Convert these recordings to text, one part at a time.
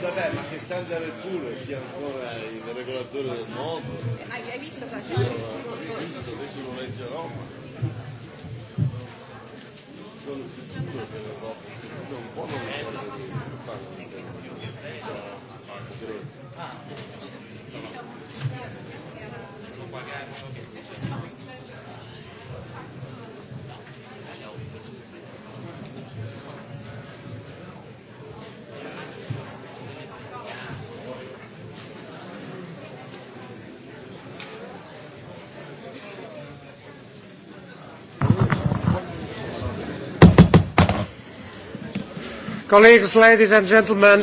vabbè, ma che standard è pure sia ancora il regolatore del mondo. Hai, hai visto cosa Sì, l'ho visto, adesso lo leggerò. Sono sicuro che l'Europa è un po' non è Ah, sono pagato. Colleagues, ladies and gentlemen,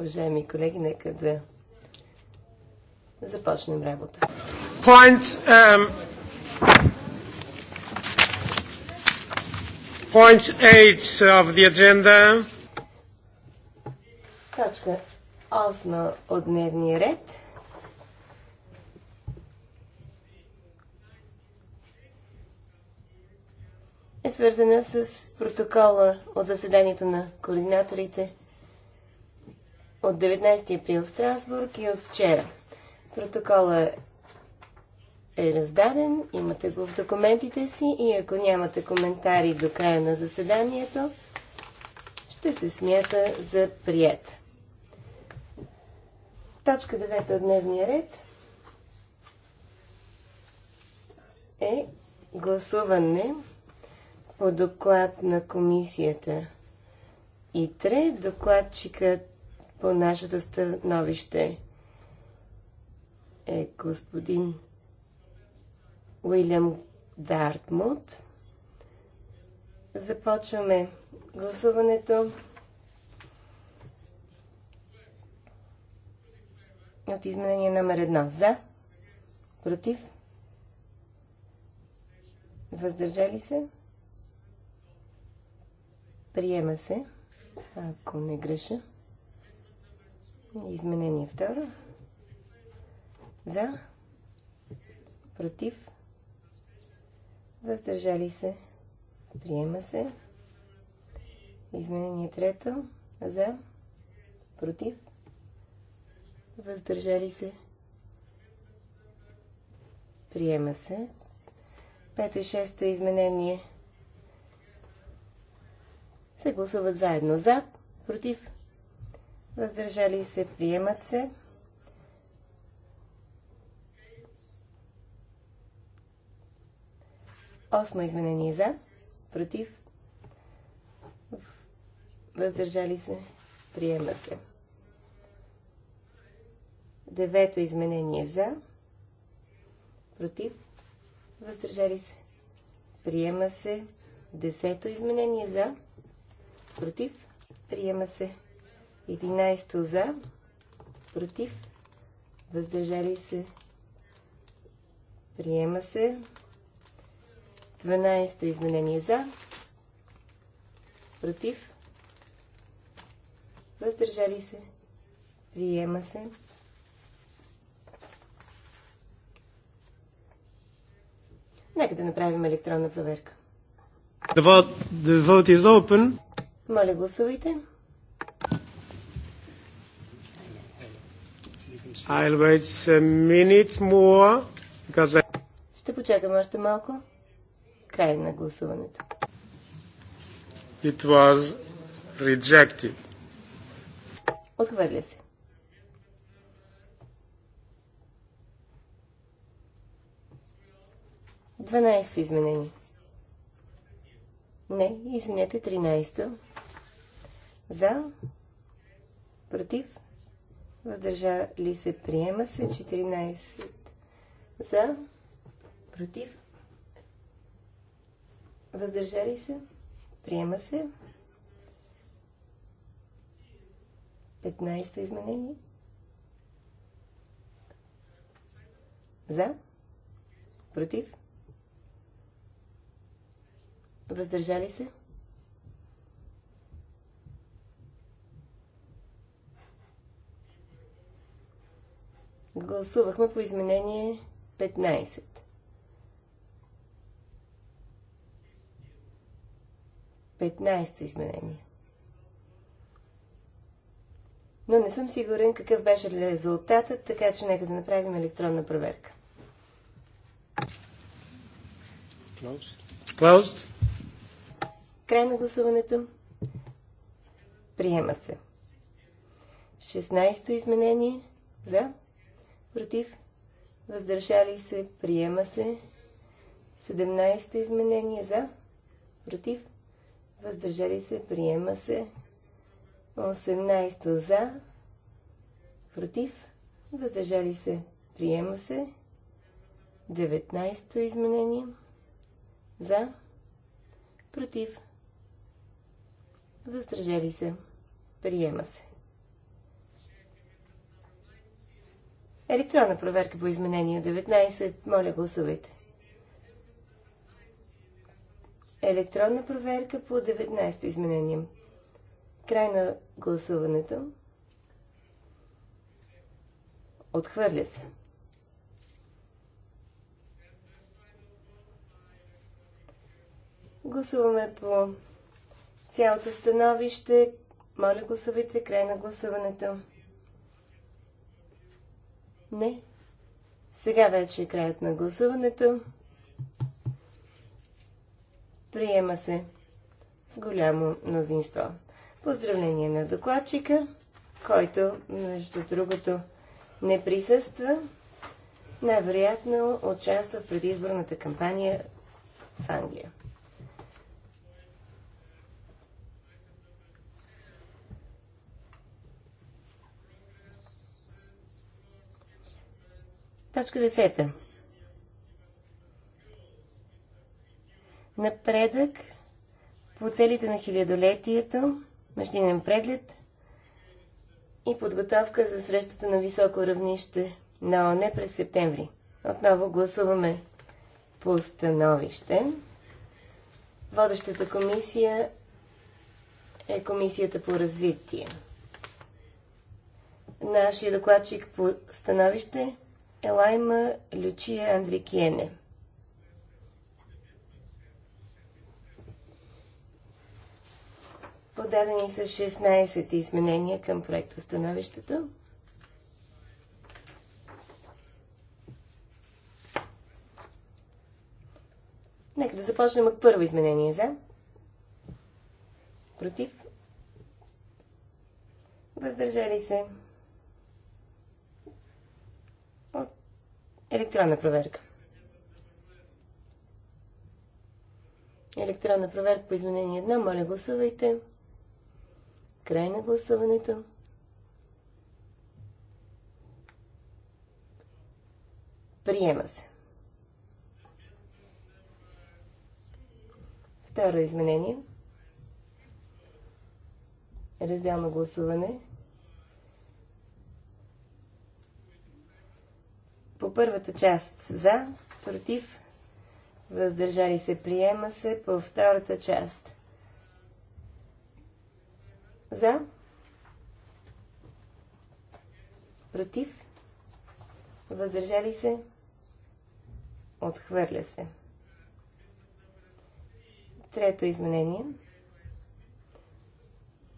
Уважаеми колеги, нека да започнем работа. Point, um, point 8 of the agenda. Точка 8 от дневния ред. е свързана с протокола от заседанието на координаторите от 19 април в Страсбург и от вчера. Протокола е раздаден, имате го в документите си и ако нямате коментари до края на заседанието, ще се смята за прият. Точка 9 от дневния ред е гласуване по доклад на комисията. И три докладчика по нашето становище е господин Уилям Дартмут. Започваме гласуването. От изменение номер едно. За. Против. Въздържали се. Приема се, ако не греша. Изменение второ. За. Против. Въздържали се. Приема се. Изменение трето. За. Против. Въздържали се. Приема се. Пето и шесто изменение се гласуват заедно за, против, въздържали се, приемат се. Осмо изменение за, против, въздържали се, приема се. Девето изменение за, против, въздържали се, приема се. Десето изменение за, против, приема се 11 за, против, въздържали се, приема се 12 изменение за, против, въздържали се, приема се. Nekde да направим prověrku. The vote, the vote is open. Моля, гласувайте. I'll wait a minute more, because I... Ще почакам още малко. Край на гласуването. It was rejected. Отхвърля се. Дванайсто изменение. Не, извинете, тринайсто. За. Против. Въздържали се. Приема се. 14. За. Против. Въздържали се. Приема се. 15 изменение. За. Против. Въздържали се. Гласувахме по изменение 15. Петнайсто изменение. Но не съм сигурен какъв беше резултатът, така че нека да направим електронна проверка. Closed. Край на гласуването. Приема се. 16 изменение. За против, въздържали се, приема се. 17-то изменение за, против, въздържали се, приема се. 18-то за, против, въздържали се, приема се. 19-то изменение за, против, въздържали се, приема се. Електронна проверка по изменение 19. Моля, гласувайте. Електронна проверка по 19 то изменение. Край на гласуването. Отхвърля се. Гласуваме по цялото становище. Моля, гласувайте край на гласуването. Не. Сега вече е краят на гласуването. Приема се с голямо мнозинство. Поздравление на докладчика, който, между другото, не присъства. Най-вероятно участва в предизборната кампания в Англия. Точка 10. Напредък по целите на хилядолетието, междинен преглед и подготовка за срещата на високо равнище на ОНЕ през септември. Отново гласуваме по становище. Водещата комисия е Комисията по развитие. Нашия докладчик по становище Елайма Lucia Андрикиене. Подадени са 16 изменения към проекта становището. Нека да започнем от първо изменение за. Против. Въздържали се. Електронна проверка. Електронна проверка по изменение 1. Моля, гласувайте. Край на гласуването. Приема се. Второ изменение. Разделно гласуване. По първата част за, против, въздържали се, приема се. По втората част за, против, въздържали се, отхвърля се. Трето изменение.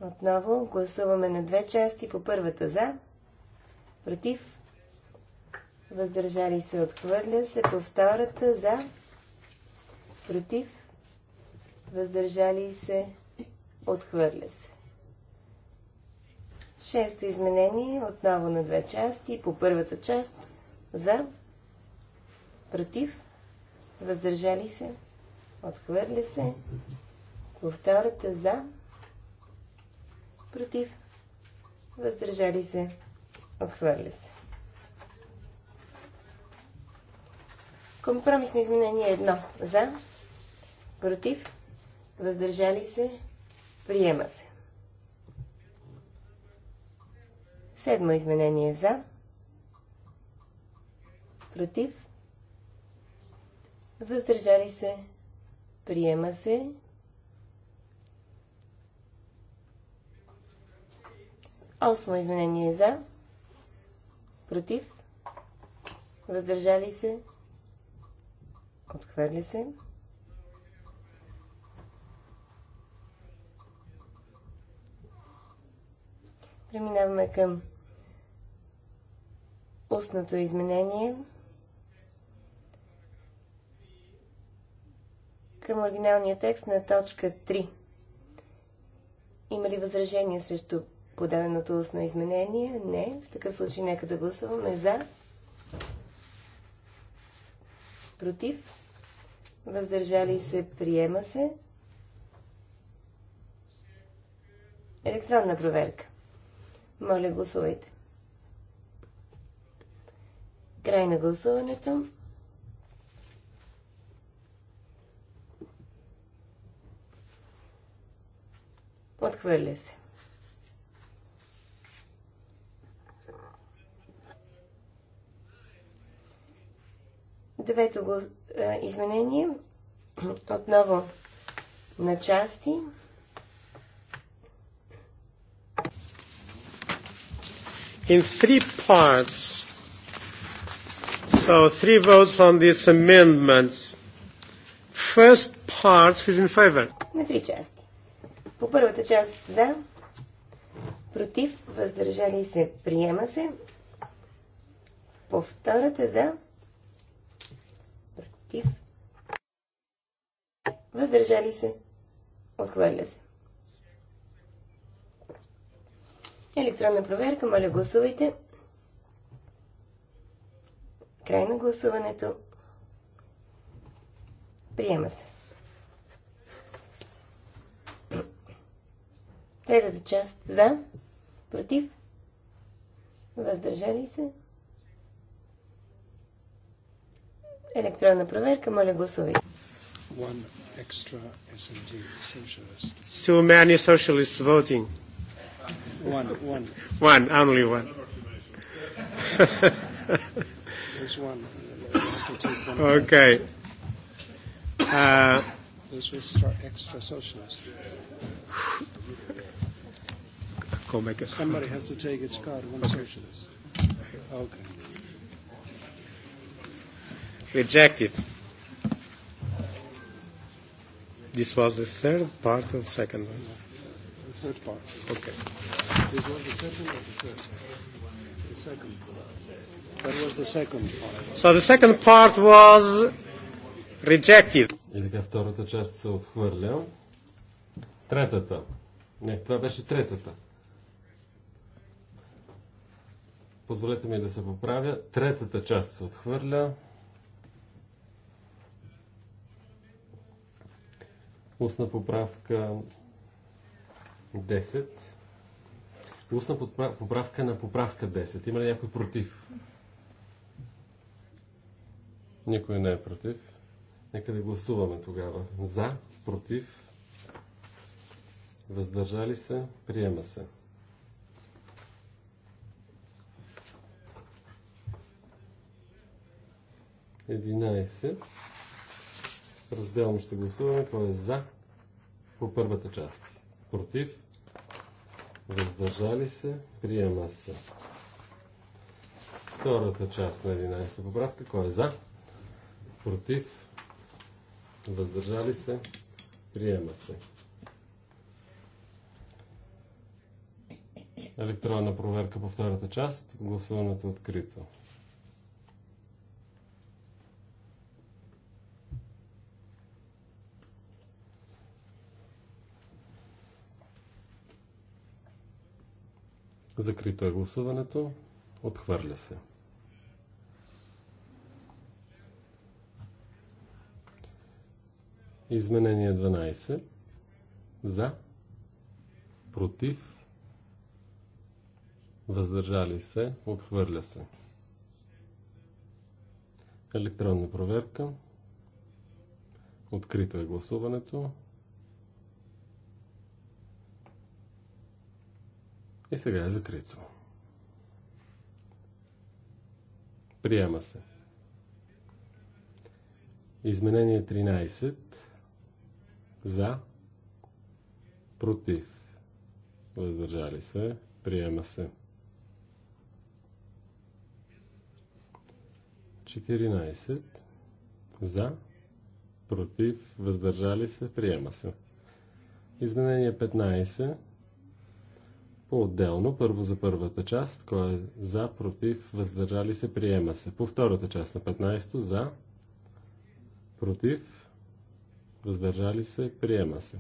Отново гласуваме на две части по първата за, против, въздържали се въздържали се, отхвърля се. По втората за, против, въздържали се, отхвърля се. Шесто изменение, отново на две части. По първата част за, против, въздържали се, отхвърля се. По втората за, против, въздържали се, отхвърля се. Компромисни изменения едно. За. Против. Въздържали се. Приема се. Седмо изменение за. Против. Въздържали се. Приема се. Осмо изменение за. Против. Въздържали се. Приема се. Отхвърля се. Преминаваме към устното изменение. Към оригиналния текст на точка 3. Има ли възражение срещу подаденото устно изменение? Не. В такъв случай нека да гласуваме за. Против въздържали се, приема се. Електронна проверка. Моля, гласувайте. Край на гласуването. Отхвърля се. Девето гласуване изменение. Отново на части. In three parts. So three votes on this amendment. First part is in favor. На три части. По първата част за, против, въздържали се, приема се. По втората за, против, въздържали се, отхвърля се. Електронна проверка, моля гласувайте. Край на гласуването. Приема се. Третата част за, против, въздържали се, Електронна проверка, моля гласувайте. So many socialists voting. One, one. One, only one. There's one. okay. Uh, Those extra socialist. Somebody has to take its card, one socialist. Okay. Rejected. This was the third part and second one. The third part. Okay. This was the second or the third? The second. That was the second part. So the second part was rejected. И така втората част се отхвърля. Третата. Не, това беше третата. Позволете ми да се поправя. Третата част се отхвърля. Устна поправка 10. Устна поправка на поправка 10. Има ли някой против? Никой не е против. Нека да гласуваме тогава. За, против, въздържали се, приема се. Единайсет. Разделно ще гласуваме. Кой е за? По първата част. Против? Въздържали се? Приема се. Втората част на 11-та поправка. Кой е за? Против? Въздържали се? Приема се. електронна проверка по втората част. Гласуването е открито. Закрито е гласуването. Отхвърля се. Изменение 12. За. Против. Въздържали се. Отхвърля се. Електронна проверка. Открито е гласуването. И сега е закрито. Приема се. Изменение 13. За. Против. Въздържали се. Приема се. 14. За. Против. Въздържали се. Приема се. Изменение 15. По-отделно, първо за първата част, кой е за, против, въздържали се, приема се. По втората част на 15 то за, против, въздържали се, приема се.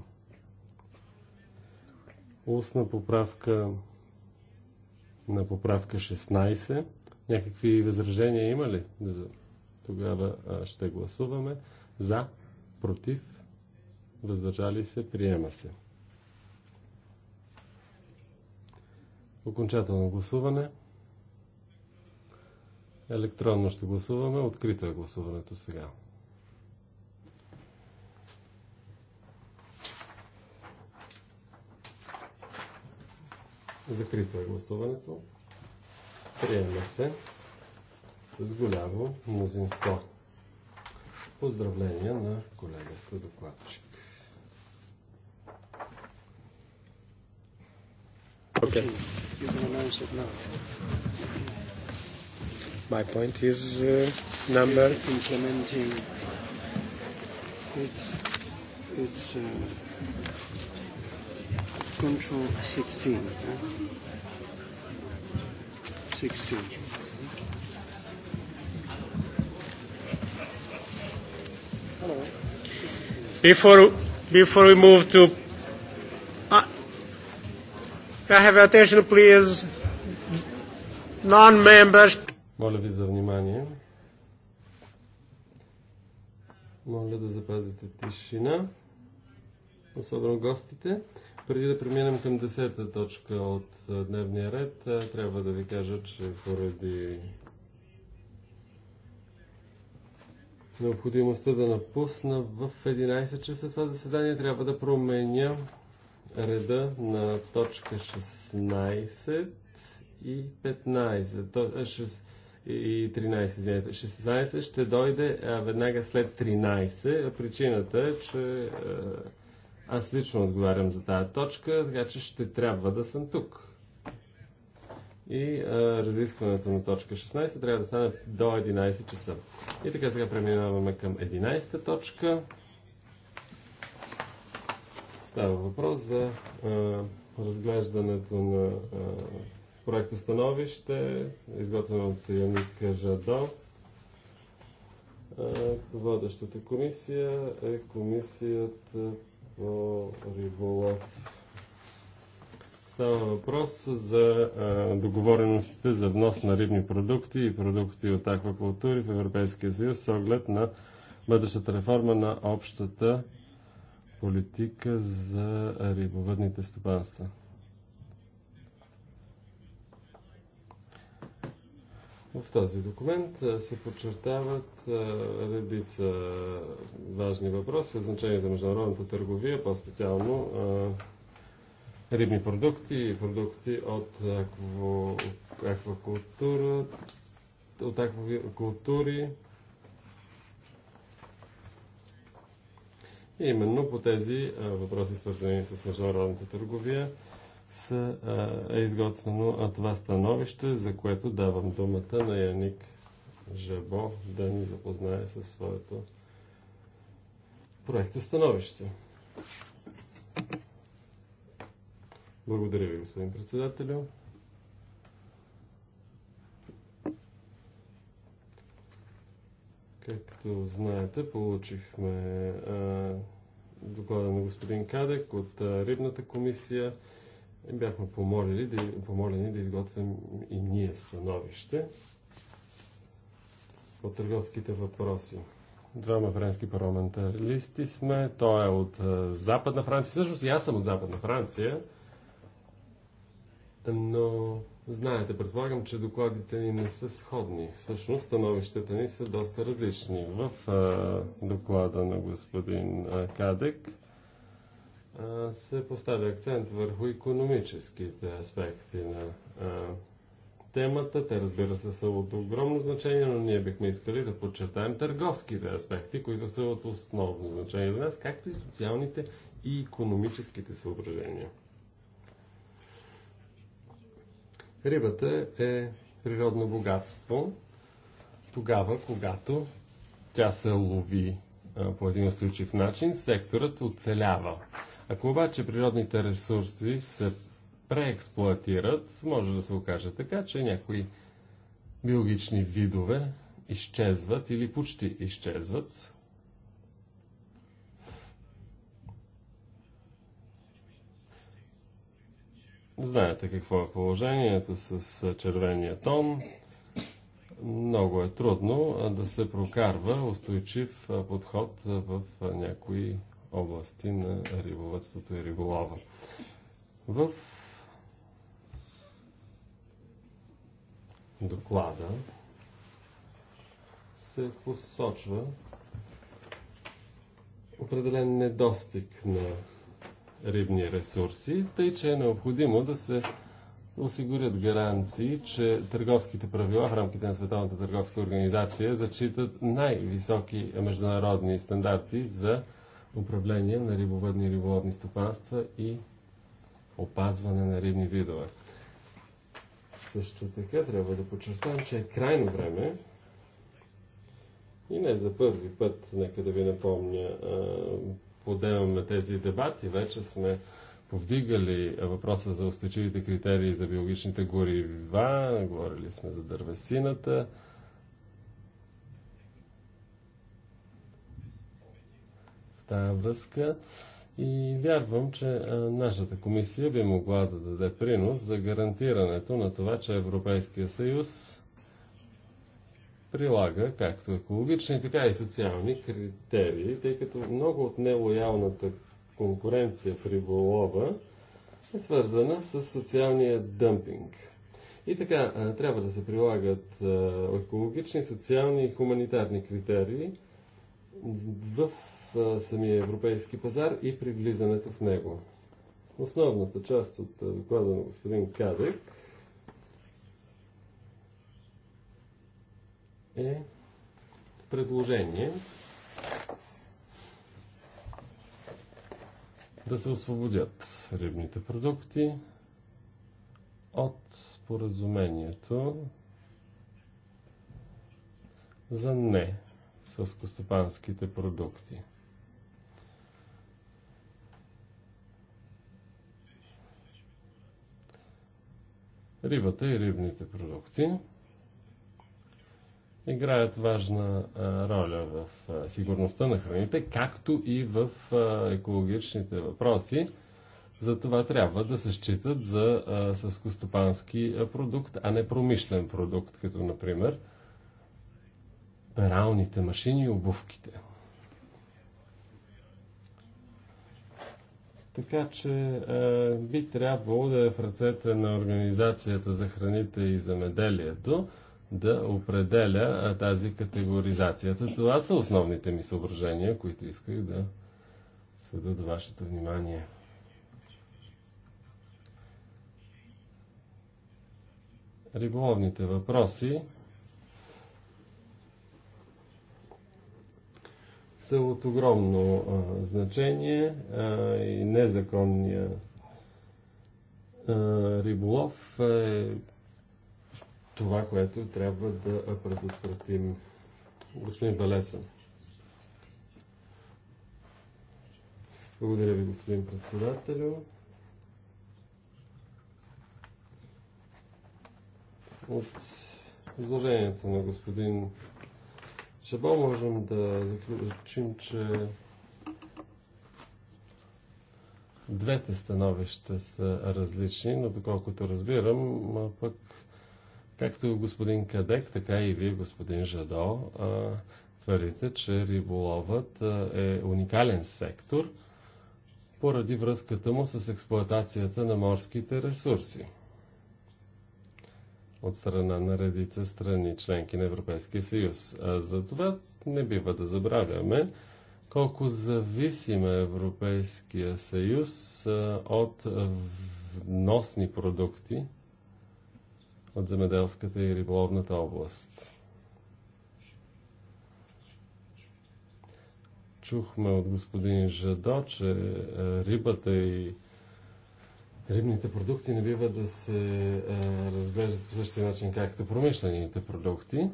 Устна поправка на поправка 16. Някакви възражения има ли? Тогава ще гласуваме. За, против, въздържали се, приема се. Окончателно гласуване. Електронно ще гласуваме. Открито е гласуването сега. Закрито е гласуването. Приема се с голямо мнозинство. Поздравления на колегата докладчик. Okay. My point is uh, number. It's implementing. It's it's uh, control 16. Huh? 16. Hello. Before, before we move to have attention, please? Non-members. Моля ви за внимание. Моля да запазите тишина, особено гостите. Преди да преминем към 10-та точка от дневния ред, трябва да ви кажа, че поради необходимостта да напусна в 11 часа това заседание, трябва да променя реда на точка 16 и 15. То, 6, и 13, извинете. 16 ще дойде а, веднага след 13. Причината е, че а, аз лично отговарям за тази точка, така че ще трябва да съм тук. И а, разискването на точка 16 трябва да стане до 11 часа. И така сега преминаваме към 11 точка. Става въпрос за а, разглеждането на проекта становище, изготвено от Яник Жадо. Водещата комисия е комисията по риболов. Става въпрос за а, договореностите за внос на рибни продукти и продукти от аквакултури в Европейския съюз с оглед на бъдещата реформа на общата политика за рибовъдните стопанства. В този документ се подчертават редица важни въпроси, значение за международната търговия, по-специално рибни продукти и продукти от аквакултура, от аквакултури, Именно по тези въпроси, свързани с международната търговия, са, е изготвено това становище, за което давам думата на Яник Жабо да ни запознае със своето проекто становище. Благодаря ви, господин председателю. Както знаете, получихме а, доклада на господин Кадек от а, Рибната комисия и бяхме помолили да, помолени да изготвим и ние становище по търговските въпроси. Двама френски парламентаристи сме. Той е от а, Западна Франция. Всъщност и аз съм от Западна Франция. Но Знаете, предполагам, че докладите ни не са сходни. Всъщност, становищата ни са доста различни. В а, доклада на господин а, Кадек а, се поставя акцент върху економическите аспекти на а, темата. Те, разбира се, са от огромно значение, но ние бихме искали да подчертаем търговските аспекти, които са от основно значение за нас, както и социалните и економическите съображения. Рибата е природно богатство тогава, когато тя се лови по един устойчив начин, секторът оцелява. Ако обаче природните ресурси се преексплуатират, може да се окаже така, че някои биологични видове изчезват или почти изчезват, Знаете какво е положението с червения тон. Много е трудно да се прокарва устойчив подход в някои области на рибовътството и риболова. В доклада се посочва определен недостиг на рибни ресурси, тъй че е необходимо да се осигурят гаранции, че търговските правила в рамките на Световната търговска организация зачитат най-високи международни стандарти за управление на рибовъдни и риболовни стопанства и опазване на рибни видове. Също така трябва да подчертаем, че е крайно време и не за първи път, нека да ви напомня, отделяме тези дебати. Вече сме повдигали въпроса за устойчивите критерии за биологичните горива, говорили сме за дървесината. В тази връзка и вярвам, че нашата комисия би могла да даде принос за гарантирането на това, че Европейския съюз прилага както екологични, така и социални критерии, тъй като много от нелоялната конкуренция в риболова е свързана с социалния дъмпинг. И така, трябва да се прилагат екологични, социални и хуманитарни критерии в самия европейски пазар и при влизането в него. Основната част от доклада на господин Кадек е предложение да се освободят рибните продукти от споразумението за не сълскостопанските продукти. Рибата и рибните продукти – играят важна роля в сигурността на храните, както и в екологичните въпроси. За това трябва да се считат за съскостопански продукт, а не промишлен продукт, като например пералните машини и обувките. Така че е, би трябвало да е в ръцете на Организацията за храните и замеделието да определя тази категоризацията. Това са основните ми съображения, които исках да сведа вашето внимание. Риболовните въпроси са от огромно а, значение а, и незаконния а, риболов е това, което трябва да предотвратим. Господин Балесен. Благодаря ви, господин председателю. От изложението на господин Шабо можем да заключим, че двете становища са различни, но доколкото разбирам, пък Както господин Кадек, така и вие, господин Жадо, твърдите, че риболовът е уникален сектор поради връзката му с експлоатацията на морските ресурси от страна на редица страни, членки на Европейския съюз. А за това не бива да забравяме колко зависим е Европейския съюз от вносни продукти, от земеделската и риболовната област. Чухме от господин Жадо, че рибата и рибните продукти не бива да се разглеждат по същия начин, както промишлените продукти.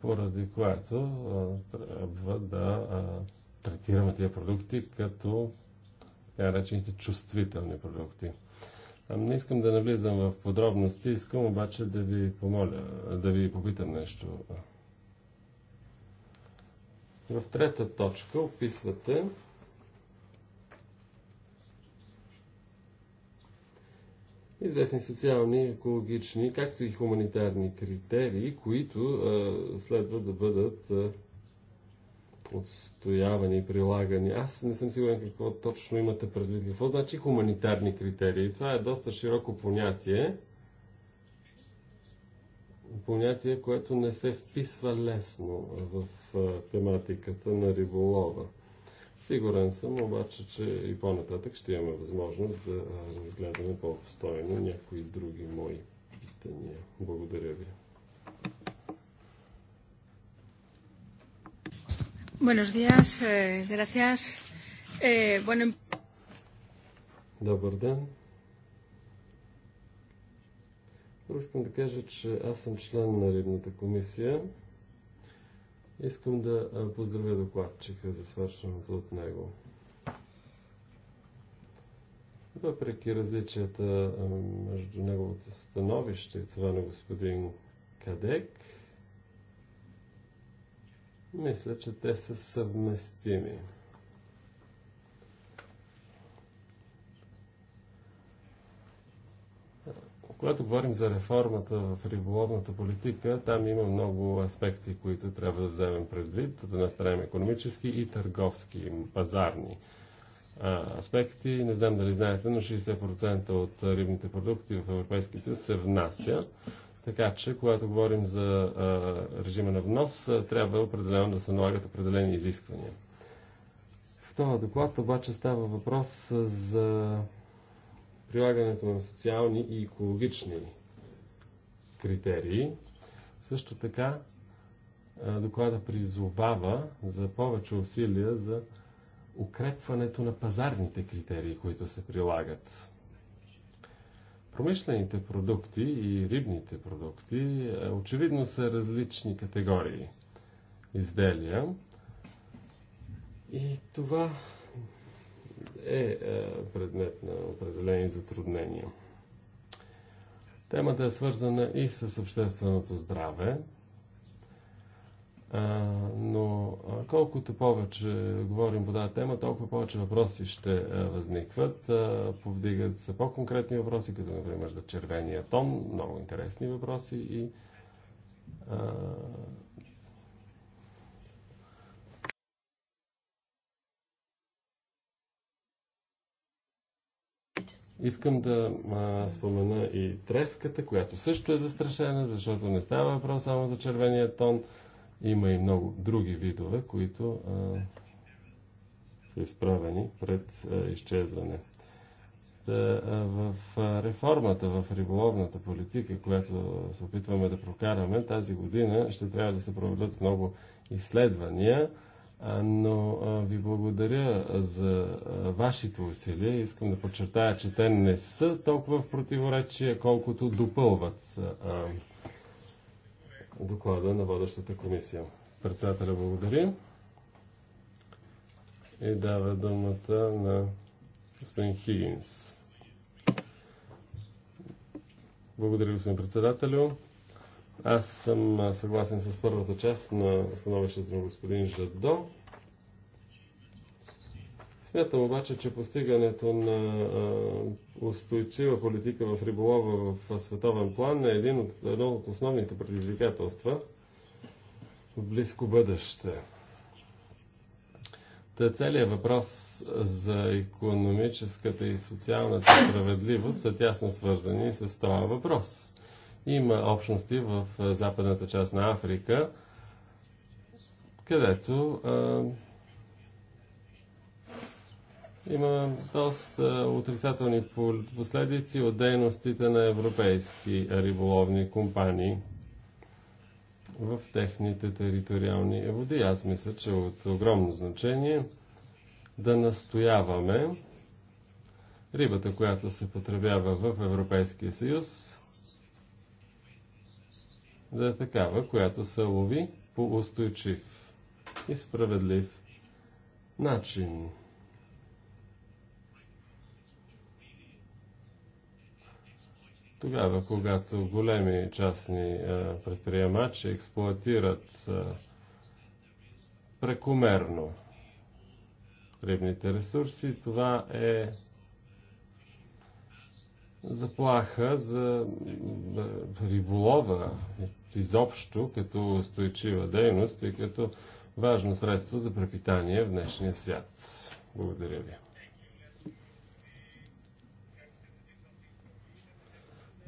поради което трябва да третираме тези продукти като така речените чувствителни продукти. не искам да навлизам в подробности, искам обаче да ви помоля, да ви попитам нещо. В трета точка описвате известни социални, екологични, както и хуманитарни критерии, които а, следва да бъдат а, отстоявани и прилагани. Аз не съм сигурен какво точно имате предвид. Какво значи хуманитарни критерии? Това е доста широко понятие. Понятие, което не се вписва лесно в е, тематиката на риболова. Сигурен съм обаче, че и по-нататък ще имаме възможност да разгледаме по постойно някои други мои питания. Благодаря ви. Buenos días, eh, gracias. Eh, bueno... Добър ден. Първо искам да кажа, че аз съм член на Рибната комисия. Искам да поздравя докладчика за свършеното от него. Въпреки различията между неговото становище и това на господин Кадек, мисля, че те са съвместими. Когато говорим за реформата в риболовната политика, там има много аспекти, които трябва да вземем предвид. От една страна економически и търговски, пазарни аспекти. Не знам дали знаете, но 60% от рибните продукти в Европейския съюз се внася. Така че, когато говорим за режима на внос, трябва определено да се налагат определени изисквания. В този доклад обаче става въпрос за прилагането на социални и екологични критерии. Също така доклада призовава за повече усилия за укрепването на пазарните критерии, които се прилагат. Промишлените продукти и рибните продукти очевидно са различни категории изделия. И това е предмет на определени затруднения. Темата е свързана и с общественото здраве, но колкото повече говорим по тази тема, толкова повече въпроси ще възникват. Повдигат се по-конкретни въпроси, като например за червения тон, много интересни въпроси и Искам да а, спомена и треската, която също е застрашена, защото не става въпрос само за червения тон. Има и много други видове, които а, са изправени пред а, изчезване. Та, а, в а, реформата, в риболовната политика, която се опитваме да прокараме тази година, ще трябва да се проведат много изследвания но ви благодаря за вашите усилия. Искам да подчертая, че те не са толкова в противоречие, колкото допълват доклада на водещата комисия. Председателя благодаря и дава думата на господин Хигинс. Благодаря, господин председателю. Аз съм съгласен с първата част на становището на господин Жадо. Смятам обаче, че постигането на устойчива политика в риболова в световен план е един от, едно от основните предизвикателства в близко бъдеще. Та целият въпрос за економическата и социалната справедливост са тясно свързани с това въпрос. Има общности в западната част на Африка, където а, има доста отрицателни последици от дейностите на европейски риболовни компании в техните териториални води. Аз мисля, че от огромно значение да настояваме рибата, която се потребява в Европейския съюз, да е такава, която се лови по устойчив и справедлив начин. Тогава, когато големи частни предприемачи експлуатират прекомерно рибните ресурси, това е заплаха за риболова изобщо като устойчива дейност и като важно средство за препитание в днешния свят. Благодаря ви.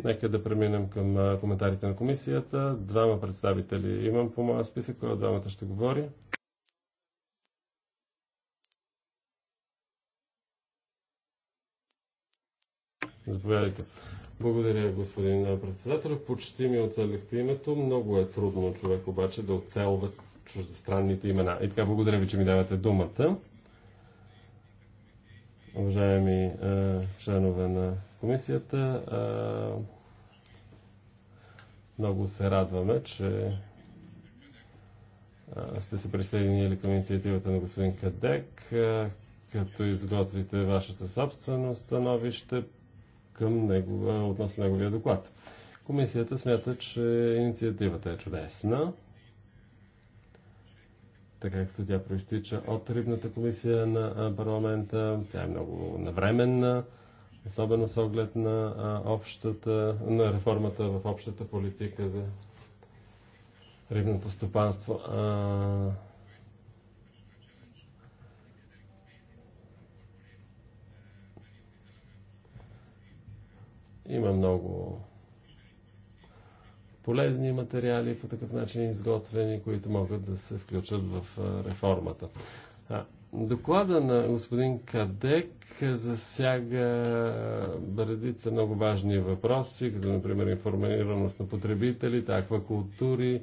Нека да преминем към коментарите на комисията. Двама представители имам по моя списък, кой от двамата ще говори. Заповядайте. Благодаря, господин председател. Почти ми оцелихте името. Много е трудно човек обаче да оцелва чуждестранните имена. И така, благодаря ви, че ми давате думата. Уважаеми е, членове на комисията, е, много се радваме, че е, сте се присъединили към инициативата на господин Кадек, е, като изготвите вашето собствено становище към негова, относно неговия доклад. Комисията смята, че инициативата е чудесна, така както тя проистича от Рибната комисия на парламента. Тя е много навременна, особено с оглед на, общата, на реформата в общата политика за рибното стопанство. Има много полезни материали по такъв начин изготвени, които могат да се включат в реформата. Доклада на господин Кадек засяга редица много важни въпроси, като например информираност на потребителите, аквакултури,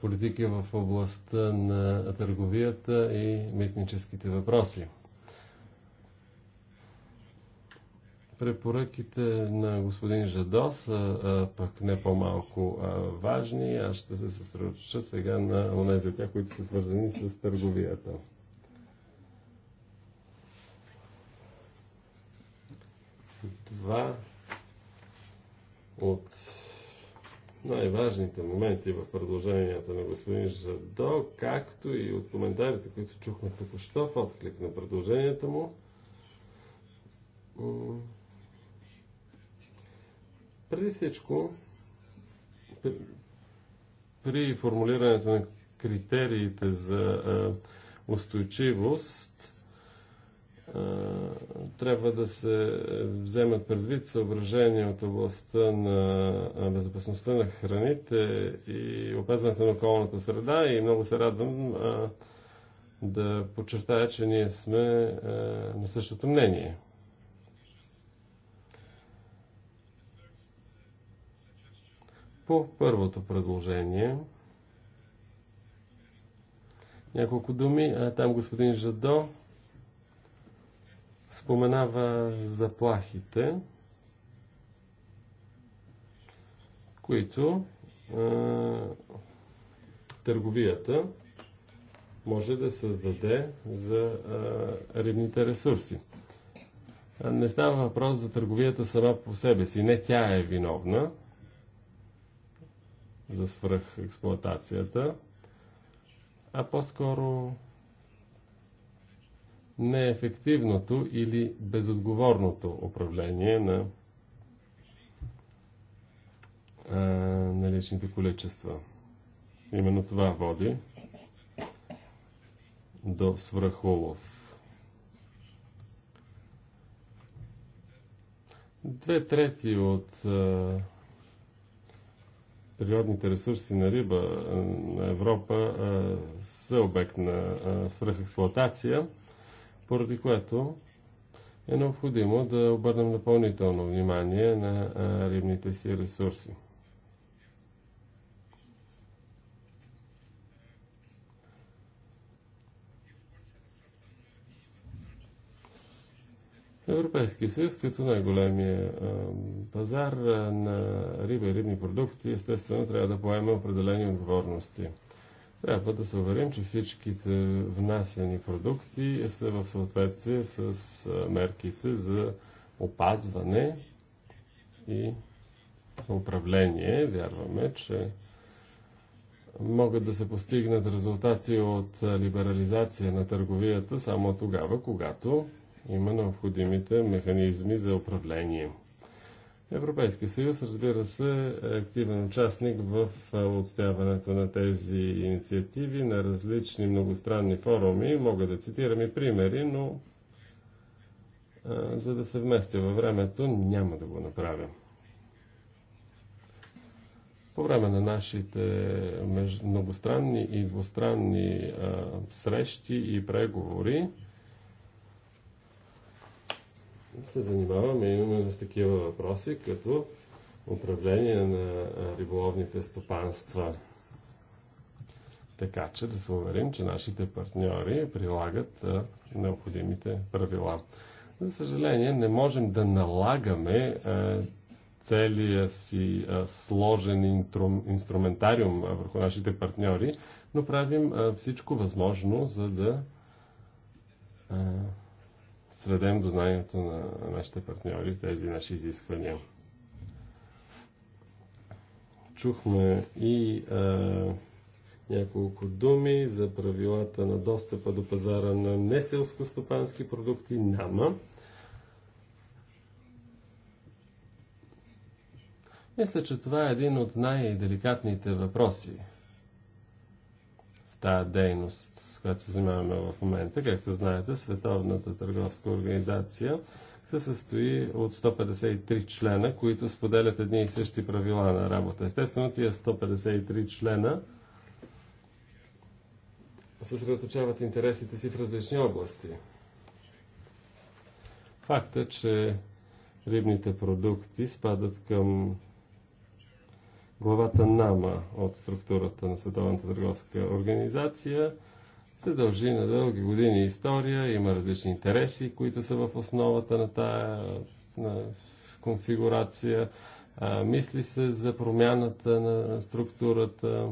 политики в областта на търговията и митническите въпроси. Препоръките на господин Жадо са пък не по-малко важни. Аз ще се съсредоточа сега на онези от тях, които са свързани с търговията. Два от най-важните моменти в предложенията на господин Жадо, както и от коментарите, които чухме току-що в отклик на предложенията му, Преди всичко, при, при формулирането на критериите за а, устойчивост, трябва да се вземат предвид съображения от областта на безопасността на храните и опазването на околната среда и много се радвам а, да подчертая, че ние сме а, на същото мнение. По първото предложение, няколко думи. Там господин Жадо споменава заплахите, които а, търговията може да създаде за а, рибните ресурси. Не става въпрос за търговията сама по себе си. Не тя е виновна за свръхексплуатацията, а по-скоро неефективното или безотговорното управление на наличните количества. Именно това води до свръхулов. Две трети от а, природните ресурси на риба на Европа са обект на свръхексплуатация, поради което е необходимо да обърнем допълнително внимание на рибните си ресурси. Европейския съюз като най-големия пазар на риба и рибни продукти, естествено, трябва да поеме определени отговорности. Трябва да се уверим, че всичките внасяни продукти са в съответствие с мерките за опазване и управление. Вярваме, че могат да се постигнат резултати от либерализация на търговията само тогава, когато има необходимите механизми за управление. Европейски съюз, разбира се, е активен участник в отстояването на тези инициативи на различни многостранни форуми. Мога да цитирам и примери, но а, за да се вместя във времето, няма да го направя. По време на нашите многостранни и двустранни а, срещи и преговори, се занимаваме именно с такива въпроси, като управление на риболовните стопанства. Така че да се уверим, че нашите партньори прилагат необходимите правила. За съжаление, не можем да налагаме целия си сложен инструментариум върху нашите партньори, но правим всичко възможно, за да сведем до знанието на нашите партньори тези наши изисквания. Чухме и а, няколко думи за правилата на достъпа до пазара на неселскостопански продукти Няма. Мисля, че това е един от най-деликатните въпроси та дейност, с която се занимаваме в момента. Както знаете, Световната търговска организация се състои от 153 члена, които споделят едни и същи правила на работа. Естествено, тия 153 члена съсредоточават интересите си в различни области. Факта, че рибните продукти спадат към главата НАМА от структурата на Световната търговска организация се дължи на дълги години история, има различни интереси, които са в основата на тая на конфигурация. А, мисли се за промяната на структурата.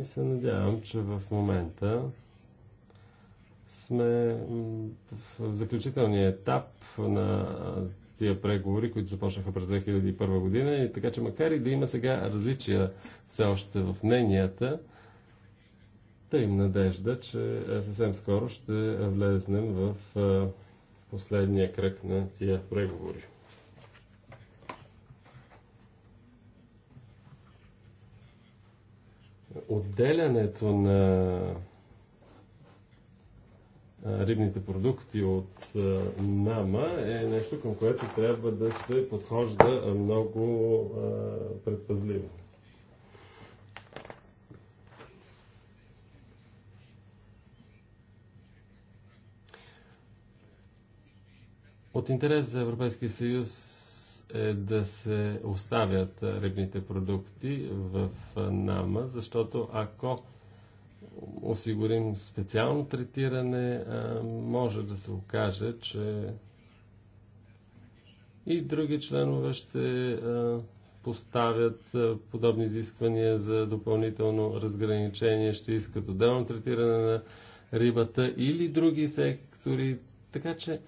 И се надявам, че в момента сме в заключителния етап на тия преговори, които започнаха през 2001 година. И така че макар и да има сега различия все още в мненията, да им надежда, че съвсем скоро ще влезнем в последния кръг на тия преговори. Отделянето на рибните продукти от Нама е нещо, към което трябва да се подхожда много предпазливо. От интерес за Европейския съюз е да се оставят рибните продукти в Нама, защото ако осигурим специално третиране, може да се окаже, че и други членове ще поставят подобни изисквания за допълнително разграничение, ще искат отделно третиране на рибата или други сектори. Така че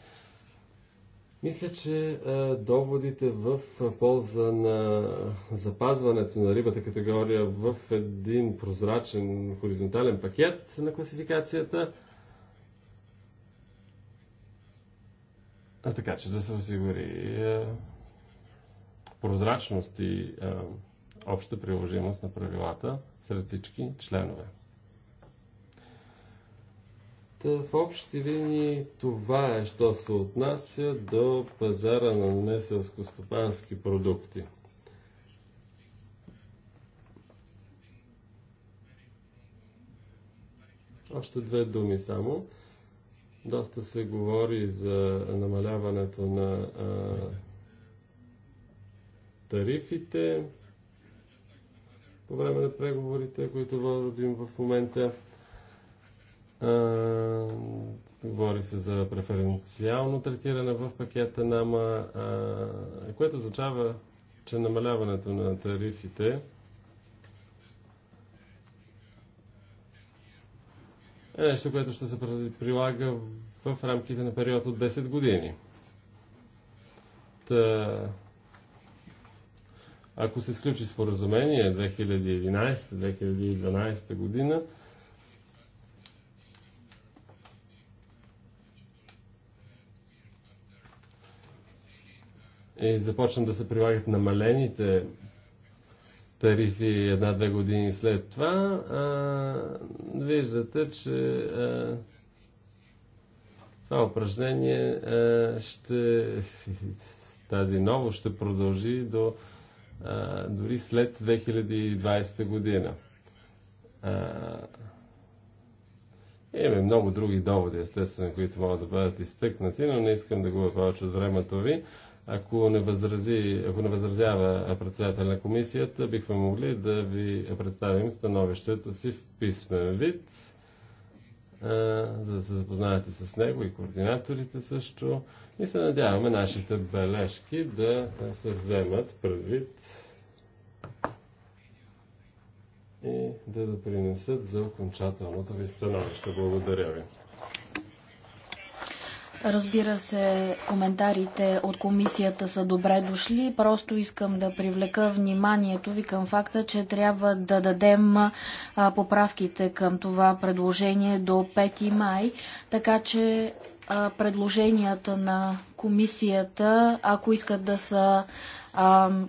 Мисля, че доводите в полза на запазването на рибата категория в един прозрачен хоризонтален пакет на класификацията, а така че да се осигури прозрачност и обща приложимост на правилата сред всички членове в общи линии това е, що се отнася до пазара на неселско-стопански продукти. Още две думи само. Доста се говори за намаляването на а, тарифите по време на преговорите, които водим в момента говори се за преференциално третиране в пакета НАМА, което означава, че намаляването на тарифите е нещо, което ще се прилага в рамките на период от 10 години. Та, ако се изключи споразумение 2011-2012 година, и започна да се прилагат намалените тарифи една-две години след това, а, виждате, че а, това упражнение а, ще, тази ново ще продължи до а, дори след 2020 година. А, Имаме много други доводи, естествено, които могат да бъдат изтъкнати, но не искам да губя повече от времето ви. Ако не, възрази, ако не възразява председател на комисията, бихме могли да ви представим становището си в писмен вид, а, за да се запознаете с него и координаторите също. И се надяваме нашите бележки да се вземат предвид и да допринесат за окончателното ви становище. Благодаря ви. Разбира се, коментарите от комисията са добре дошли. Просто искам да привлека вниманието ви към факта, че трябва да дадем поправките към това предложение до 5 май, така че предложенията на комисията, ако искат да са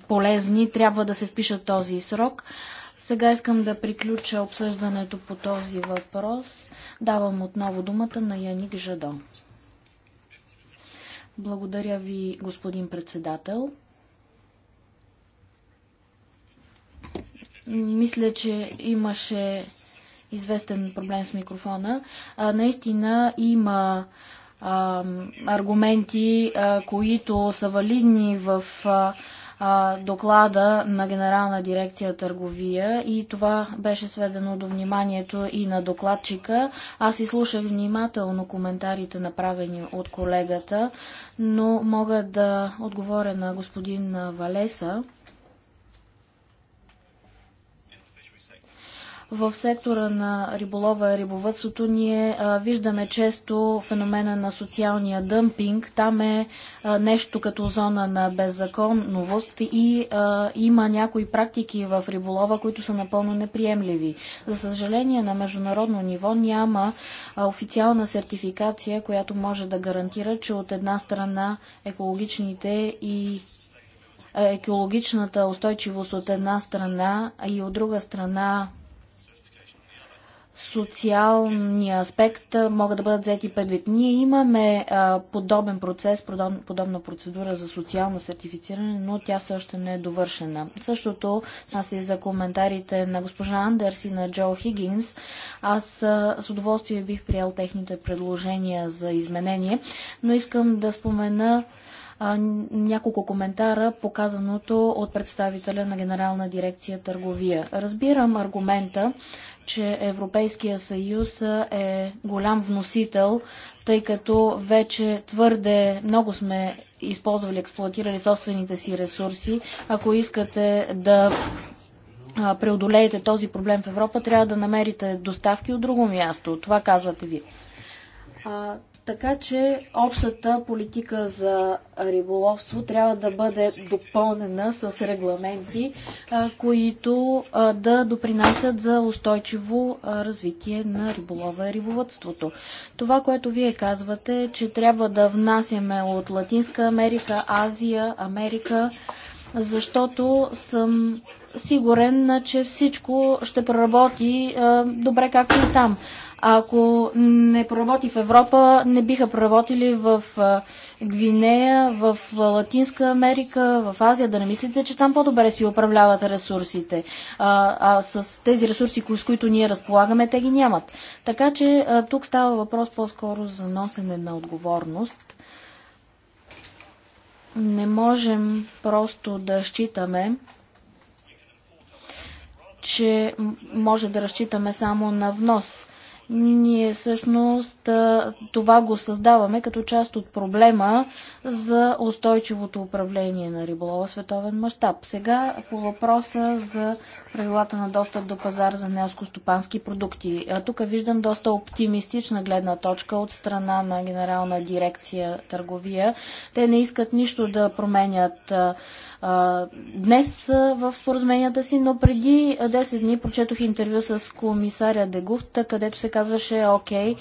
полезни, трябва да се впишат този срок. Сега искам да приключа обсъждането по този въпрос. Давам отново думата на Яник Жадон. Благодаря ви, господин председател. Мисля, че имаше известен проблем с микрофона. А, наистина има а, аргументи, а, които са валидни в а, доклада на Генерална дирекция търговия и това беше сведено до вниманието и на докладчика. Аз изслушах внимателно коментарите направени от колегата, но мога да отговоря на господин Валеса. В сектора на риболова и рибовътството ние а, виждаме често феномена на социалния дъмпинг. Там е а, нещо като зона на беззаконност и а, има някои практики в риболова, които са напълно неприемливи. За съжаление на международно ниво няма официална сертификация, която може да гарантира, че от една страна екологичните и екологичната устойчивост от една страна и от друга страна социалния аспект могат да бъдат взети предвид. Ние имаме подобен процес, подобна процедура за социално сертифициране, но тя все още не е довършена. Същото аз и за коментарите на госпожа Андерс и на Джо Хигинс. Аз с удоволствие бих приел техните предложения за изменение, но искам да спомена няколко коментара показаното от представителя на Генерална дирекция търговия. Разбирам аргумента, че Европейския съюз е голям вносител, тъй като вече твърде много сме използвали, експлуатирали собствените си ресурси. Ако искате да преодолеете този проблем в Европа, трябва да намерите доставки от друго място. Това казвате ви. Така че общата политика за риболовство трябва да бъде допълнена с регламенти, които да допринасят за устойчиво развитие на риболова и риболовътството. Това, което вие казвате, че трябва да внасяме от Латинска Америка, Азия, Америка, защото съм сигурен, че всичко ще проработи добре както и там. Ако не проработи в Европа, не биха проработили в Гвинея, в Латинска Америка, в Азия. Да не мислите, че там по-добре си управляват ресурсите. А, а с тези ресурси, с които ние разполагаме, те ги нямат. Така че тук става въпрос по-скоро за носене на отговорност. Не можем просто да считаме, че може да разчитаме само на внос ние всъщност това го създаваме като част от проблема за устойчивото управление на риболова световен мащаб. Сега по въпроса за правилата на достъп до пазар за неоскостопански продукти. тук виждам доста оптимистична гледна точка от страна на Генерална дирекция търговия. Те не искат нищо да променят днес в споразуменията си, но преди 10 дни прочетох интервю с комисаря Дегуфт, където се казваше, окей,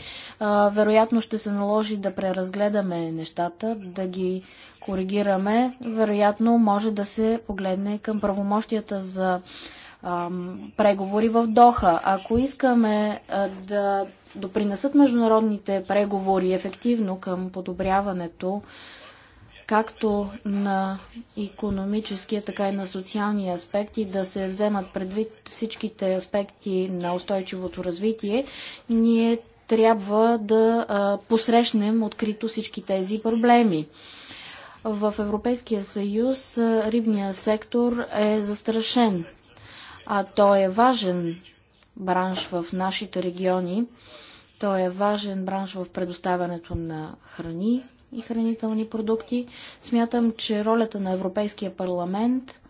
вероятно ще се наложи да преразгледаме нещата, да ги коригираме, вероятно може да се погледне към правомощията за преговори в Доха. Ако искаме да допринесат международните преговори ефективно към подобряването както на економическия, така и на социални аспекти, да се вземат предвид всичките аспекти на устойчивото развитие, ние трябва да посрещнем открито всички тези проблеми. В Европейския съюз рибният сектор е застрашен а той е важен бранш в нашите региони. Той е важен бранш в предоставянето на храни и хранителни продукти. Смятам, че ролята на Европейския парламент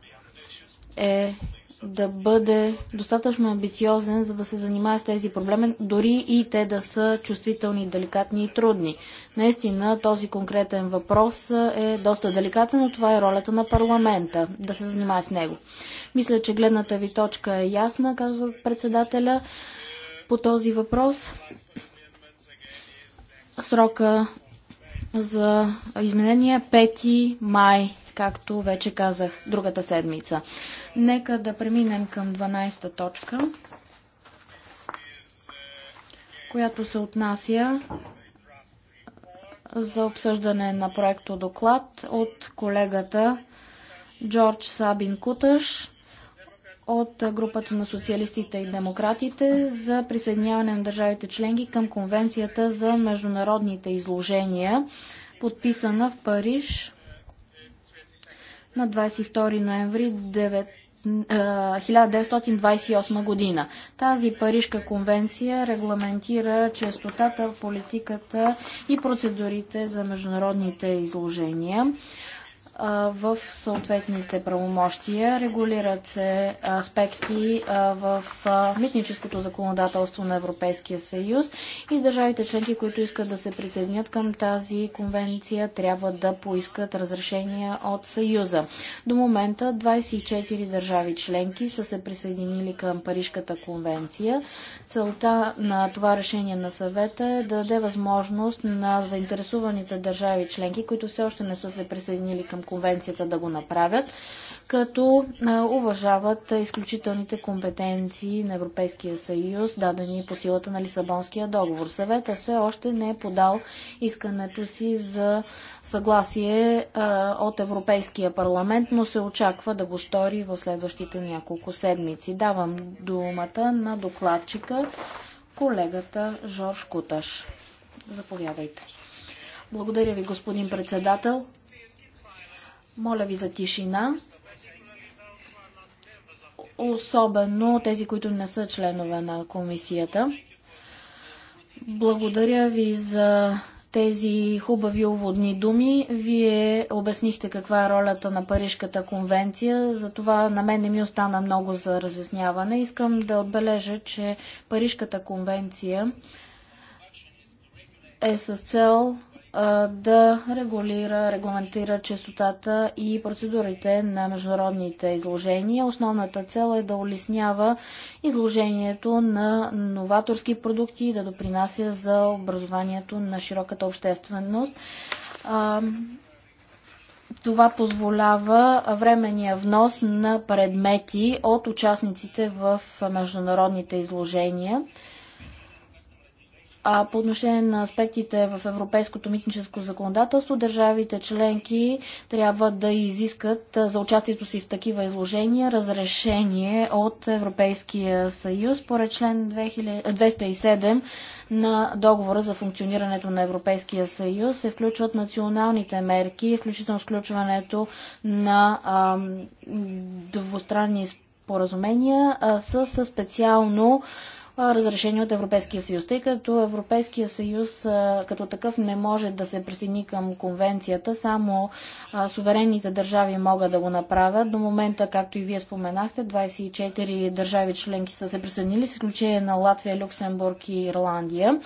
е да бъде достатъчно амбициозен, за да се занимае с тези проблеми, дори и те да са чувствителни, деликатни и трудни. Наистина, този конкретен въпрос е доста деликатен, но това е ролята на парламента да се занимае с него. Мисля, че гледната ви точка е ясна, казва председателя по този въпрос. Срока за изменение 5 май както вече казах другата седмица. Нека да преминем към 12-та точка, която се отнася за обсъждане на проекто доклад от колегата Джордж Сабин Куташ от групата на социалистите и демократите за присъединяване на държавите членки към Конвенцията за международните изложения, подписана в Париж на 22 ноември 1928 година. Тази Парижка конвенция регламентира честотата, политиката и процедурите за международните изложения в съответните правомощия. Регулират се аспекти в митническото законодателство на Европейския съюз и държавите членки, които искат да се присъединят към тази конвенция, трябва да поискат разрешение от Съюза. До момента 24 държави членки са се присъединили към Парижката конвенция. Целта на това решение на съвета е да даде възможност на заинтересуваните държави членки, които все още не са се присъединили към конвенцията да го направят, като уважават изключителните компетенции на Европейския съюз, дадени по силата на Лисабонския договор. Съвета все още не е подал искането си за съгласие от Европейския парламент, но се очаква да го стори в следващите няколко седмици. Давам думата на докладчика колегата Жорж Куташ. Заповядайте. Благодаря ви, господин председател. Моля ви за тишина. Особено тези, които не са членове на комисията. Благодаря ви за тези хубави уводни думи. Вие обяснихте каква е ролята на Парижката конвенция, затова на мен не ми остана много за разясняване. Искам да отбележа, че Парижката конвенция е с цел да регулира, регламентира честотата и процедурите на международните изложения. Основната цел е да улеснява изложението на новаторски продукти и да допринася за образованието на широката общественост. Това позволява временния внос на предмети от участниците в международните изложения. А по отношение на аспектите в европейското митническо законодателство, държавите членки трябва да изискат за участието си в такива изложения разрешение от Европейския съюз поред член 207 на договора за функционирането на Европейския съюз се включват националните мерки, включително сключването на двустранни споразумения а, с специално разрешени от Европейския съюз. Тъй като Европейския съюз като такъв не може да се присъедини към конвенцията, само суверенните държави могат да го направят. До момента, както и вие споменахте, 24 държави членки са се присъединили, с изключение на Латвия, Люксембург и Ирландия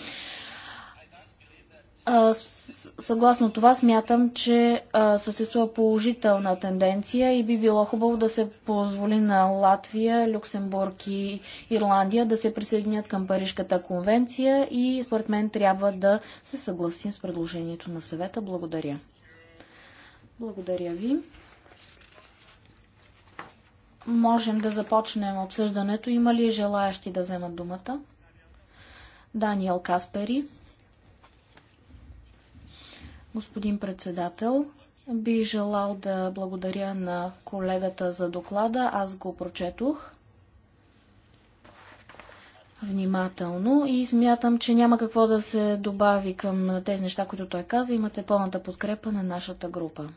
съгласно това смятам, че съществува положителна тенденция и би било хубаво да се позволи на Латвия, Люксембург и Ирландия да се присъединят към Парижката конвенция и според мен трябва да се съгласим с предложението на съвета. Благодаря. Благодаря ви. Можем да започнем обсъждането. Има ли желаящи да вземат думата? Даниел Каспери. Господин председател, би желал да благодаря на колегата за доклада. Аз го прочетох внимателно и смятам, че няма какво да се добави към тези неща, които той каза. Имате пълната подкрепа на нашата група.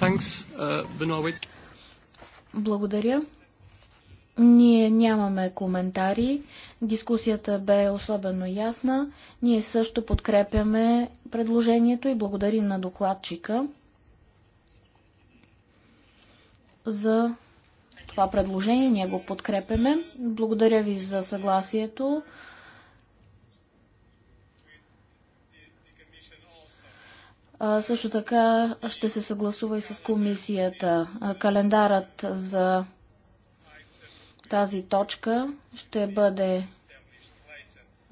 Thanks, uh, Благодаря. Ние нямаме коментари. Дискусията бе особено ясна. Ние също подкрепяме предложението и благодарим на докладчика за това предложение. Ние го подкрепяме. Благодаря ви за съгласието. Също така ще се съгласува и с комисията. Календарът за Тази точка ще бъде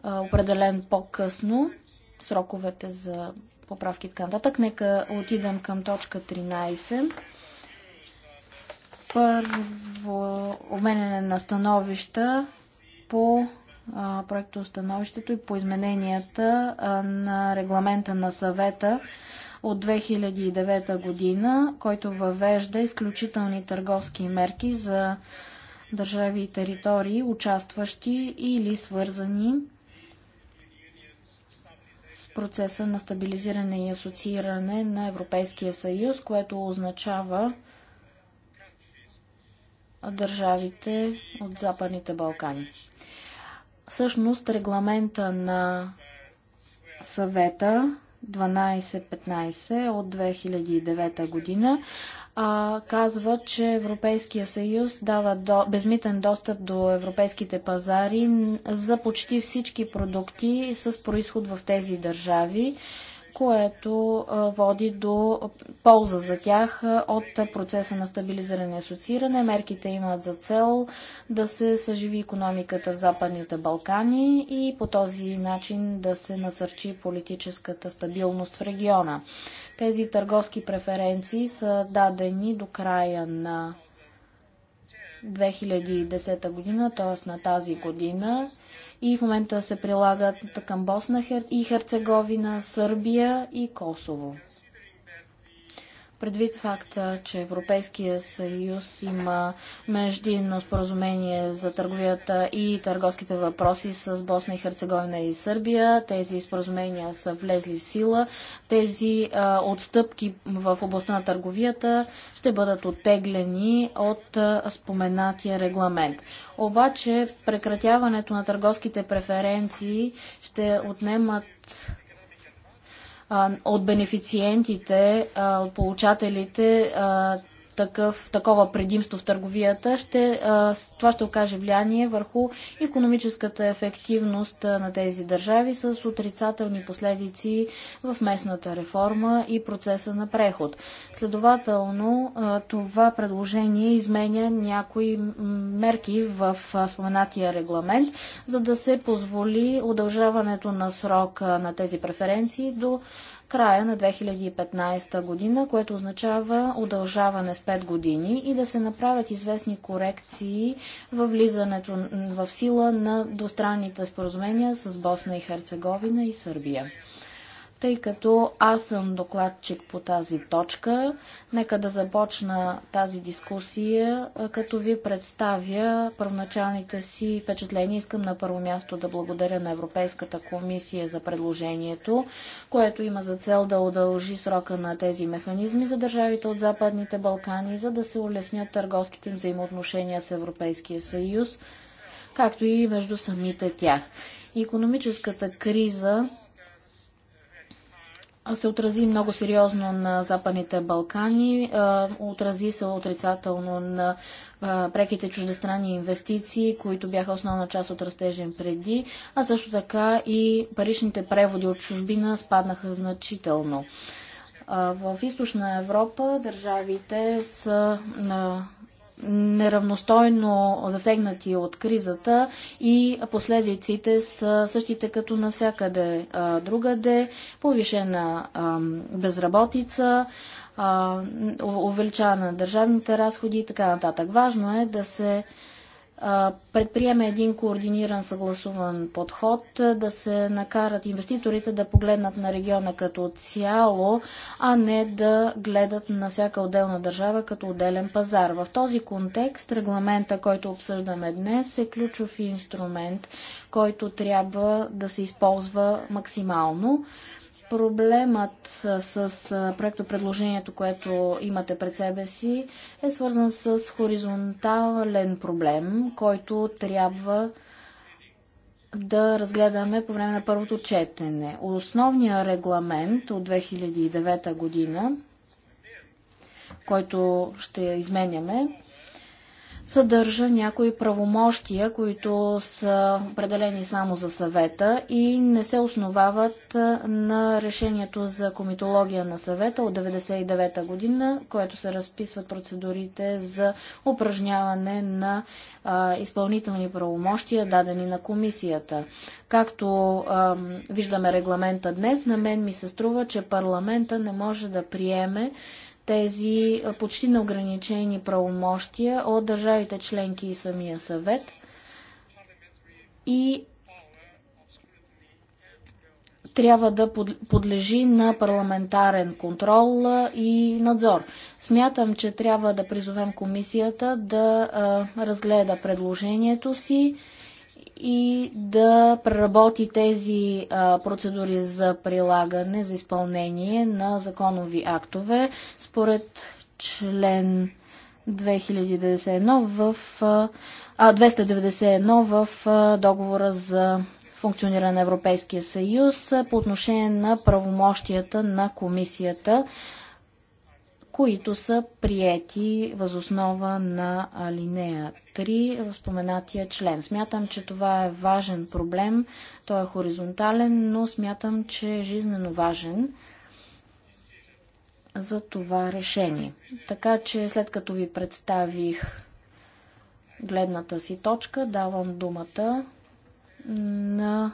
определен по-късно. Сроковете за поправки и така нататък. Нека отидем към точка 13. Първо обменяне на становища по проекто становището и по измененията на регламента на съвета от 2009 година, който въвежда изключителни търговски мерки за държави и територии, участващи или свързани с процеса на стабилизиране и асоцииране на Европейския съюз, което означава държавите от Западните Балкани. Всъщност регламента на съвета 1215 от 2009 година а, казва, че Европейския съюз дава до, безмитен достъп до европейските пазари за почти всички продукти с происход в тези държави което води до полза за тях от процеса на стабилизиране и асоцииране. Мерките имат за цел да се съживи економиката в Западните Балкани и по този начин да се насърчи политическата стабилност в региона. Тези търговски преференции са дадени до края на 2010 година, т.е. на тази година и в момента се прилагат към Босна и Херцеговина, Сърбия и Косово. Предвид факта, че Европейския съюз има междинно споразумение за търговията и търговските въпроси с Босна и Херцеговина и Сърбия, тези споразумения са влезли в сила, тези а, отстъпки в областта на търговията ще бъдат оттеглени от а, споменатия регламент. Обаче прекратяването на търговските преференции ще отнемат от бенефициентите, от получателите такъв, такова предимство в търговията, ще, това ще окаже влияние върху економическата ефективност на тези държави с отрицателни последици в местната реформа и процеса на преход. Следователно, това предложение изменя някои мерки в споменатия регламент, за да се позволи удължаването на срок на тези преференции до края на 2015 година, което означава удължаване с 5 години и да се направят известни корекции в влизането в сила на двустранните споразумения с Босна и Херцеговина и Сърбия. Тъй като аз съм докладчик по тази точка, нека да започна тази дискусия, като ви представя първоначалните си впечатления. Искам на първо място да благодаря на Европейската комисия за предложението, което има за цел да удължи срока на тези механизми за държавите от Западните Балкани, за да се улеснят търговските взаимоотношения с Европейския съюз, както и между самите тях. Економическата криза се отрази много сериозно на Западните Балкани. Отрази се отрицателно на преките чуждестранни инвестиции, които бяха основна част от растежен преди, а също така и паричните преводи от чужбина спаднаха значително. В източна Европа държавите са на неравностойно засегнати от кризата и последиците са същите като навсякъде другаде. Повишена безработица, увеличаване на държавните разходи и така нататък. Важно е да се предприеме един координиран съгласуван подход, да се накарат инвеститорите да погледнат на региона като цяло, а не да гледат на всяка отделна държава като отделен пазар. В този контекст регламента, който обсъждаме днес, е ключов инструмент, който трябва да се използва максимално. Проблемът с проекто предложението, което имате пред себе си, е свързан с хоризонтален проблем, който трябва да разгледаме по време на първото четене. Основният регламент от 2009 година, който ще изменяме, съдържа някои правомощия, които са определени само за съвета и не се основават на решението за комитология на съвета от 1999 година, което се разписват процедурите за упражняване на а, изпълнителни правомощия, дадени на комисията. Както а, виждаме регламента днес, на мен ми се струва, че парламента не може да приеме тези почти неограничени правомощия от държавите членки и самия съвет и трябва да подлежи на парламентарен контрол и надзор. Смятам, че трябва да призовем комисията да разгледа предложението си и да проработи тези а, процедури за прилагане, за изпълнение на законови актове според член 2091 в, а, 291 в а, договора за функциониране на Европейския съюз по отношение на правомощията на комисията които са приети възоснова на алинея 3 в споменатия член. Смятам, че това е важен проблем. Той е хоризонтален, но смятам, че е жизненно важен за това решение. Така че след като ви представих гледната си точка, давам думата на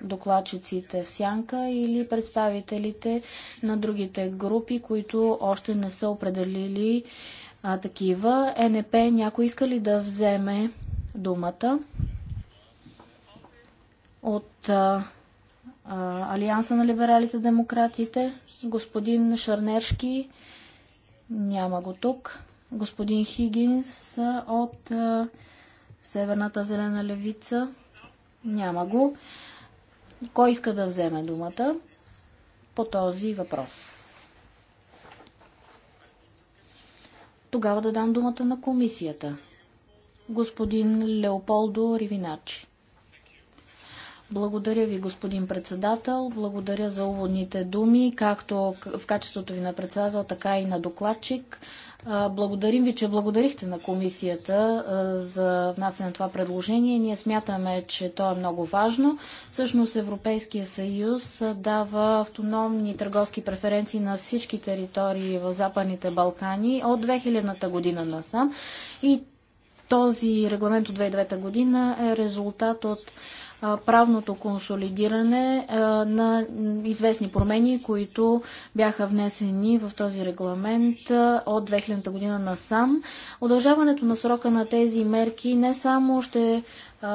докладчиците в сянка или представителите на другите групи, които още не са определили а, такива. ЕНП, някой иска ли да вземе думата от а, а, Алианса на либералите демократите? Господин Шарнершки, няма го тук. Господин Хигинс от а, Северната зелена левица, няма го. Кой иска да вземе думата по този въпрос? Тогава да дам думата на комисията. Господин Леополдо Ривиначи. Благодаря ви, господин председател. Благодаря за уводните думи, както в качеството ви на председател, така и на докладчик. Благодарим ви, че благодарихте на комисията за внасяне на това предложение. Ние смятаме, че то е много важно. Всъщност Европейския съюз дава автономни търговски преференции на всички територии в Западните Балкани от 2000-та година насам. И този регламент от 2009 година е резултат от правното консолидиране на известни промени, които бяха внесени в този регламент от 2000 година на сам. Удължаването на срока на тези мерки не само ще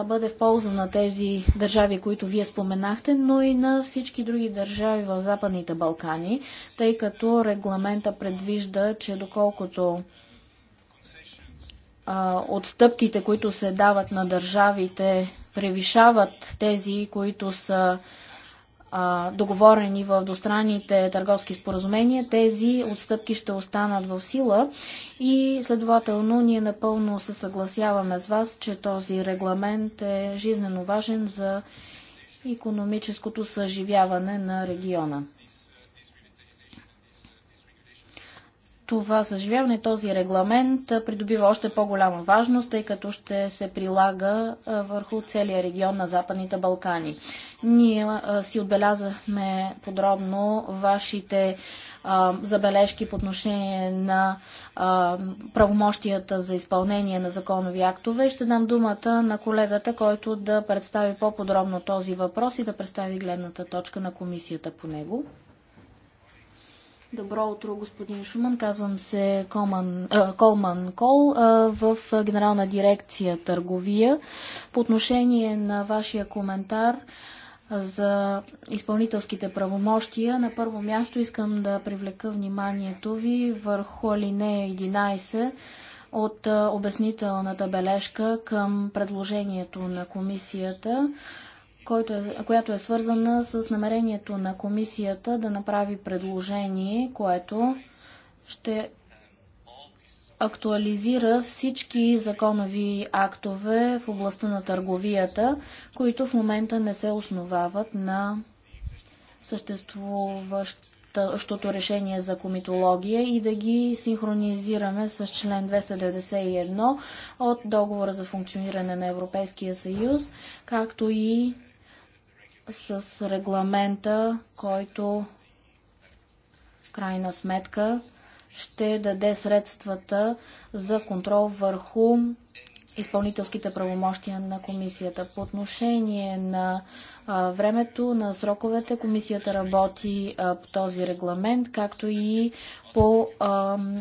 бъде в полза на тези държави, които вие споменахте, но и на всички други държави в Западните Балкани, тъй като регламента предвижда, че доколкото отстъпките, които се дават на държавите превишават тези, които са а, договорени в двустранните търговски споразумения, тези отстъпки ще останат в сила и следователно ние напълно се съгласяваме с вас, че този регламент е жизненно важен за економическото съживяване на региона. това съживяване, този регламент придобива още по-голяма важност, тъй като ще се прилага върху целия регион на Западните Балкани. Ние си отбелязахме подробно вашите забележки по отношение на правомощията за изпълнение на законови актове. Ще дам думата на колегата, който да представи по-подробно този въпрос и да представи гледната точка на комисията по него. Добро утро, господин Шуман. Казвам се Колман, э, Колман Кол э, в Генерална дирекция търговия. По отношение на вашия коментар за изпълнителските правомощия, на първо място искам да привлека вниманието ви върху алинея 11 от обяснителната бележка към предложението на комисията който е, която е свързана с намерението на комисията да направи предложение, което ще актуализира всички законови актове в областта на търговията, които в момента не се основават на съществуващото решение за комитология и да ги синхронизираме с член 291 от договора за функциониране на Европейския съюз, както и с регламента, който в крайна сметка ще даде средствата за контрол върху изпълнителските правомощия на комисията. По отношение на времето, на сроковете, комисията работи по този регламент, както и по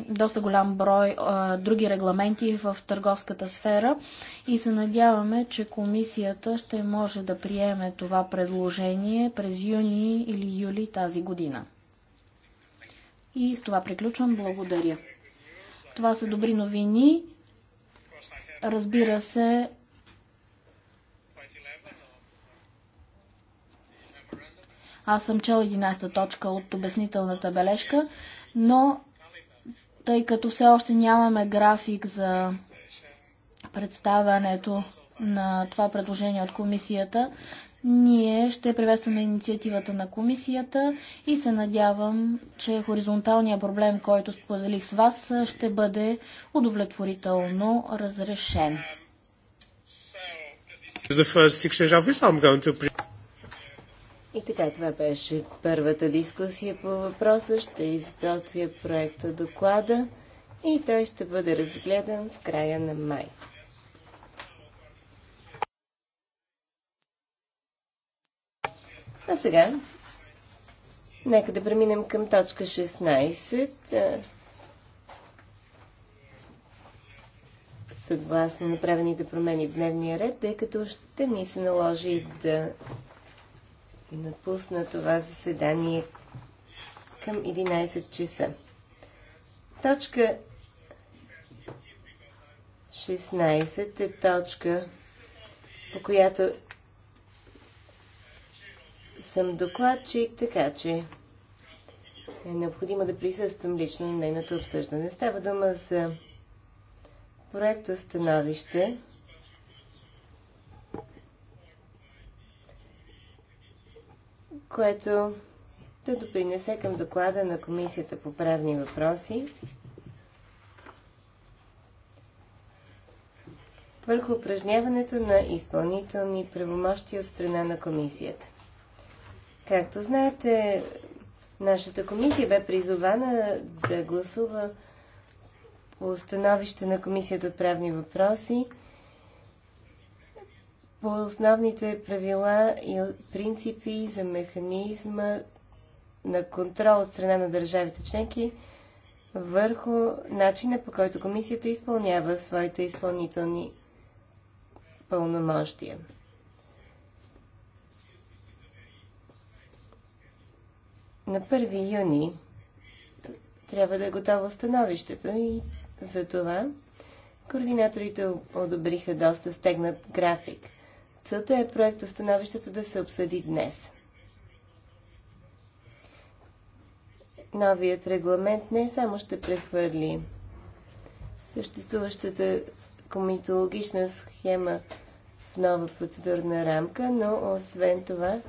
доста голям брой други регламенти в търговската сфера и се надяваме, че комисията ще може да приеме това предложение през юни или юли тази година. И с това приключвам. Благодаря. Това са добри новини Разбира се, аз съм чел 11-та точка от обяснителната бележка, но тъй като все още нямаме график за представянето на това предложение от комисията, Ние ще приветстваме инициативата на комисията и се надявам, че хоризонталният проблем, който споделих с вас, ще бъде удовлетворително разрешен. И така, това беше първата дискусия по въпроса. Ще изготвя проекта доклада и той ще бъде разгледан в края на май. А сега, нека да преминем към точка 16. Съгласно направените промени в дневния ред, тъй като ще ми се наложи да напусна това заседание към 11 часа. Точка 16 е точка, по която съм докладчик, така че е необходимо да присъствам лично на нейното обсъждане. Става дума за проекта становище което да допринесе към доклада на Комисията по правни въпроси върху упражняването на изпълнителни правомощи от страна на Комисията. Както знаете, нашата комисия бе призована да гласува по становище на Комисията от правни въпроси по основните правила и принципи за механизма на контрол от страна на държавите членки върху начина по който комисията изпълнява своите изпълнителни пълномощия. На 1 юни трябва да е готово становището и за това координаторите одобриха доста стегнат график. Целта е проекто становището да се обсъди днес. Новият регламент не само ще прехвърли съществуващата комитологична схема в нова процедурна рамка, но освен това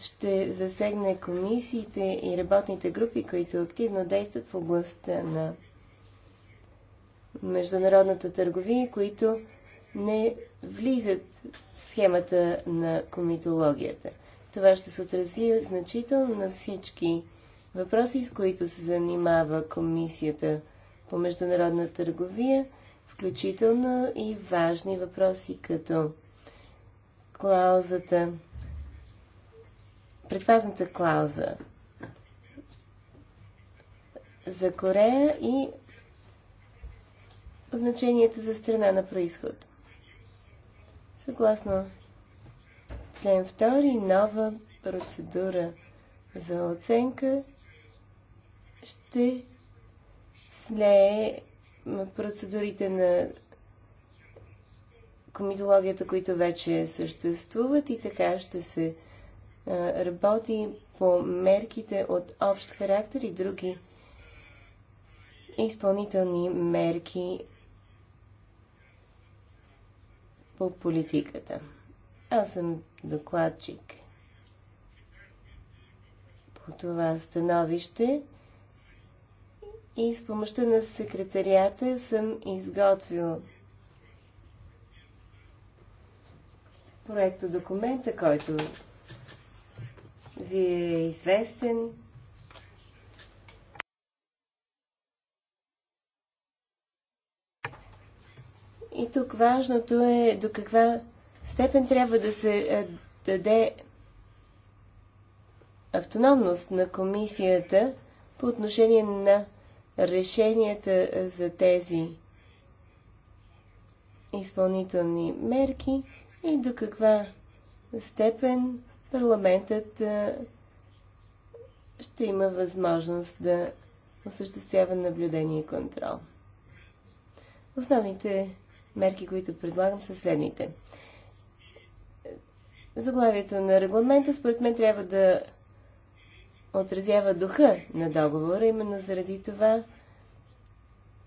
ще засегне комисиите и работните групи, които активно действат в областта на международната търговия, които не влизат в схемата на комитологията. Това ще се отрази значително на всички въпроси, с които се занимава Комисията по международна търговия, включително и важни въпроси като клаузата предпазната клауза за Корея и значението за страна на происход. Съгласно член 2, нова процедура за оценка ще слее процедурите на комитологията, които вече съществуват и така ще се работи по мерките от общ характер и други изпълнителни мерки по политиката. Аз съм докладчик по това становище и с помощта на секретарията съм изготвил проекта документа, който ви е известен. И тук важното е до каква степен трябва да се даде автономност на комисията по отношение на решенията за тези изпълнителни мерки и до каква степен парламентът ще има възможност да осъществява наблюдение и контрол. Основните мерки, които предлагам, са следните. Заглавието на регламента, според мен, трябва да отразява духа на договора. Именно заради това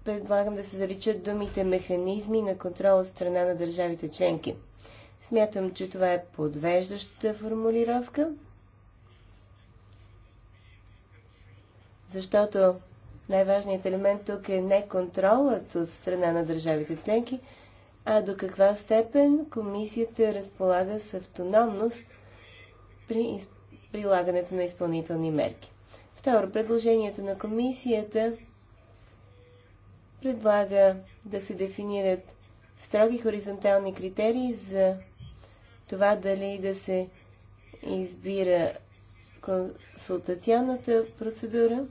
предлагам да се заличат думите механизми на контрол от страна на държавите членки. Смятам, че това е подвеждаща формулировка, защото най-важният елемент тук е не контролът от страна на държавите членки, а до каква степен комисията разполага с автономност при прилагането на изпълнителни мерки. Второ, предложението на комисията предлага да се дефинират строги хоризонтални критерии за това дали да се избира консултационната процедура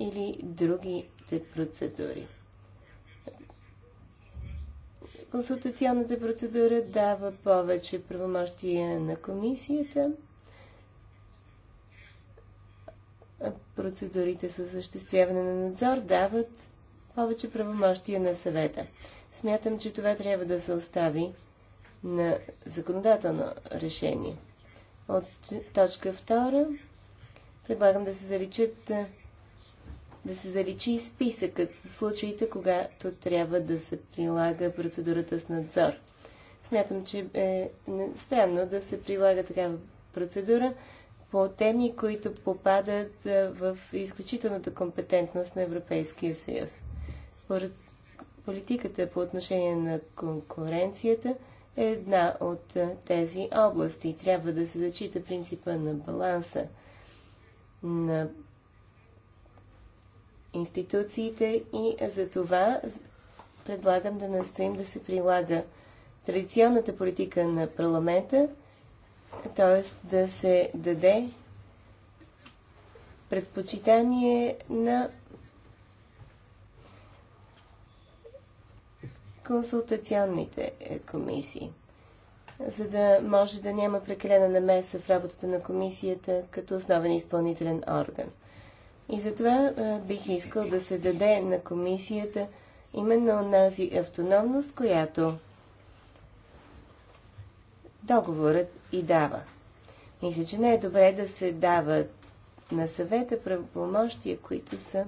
или другите процедури. Консултационната процедура дава повече правомощия на комисията. Процедурите с осъществяване на надзор дават повече правомощия на съвета. Смятам, че това трябва да се остави на законодателно решение. От точка 2 предлагам да се заличат да се заличи списъкът с случаите, когато трябва да се прилага процедурата с надзор. Смятам, че е странно да се прилага такава процедура по теми, които попадат в изключителната компетентност на Европейския съюз. Политиката по отношение на конкуренцията – една от тези области. Трябва да се зачита принципа на баланса на институциите и за това предлагам да настоим да се прилага традиционната политика на парламента, т.е. да се даде предпочитание на консултационните комисии, за да може да няма прекалена намеса в работата на комисията като основен изпълнителен орган. И затова бих искал да се даде на комисията именно тази автономност, която договорът и дава. Мисля, че не е добре да се дава на съвета правомощия, които са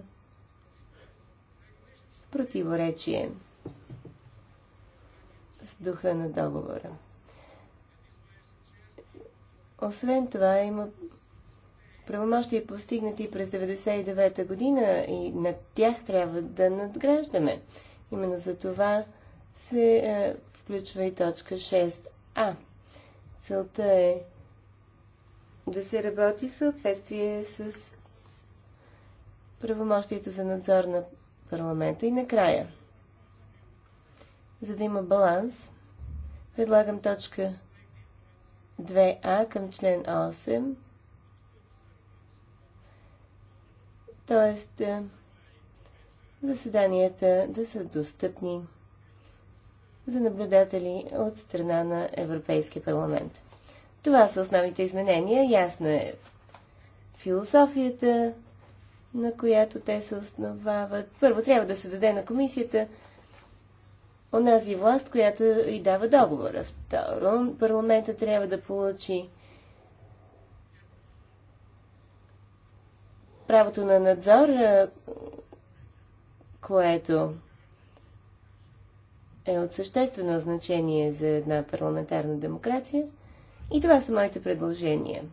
противоречие духа на договора. Освен това, има правомощия постигнати през 1999 година и над тях трябва да надграждаме. Именно за това се е, включва и точка 6а. Целта е да се работи в съответствие с правомощието за надзор на парламента и накрая – за да има баланс, предлагам точка 2а към член 8. Тоест, заседанията да са достъпни за наблюдатели от страна на Европейския парламент. Това са основните изменения. Ясна е философията, на която те се основават. Първо трябва да се даде на комисията онази власт, която и дава договора. Второ, парламента трябва да получи правото на надзор, което е от съществено значение за една парламентарна демокрация. И това са моите предложения.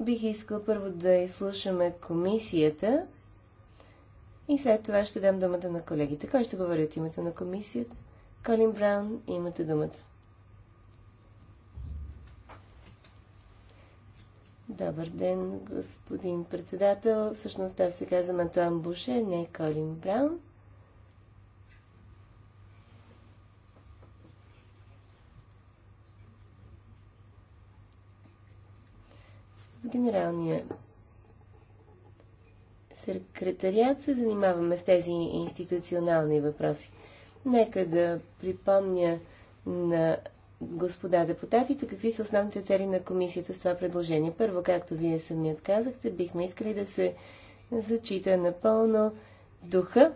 Бих искал първо да изслушаме комисията, И след това ще дам думата на колегите. Кой ще говори от името на комисията? Колин Браун, имате думата. Добър ден, господин председател. Всъщност аз се казвам Антуан Буше, не Колин Браун. Генералния секретарият се занимаваме с тези институционални въпроси. Нека да припомня на господа депутатите какви са основните цели на комисията с това предложение. Първо, както вие самият казахте, бихме искали да се зачита напълно духа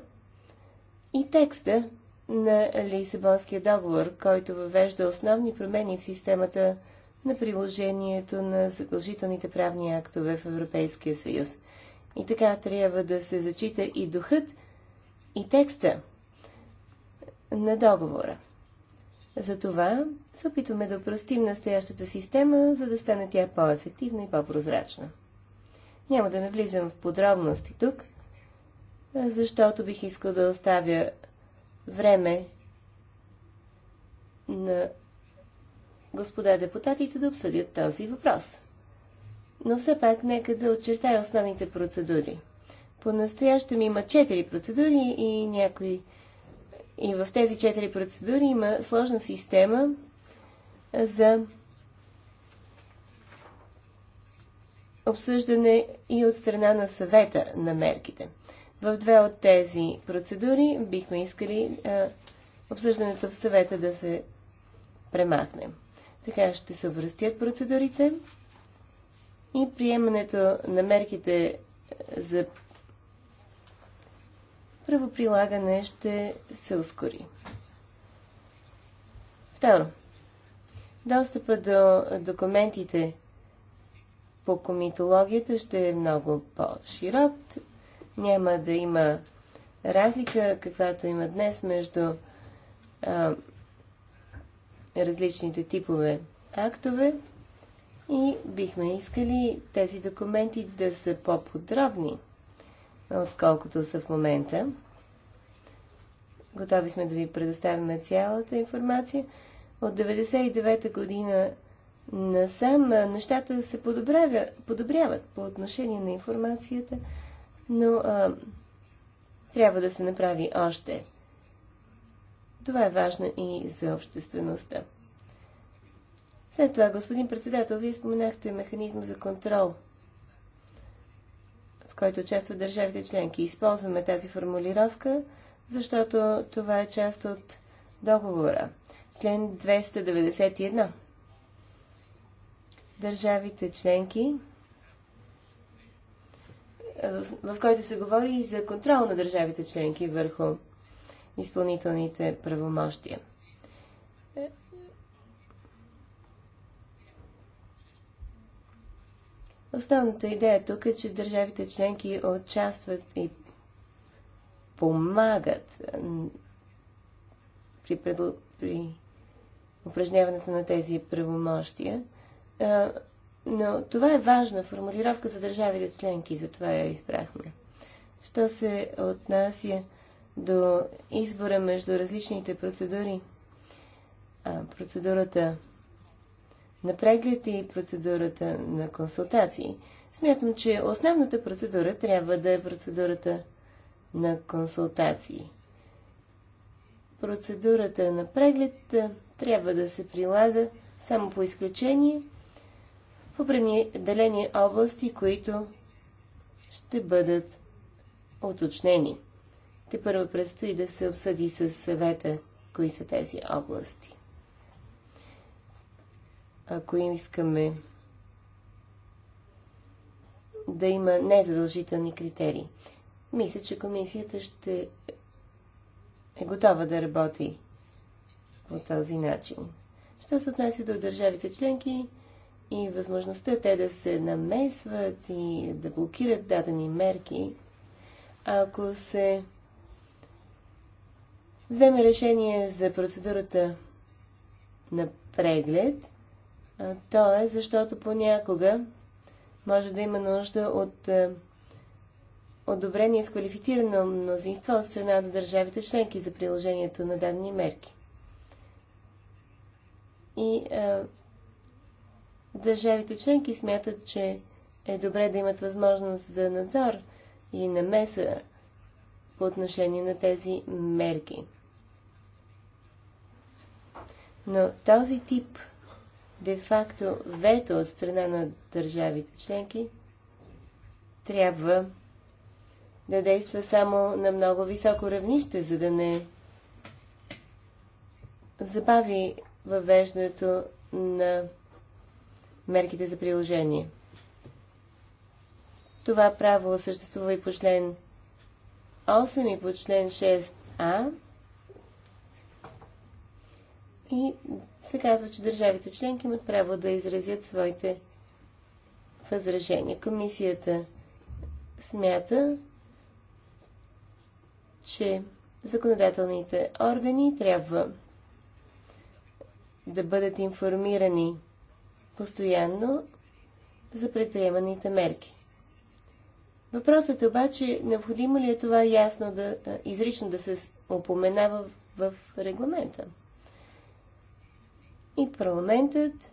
и текста на Лисабонския договор, който въвежда основни промени в системата на приложението на задължителните правни актове в Европейския съюз. И така трябва да се зачита и духът, и текста на договора. Затова се опитваме да простим настоящата система, за да стане тя по-ефективна и по-прозрачна. Няма да навлизам в подробности тук, защото бих искал да оставя време на господа депутатите да обсъдят този въпрос. Но все пак нека да очертая основните процедури. По-настоящем има четири процедури и някои. И в тези четири процедури има сложна система за обсъждане и от страна на съвета на мерките. В две от тези процедури бихме искали а, обсъждането в съвета да се премахне. Така ще се обръстят процедурите и приемането на мерките за правоприлагане ще се ускори. Второ, достъпа до документите по комитологията ще е много по-широк. Няма да има разлика, каквато има днес между а, различните типове актове и бихме искали тези документи да са по-подробни, отколкото са в момента. Готови сме да ви предоставим цялата информация. От 99-та година насам нещата се подобрява, подобряват по отношение на информацията, но а, трябва да се направи още. Това е важно и за обществеността. След това, господин председател, вие споменахте механизма за контрол, в който участват държавите членки. Използваме тази формулировка, защото това е част от договора. Член 291. Държавите членки, в, в който се говори и за контрол на държавите членки върху изпълнителните правомощия. Основната идея тук е, че държавите членки участват и помагат при, предл... при упражняването на тези правомощия. Но това е важна формулировка за държавите членки, затова я избрахме. Що се отнася до избора между различните процедури, процедурата на преглед и процедурата на консултации. Смятам, че основната процедура трябва да е процедурата на консултации. Процедурата на преглед трябва да се прилага само по изключение в определени области, които ще бъдат уточнени. Те първо предстои да се обсъди с съвета, кои са тези области ако искаме да има незадължителни критерии. Мисля, че комисията ще е готова да работи по този начин. Що се отнася до държавите членки и възможността те да се намесват и да блокират дадени мерки, ако се вземе решение за процедурата на преглед, То е, защото понякога може да има нужда от одобрение с квалифицирано мнозинство от страна на държавите членки за приложението на дадени мерки. И а, държавите членки смятат, че е добре да имат възможност за надзор и намеса по отношение на тези мерки. Но този тип де-факто вето от страна на държавите членки трябва да действа само на много високо равнище, за да не забави въвеждането на мерките за приложение. Това право съществува и по член 8 и по член 6а и се казва, че държавите членки имат право да изразят своите възражения. Комисията смята, че законодателните органи трябва да бъдат информирани постоянно за предприеманите мерки. Въпросът е обаче, необходимо ли е това ясно да, изрично да се упоменава в, регламента? И парламентът,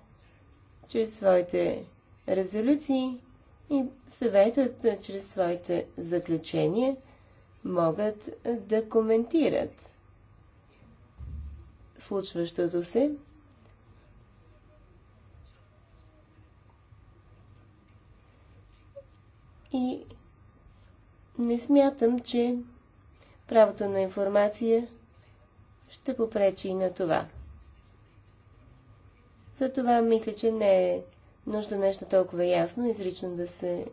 чрез своите резолюции и съветът, чрез своите заключения, могат да коментират случващото се. И не смятам, че правото на информация ще попречи и на това. Затова мисля, че не е нужда нещо толкова ясно изрично да се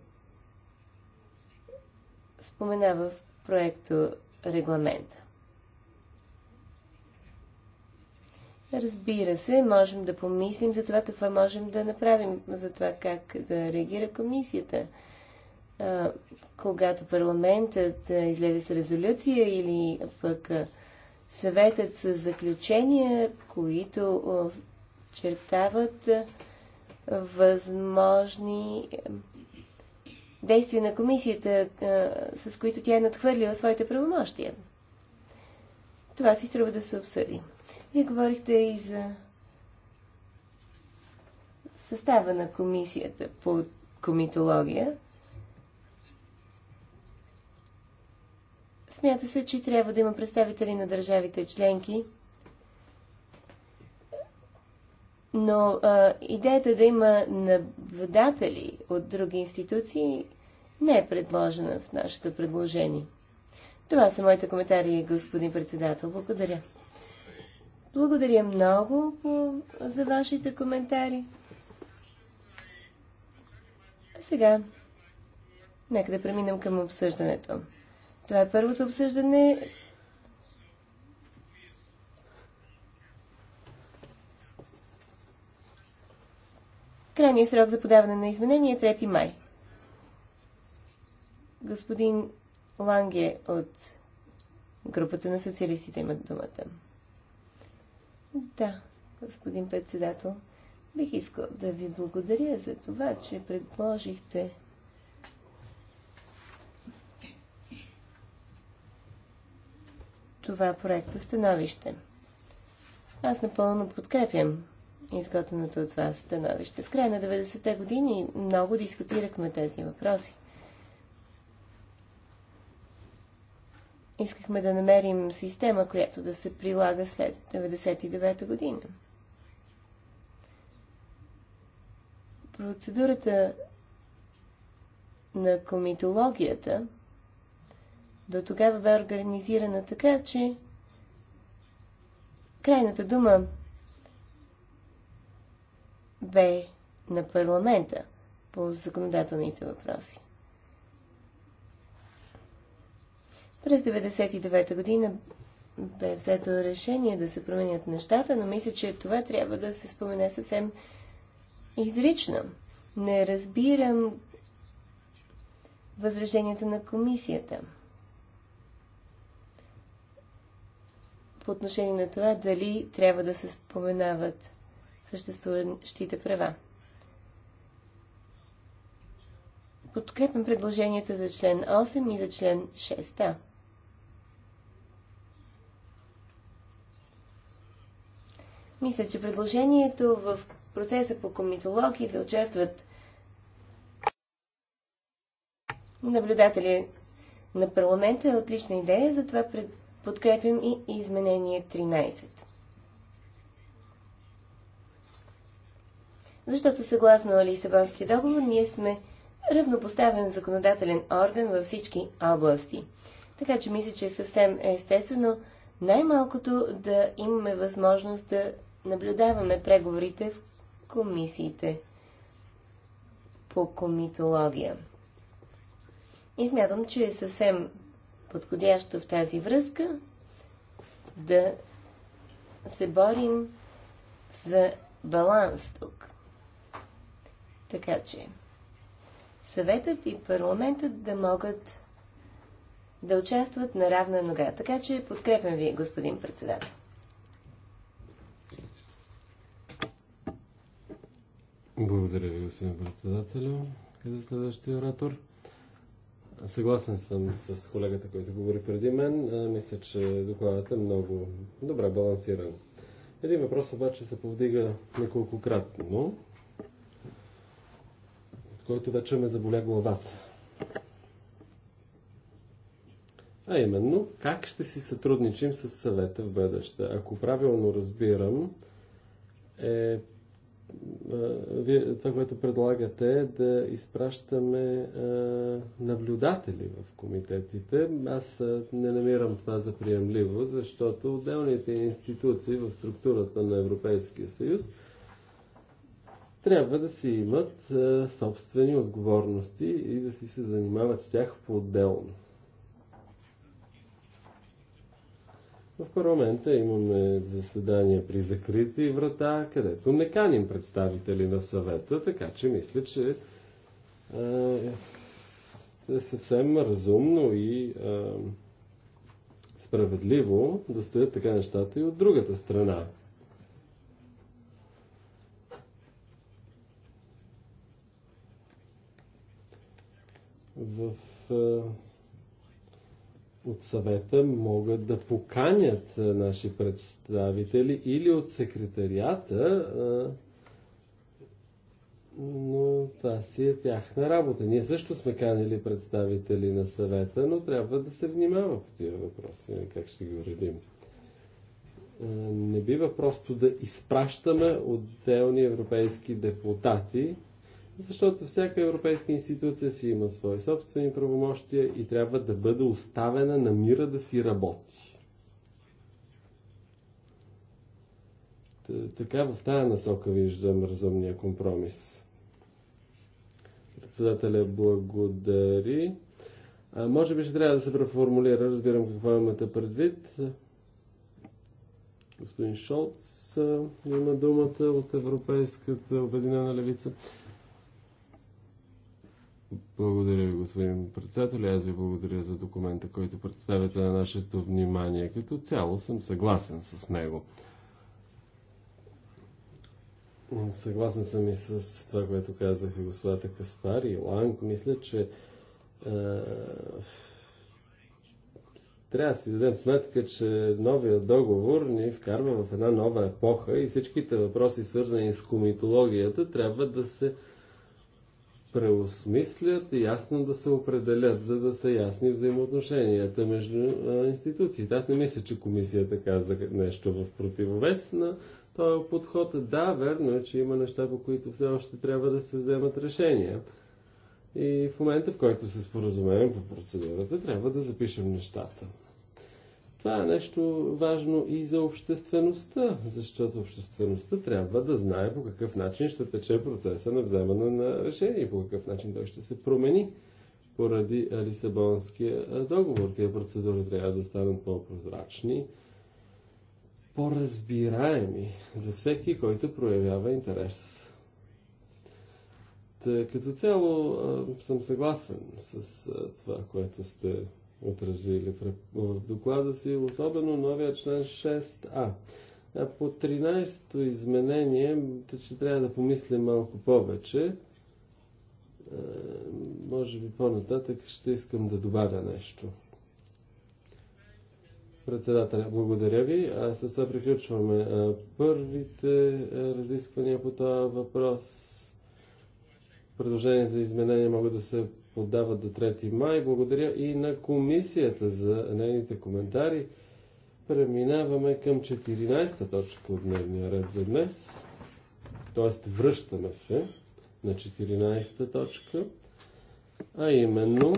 споменава в проекто регламента. Разбира се, можем да помислим за това какво можем да направим, за това как да реагира комисията. А, когато парламентът излезе с резолюция или пък съветът с заключения, които подчертават възможни действия на комисията, с които тя е надхвърлила своите правомощия. Това си струва да се обсъди. Вие говорихте и за състава на комисията по комитология. Смята се, че трябва да има представители на държавите членки – Но а, идеята да има наблюдатели от други институции не е предложена в нашето предложение. Това са моите коментари, господин председател. Благодаря. Благодаря много по, за вашите коментари. А сега, нека да преминем към обсъждането. Това е първото обсъждане Крайният срок за подаване на изменение е 3 май. Господин Ланге от групата на социалистите имат думата. Да, господин председател, бих искал да ви благодаря за това, че предложихте това проекто становище. Аз напълно подкрепям изготвеното от вас становище. В края на 90-те години много дискутирахме тези въпроси. Искахме да намерим система, която да се прилага след 99-та година. Процедурата на комитологията до тогава бе организирана така, че крайната дума Б. на парламента по законодателните въпроси. През 1999 година бе взето решение да се променят нещата, но мисля, че това трябва да се спомене съвсем изрично. Не разбирам възражението на комисията. По отношение на това, дали трябва да се споменават съществуващите права. Подкрепям предложенията за член 8 и за член 6. Мисля, че предложението в процеса по комитологии да участват наблюдатели на парламента е отлична идея, затова подкрепим и изменение 13. защото съгласно Лисабонски договор ние сме равнопоставен законодателен орган във всички области. Така че мисля, че е съвсем естествено най-малкото да имаме възможност да наблюдаваме преговорите в комисиите по комитология. И смятам, че е съвсем подходящо в тази връзка да се борим за баланс тук. Така че съветът и парламентът да могат да участват на равна нога. Така че подкрепям ви, господин председател. Благодаря ви, господин председател. Къде следващия оратор? Съгласен съм с колегата, който говори преди мен. Мисля, че докладът е много добре балансиран. Един въпрос обаче се повдига неколкократно който вече ме заболя главата. А именно, как ще си сътрудничим с съвета в бъдеще? Ако правилно разбирам, е, е, това, което предлагате е да изпращаме е, наблюдатели в комитетите. Аз не намирам това за приемливо, защото отделните институции в структурата на Европейския съюз – трябва да си имат собствени отговорности и да си се занимават с тях по-отделно. В парламента имаме заседания при закрити врата, където не каним представители на съвета, така че мисля, че е съвсем разумно и е, справедливо да стоят така нещата и от другата страна. в, в, от съвета могат да поканят наши представители или от секретарията, но това си е тяхна работа. Ние също сме канили представители на съвета, но трябва да се внимава по тия въпроси, как ще ги уредим. Не бива просто да изпращаме отделни европейски депутати, защото всяка европейска институция си има свои собствени правомощия и трябва да бъде оставена на мира да си работи. Т така в тая насока виждам разумния компромис. Председателя благодари. А, може би ще трябва да се преформулира, разбирам какво имате предвид. Господин Шолц има думата от Европейската обединена левица. Благодаря ви, господин председател. Аз ви благодаря за документа, който представяте на нашето внимание. Като цяло съм съгласен с него. Съгласен съм и с това, което казаха господата Каспар и Ланг. Мисля, че е, трябва да си дадем сметка, че новия договор ни вкарва в една нова епоха и всичките въпроси, свързани с комитологията, трябва да се преосмислят и ясно да се определят, за да са ясни взаимоотношенията между институциите. Аз не мисля, че комисията каза нещо в противовес на този подход. Да, верно е, че има неща, по които все още трябва да се вземат решения. И в момента, в който се споразумеем по процедурата, трябва да запишем нещата. Това е нещо важно и за обществеността, защото обществеността трябва да знае по какъв начин ще тече процеса на вземане на решение и по какъв начин той ще се промени поради Лисабонския договор. Тия процедури трябва да станат по-прозрачни, по-разбираеми за всеки, който проявява интерес. Та, като цяло съм съгласен с това, което сте отразили в, в доклада си, особено новия член 6а. А по 13-то изменение ще трябва да помислим малко повече. може би по-нататък ще искам да добавя нещо. Председателя, благодаря ви. А с това приключваме първите разисквания по този въпрос. Предложения за изменения могат да се отдават до 3 май. Благодаря и на комисията за нейните коментари. Преминаваме към 14-та точка от дневния ред за днес. Тоест връщаме се на 14-та точка, а именно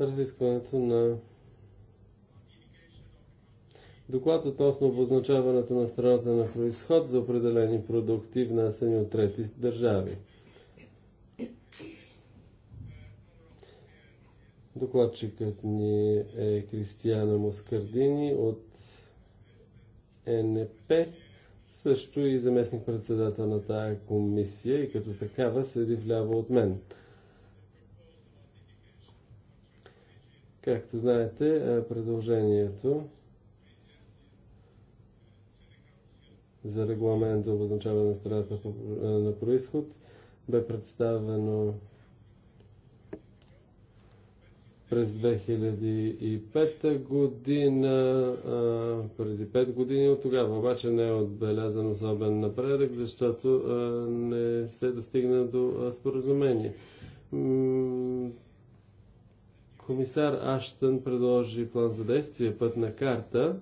разискването на Доклад относно обозначаването на страната на происход за определени продукти, внесени от трети държави. Докладчикът ни е Кристиана Москардини от НП, също и заместник председател на тая комисия и като такава седи вляво от мен. Както знаете, предложението за регламент за обозначаване на страната на происход бе представено през 2005 година, а, преди 5 години от тогава. Обаче не е отбелязан особен напредък, защото а, не се достигна до а, споразумение. М комисар Аштън предложи план за действие, пътна карта,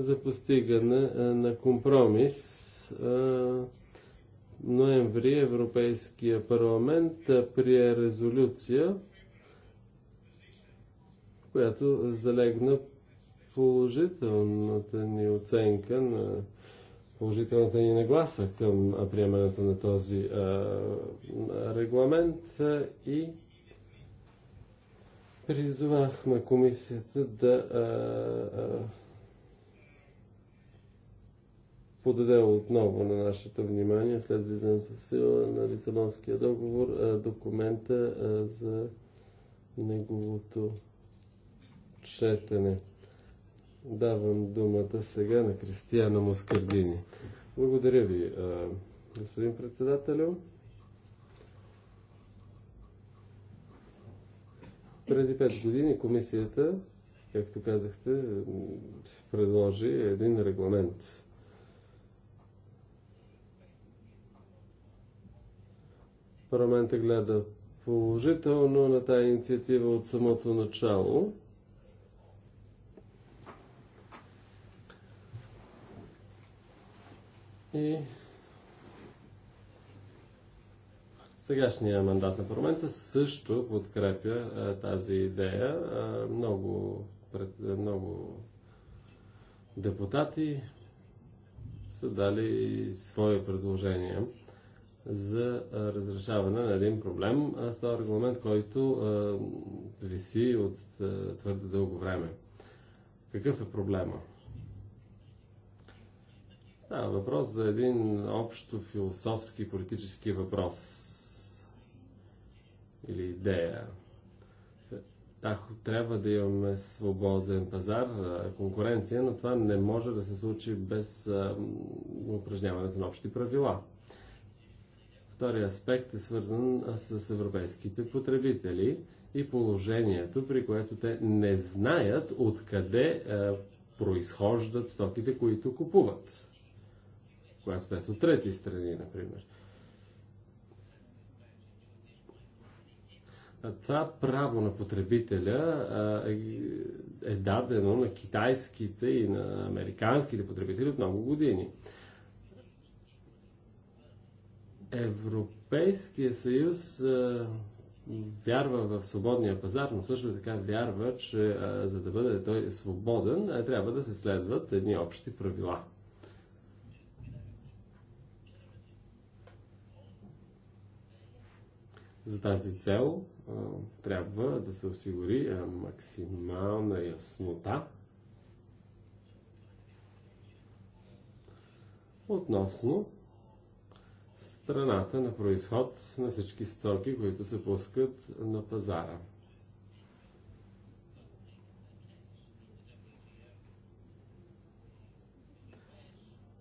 за постигане на компромис. Ноември Европейския парламент прие резолюция, която залегна положителната ни оценка на положителната ни нагласа към приемането на този а, регламент и призовахме комисията да а, а, подаде отново на нашето внимание след влизането в сила на Лисабонския договор документа за неговото четене. Давам думата сега на Кристияна Москардини. Благодаря ви, господин председателю. Преди пет години комисията, както казахте, предложи един регламент парламента гледа положително на тази инициатива от самото начало. И сегашния мандат на парламента също подкрепя а, тази идея. А, много, пред, много депутати са дали свое предложение за разрешаване на един проблем. Става регламент, който виси от твърде дълго време. Какъв е проблема? Става въпрос за един общо философски политически въпрос или идея. Ако трябва да имаме свободен пазар, конкуренция, но това не може да се случи без упражняването на общи правила. Втори аспект е свързан с европейските потребители и положението, при което те не знаят откъде е, произхождат стоките, които купуват. Когато те са от трети страни, например. Това право на потребителя е, е дадено на китайските и на американските потребители от много години. Европейския съюз а, вярва в свободния пазар, но също така вярва, че а, за да бъде той свободен, а, трябва да се следват едни общи правила. За тази цел а, трябва да се осигури максимална яснота относно страната на происход на всички стоки, които се пускат на пазара.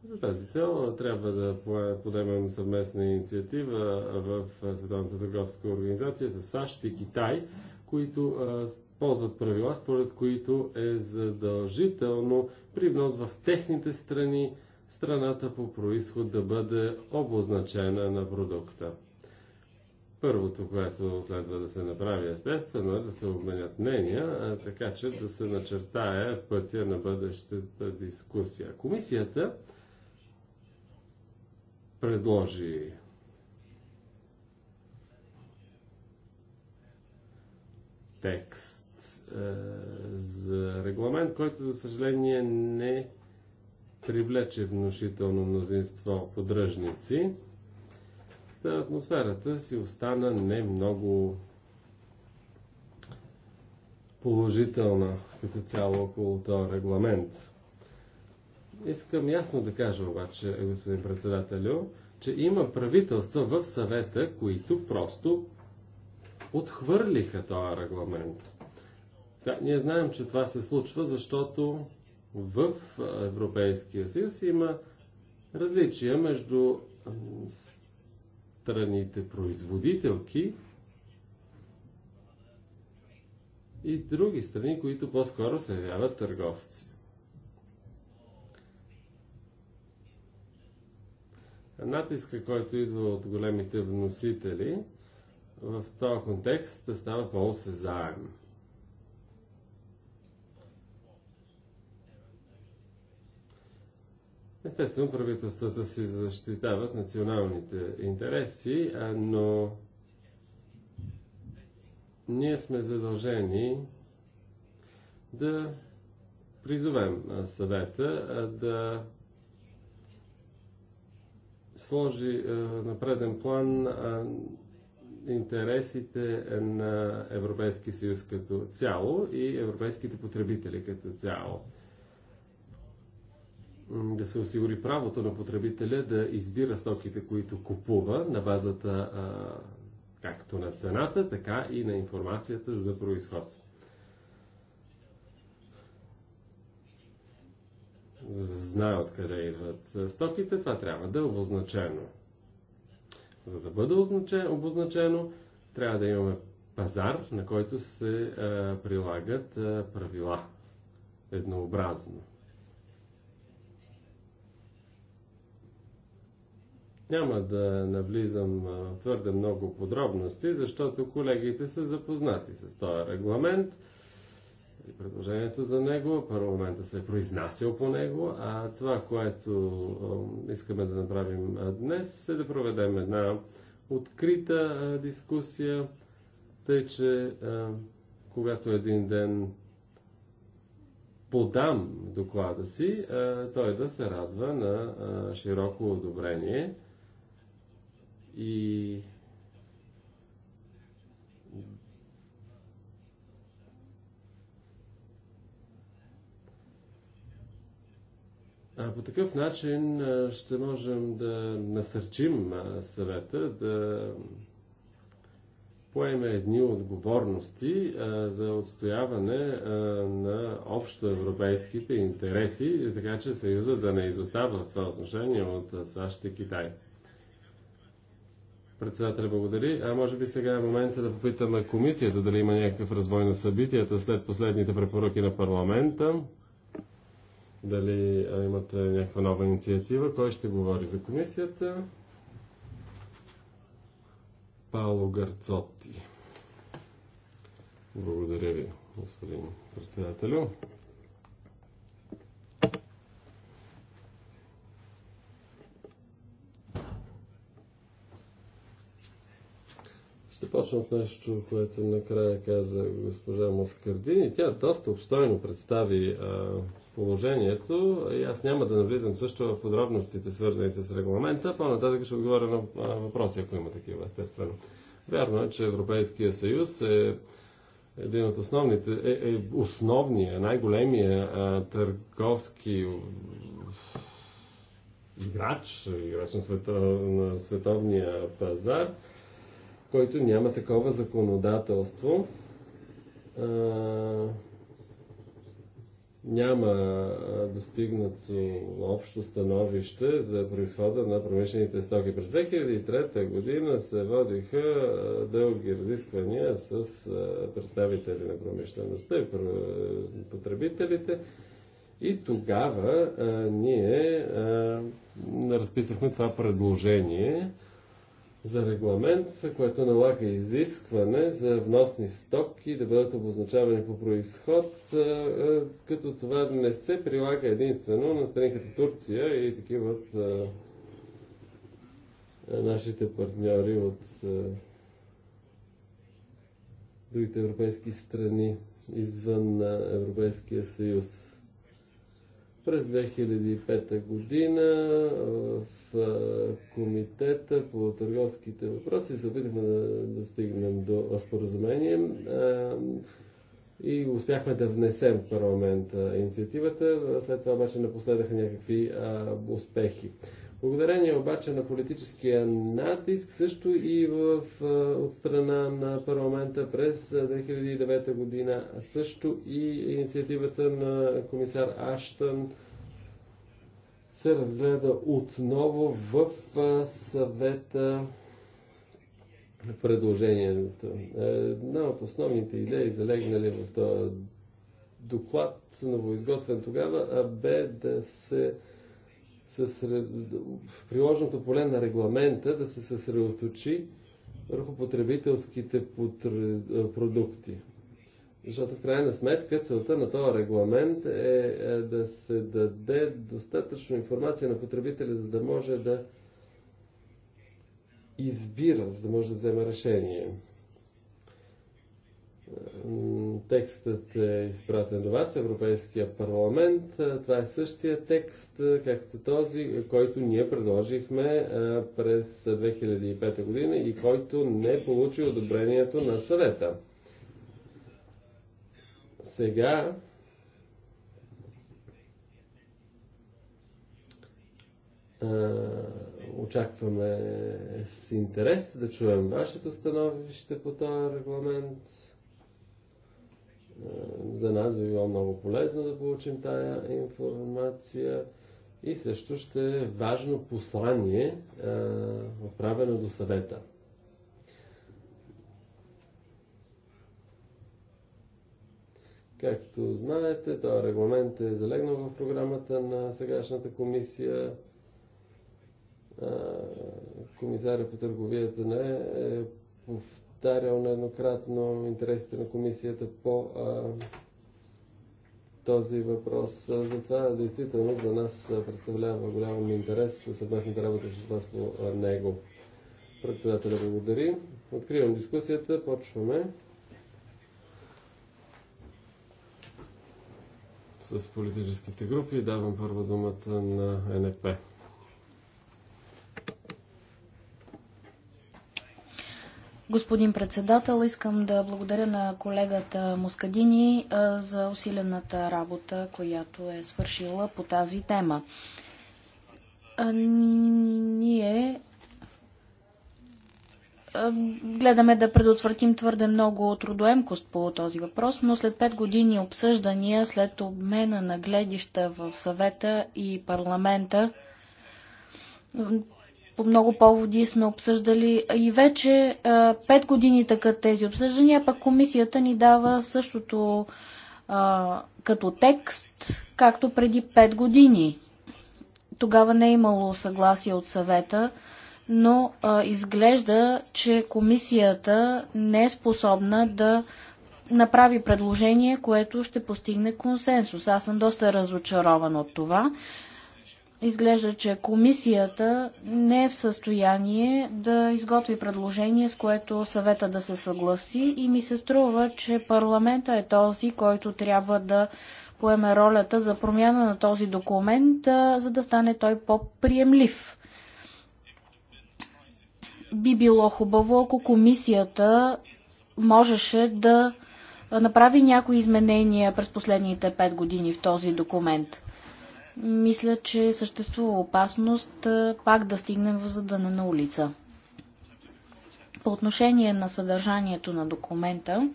За тази цел трябва да подемем съвместна инициатива в Световната търговска организация с САЩ и Китай, които ползват правила, според които е задължително при внос в техните страни страната по происход да бъде обозначена на продукта. Първото, което следва да се направи естествено е да се обменят мнения, така че да се начертае пътя на бъдещата дискусия. Комисията предложи текст е, за регламент, който за съжаление не привлече внушително мнозинство поддръжници, та атмосферата си остана не много положителна като цяло около този регламент. Искам ясно да кажа обаче, господин председателю, че има правителства в съвета, които просто отхвърлиха този регламент. ние знаем, че това се случва, защото в Европейския съюз има различия между страните производителки и други страни, които по-скоро се явяват търговци. Натиска, който идва от големите вносители, в този контекст става по-осезаем. Естествено, правителствата си защитават националните интереси, но ние сме задължени да призовем съвета да сложи на преден план интересите на Европейски съюз като цяло и европейските потребители като цяло да се осигури правото на потребителя да избира стоките, които купува на базата а, както на цената, така и на информацията за происход. За да знае откъде идват стоките, това трябва да е обозначено. За да бъде обозначено, трябва да имаме пазар, на който се а, прилагат а, правила еднообразно. Няма да навлизам твърде много подробности, защото колегите са запознати с този регламент и предложението за него. Парламента се е произнасял по него, а това, което искаме да направим днес, е да проведем една открита дискусия, тъй че когато един ден подам доклада си, той да се радва на широко одобрение – i А по такъв начин ще можем да насърчим съвета да поеме едни отговорности а, за отстояване а, на общоевропейските интереси, така че Съюза да не изостава в това отношение от САЩ и Китай. Председателя, благодари. А може би сега е момента да попитаме комисията дали има някакъв развой на събитията след последните препоръки на парламента. Дали имате някаква нова инициатива? Кой ще говори за комисията? Пауло Гарцоти. Благодаря ви, господин председателю. Ще почна от нещо, което накрая каза госпожа Москардини. Тя доста обстойно представи а, положението и аз няма да навлизам също в подробностите, свързани с регламента. По-нататък ще отговоря на въпроси, ако има такива, естествено. Вярно е, че Европейския съюз е един от основните, е, е основния, най-големия а, търговски играч, играч на, света, на световния пазар който няма такова законодателство. няма достигнато общо становище за происхода на промишлените стоки. През 2003 година се водиха дълги разисквания с представители на промишлеността и потребителите. И тогава а, ние а, разписахме това предложение за регламент, което налага изискване за вносни стоки да бъдат обозначавани по происход, като това не се прилага единствено на страни като Турция и такива от нашите партньори от другите европейски страни извън Европейския съюз. През 2005 година в Комитета по търговските въпроси се опитахме да достигнем до споразумение и успяхме да внесем в парламента инициативата. След това обаче напоследаха някакви успехи. Благодарение обаче на политическия натиск, също и в, от страна на парламента през 2009 година, а също и инициативата на комисар Аштън се разгледа отново в съвета предложението. Една от основните идеи, залегнали в този доклад, новоизготвен тогава, бе да се съсред... в приложното поле на регламента да се съсредоточи върху потребителските потр... продукти. Защото в крайна сметка целта на този регламент е, е да се даде достатъчно информация на потребителя, за да може да избира, за да може да взема решение. Текстът е изпратен до вас, Европейския парламент. Това е същия текст, както този, който ние предложихме през 2005 година и който не получи одобрението на съвета. Сега очакваме с интерес да чуем вашето становище по този регламент за нас би било много полезно да получим тая информация и също ще е важно послание, отправено до съвета. Както знаете, този регламент е залегнал в програмата на сегашната комисия. Комисаря по търговията не е повторил повтарял нееднократно интересите на комисията по а, този въпрос. Затова действително за нас представлява голям интерес съвместната работа с вас по него. Председателя благодари. Откривам дискусията. Почваме. С политическите групи давам първо думата на НП. Господин председател, искам да благодаря на колегата Москадини за усилената работа, която е свършила по тази тема. Ние гледаме да предотвратим твърде много трудоемкост по този въпрос, но след пет години обсъждания, след обмена на гледища в съвета и парламента, по много поводи сме обсъждали и вече пет години така тези обсъждания, пък комисията ни дава същото като текст, както преди пет години. Тогава не е имало съгласие от съвета, но изглежда, че комисията не е способна да направи предложение, което ще постигне консенсус. Аз съм доста разочарован от това. Изглежда, че комисията не е в състояние да изготви предложение, с което съвета да се съгласи и ми се струва, че парламента е този, който трябва да поеме ролята за промяна на този документ, за да стане той по-приемлив. Би било хубаво, ако комисията можеше да направи някои изменения през последните пет години в този документ мисля, че съществува опасност пак да стигнем в задане на улица. По отношение на съдържанието на документа,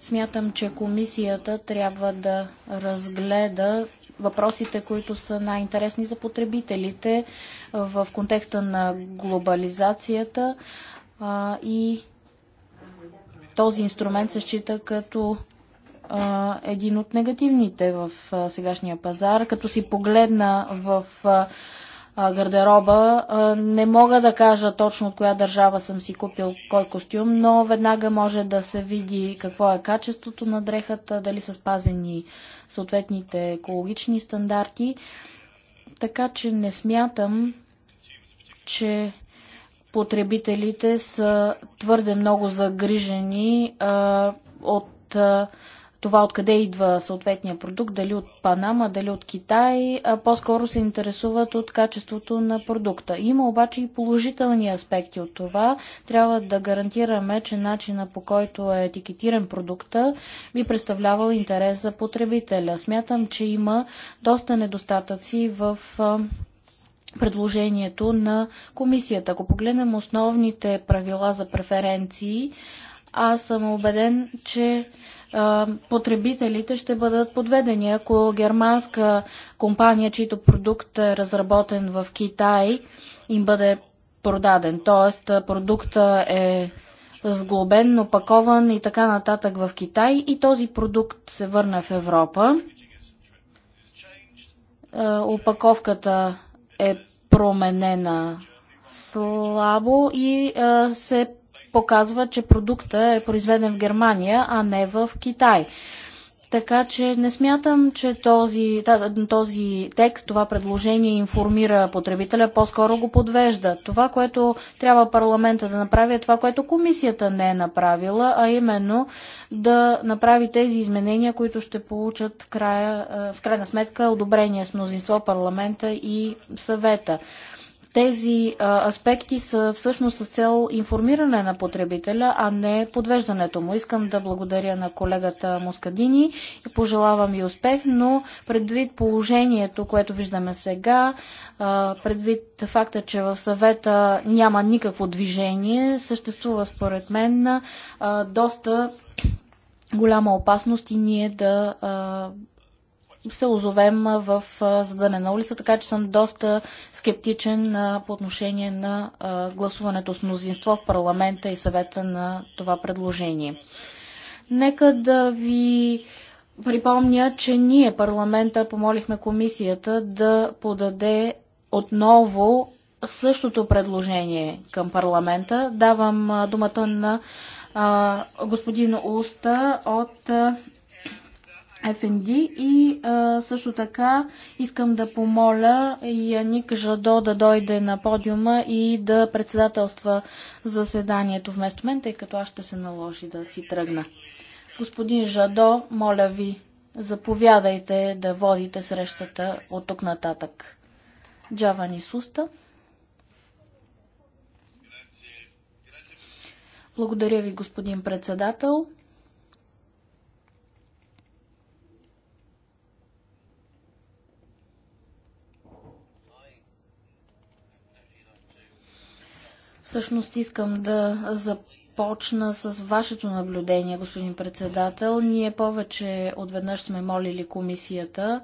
смятам, че комисията трябва да разгледа въпросите, които са най-интересни за потребителите в контекста на глобализацията а, и този инструмент се счита като един от негативните в сегашния пазар. Като си погледна в гардероба, не мога да кажа точно от коя държава съм си купил кой костюм, но веднага може да се види какво е качеството на дрехата, дали са спазени съответните екологични стандарти. Така че не смятам, че потребителите са твърде много загрижени а, от а, това откъде идва съответния продукт, дали от Панама, дали от Китай, а по-скоро се интересуват от качеството на продукта. Има обаче и положителни аспекти от това. Трябва да гарантираме, че начина по който е етикетиран продукта би представлявал интерес за потребителя. Смятам, че има доста недостатъци в предложението на комисията. Ако погледнем основните правила за преференции, аз съм убеден, че потребителите ще бъдат подведени. Ако германска компания, чийто продукт е разработен в Китай, им бъде продаден, т.е. продукта е сглобен, опакован и така нататък в Китай и този продукт се върне в Европа, опаковката е променена слабо и се показва, че продукта е произведен в Германия, а не в Китай. Така че не смятам, че този, този текст, това предложение информира потребителя, по-скоро го подвежда. Това, което трябва парламента да направи, е това, което комисията не е направила, а именно да направи тези изменения, които ще получат в, края, в крайна сметка одобрение с мнозинство парламента и съвета. Тези аспекти са всъщност с цел информиране на потребителя, а не подвеждането му. Искам да благодаря на колегата Москадини и пожелавам и успех, но предвид положението, което виждаме сега, предвид факта, че в съвета няма никакво движение, съществува според мен доста голяма опасност и ние да се озовем в задане на улица, така че съм доста скептичен по отношение на гласуването с мнозинство в парламента и съвета на това предложение. Нека да ви припомня, че ние парламента помолихме комисията да подаде отново същото предложение към парламента. Давам думата на а, господин Уста от FND и а, също така искам да помоля Яник Жадо да дойде на подиума и да председателства заседанието вместо мен, тъй като аз ще се наложи да си тръгна. Господин Жадо, моля ви, заповядайте да водите срещата от тук нататък. Джавани Суста. Благодаря ви, господин председател. Всъщност искам да започна с вашето наблюдение, господин председател. Ние повече отведнъж сме молили комисията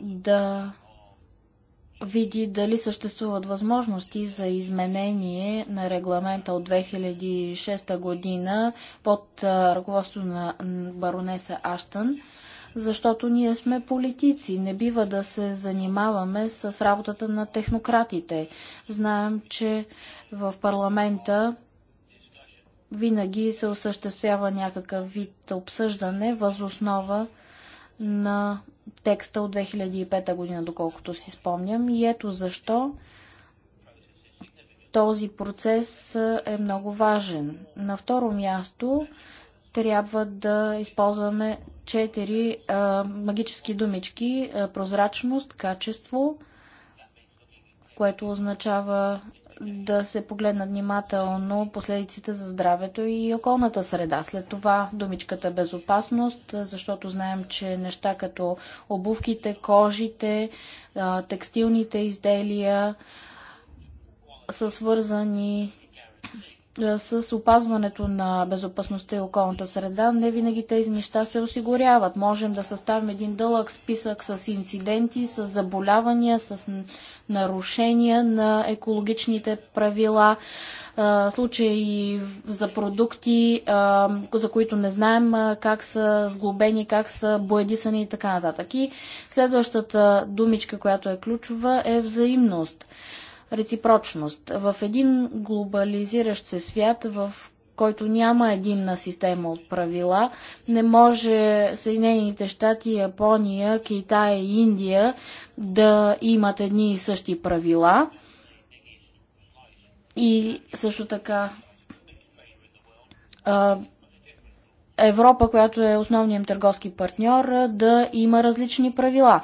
да види дали съществуват възможности за изменение на регламента от 2006 година под ръководство на баронеса Аштън защото ние сме политици. Не бива да се занимаваме с работата на технократите. Знаем, че в парламента винаги се осъществява някакъв вид обсъждане възоснова на текста от 2005 година, доколкото си спомням. И ето защо този процес е много важен. На второ място трябва да използваме четири а, магически думички. А, прозрачност, качество, което означава да се погледнат внимателно последиците за здравето и околната среда. След това думичката безопасност, защото знаем, че неща като обувките, кожите, текстилните изделия са свързани с опазването на безопасността и околната среда, не винаги тези неща се осигуряват. Можем да съставим един дълъг списък с инциденти, с заболявания, с нарушения на екологичните правила, случаи за продукти, за които не знаем как са сглобени, как са боядисани и така нататък. И следващата думичка, която е ключова, е взаимност реципрочност. В един глобализиращ се свят, в който няма единна система от правила, не може Съединените щати, Япония, Китай и Индия да имат едни и същи правила. И също така Европа, която е основният търговски партньор, да има различни правила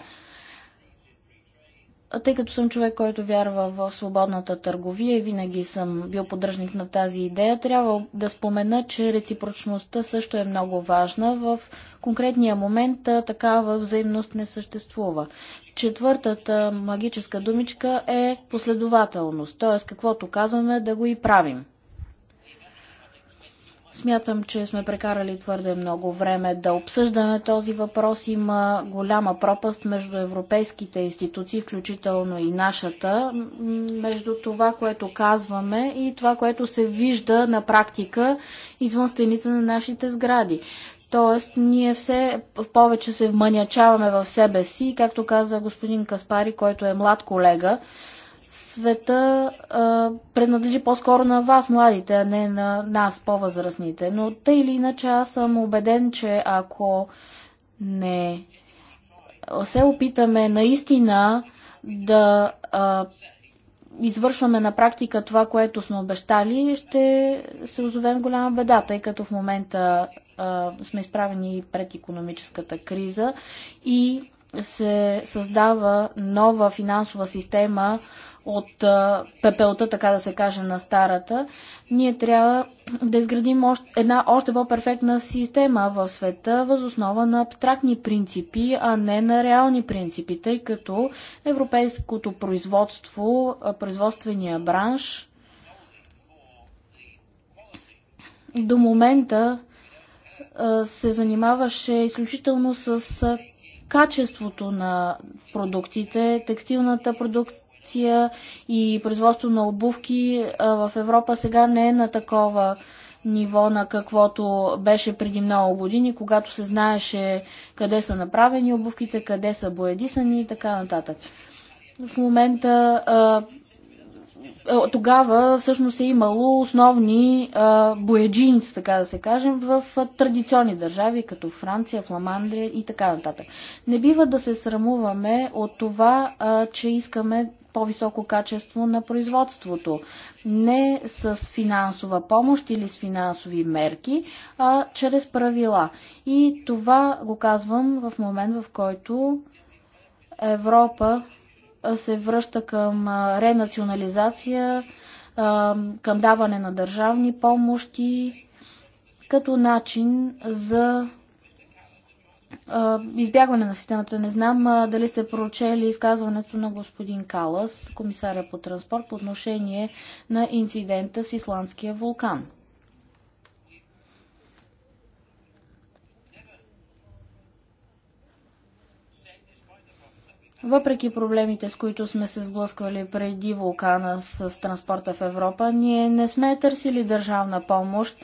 тъй като съм човек, който вярва в свободната търговия и винаги съм бил поддръжник на тази идея, трябва да спомена, че реципрочността също е много важна. В конкретния момент такава взаимност не съществува. Четвъртата магическа думичка е последователност, т.е. каквото казваме да го и правим. Смятам, че сме прекарали твърде много време да обсъждаме този въпрос. Има голяма пропаст между европейските институции, включително и нашата, между това, което казваме и това, което се вижда на практика извън стените на нашите сгради. Тоест, ние все повече се вмънячаваме в себе си, както каза господин Каспари, който е млад колега, света а, принадлежи по-скоро на вас, младите, а не на нас, по-възрастните. Но тъй или иначе аз съм убеден, че ако не се опитаме наистина да а, извършваме на практика това, което сме обещали, ще се озовем голяма беда, тъй като в момента а, сме изправени пред економическата криза и се създава нова финансова система, от пепелта, така да се каже, на старата, ние трябва да изградим още, една още по-перфектна система в света, възоснова на абстрактни принципи, а не на реални принципи, тъй като европейското производство, производствения бранш до момента се занимаваше изключително с качеството на продуктите, текстилната продукт продукция и производство на обувки в Европа сега не е на такова ниво на каквото беше преди много години, когато се знаеше къде са направени обувките, къде са боядисани и така нататък. В момента тогава всъщност е имало основни бояджинци, така да се кажем, в традиционни държави, като Франция, Фламандрия и така нататък. Не бива да се срамуваме от това, че искаме по-високо качество на производството. Не с финансова помощ или с финансови мерки, а чрез правила. И това го казвам в момент, в който Европа се връща към ренационализация, към даване на държавни помощи като начин за избягване на системата. Не знам дали сте прочели изказването на господин Калас, комисаря по транспорт, по отношение на инцидента с исландския вулкан. Въпреки проблемите, с които сме се сблъсквали преди вулкана с транспорта в Европа, ние не сме търсили държавна помощ,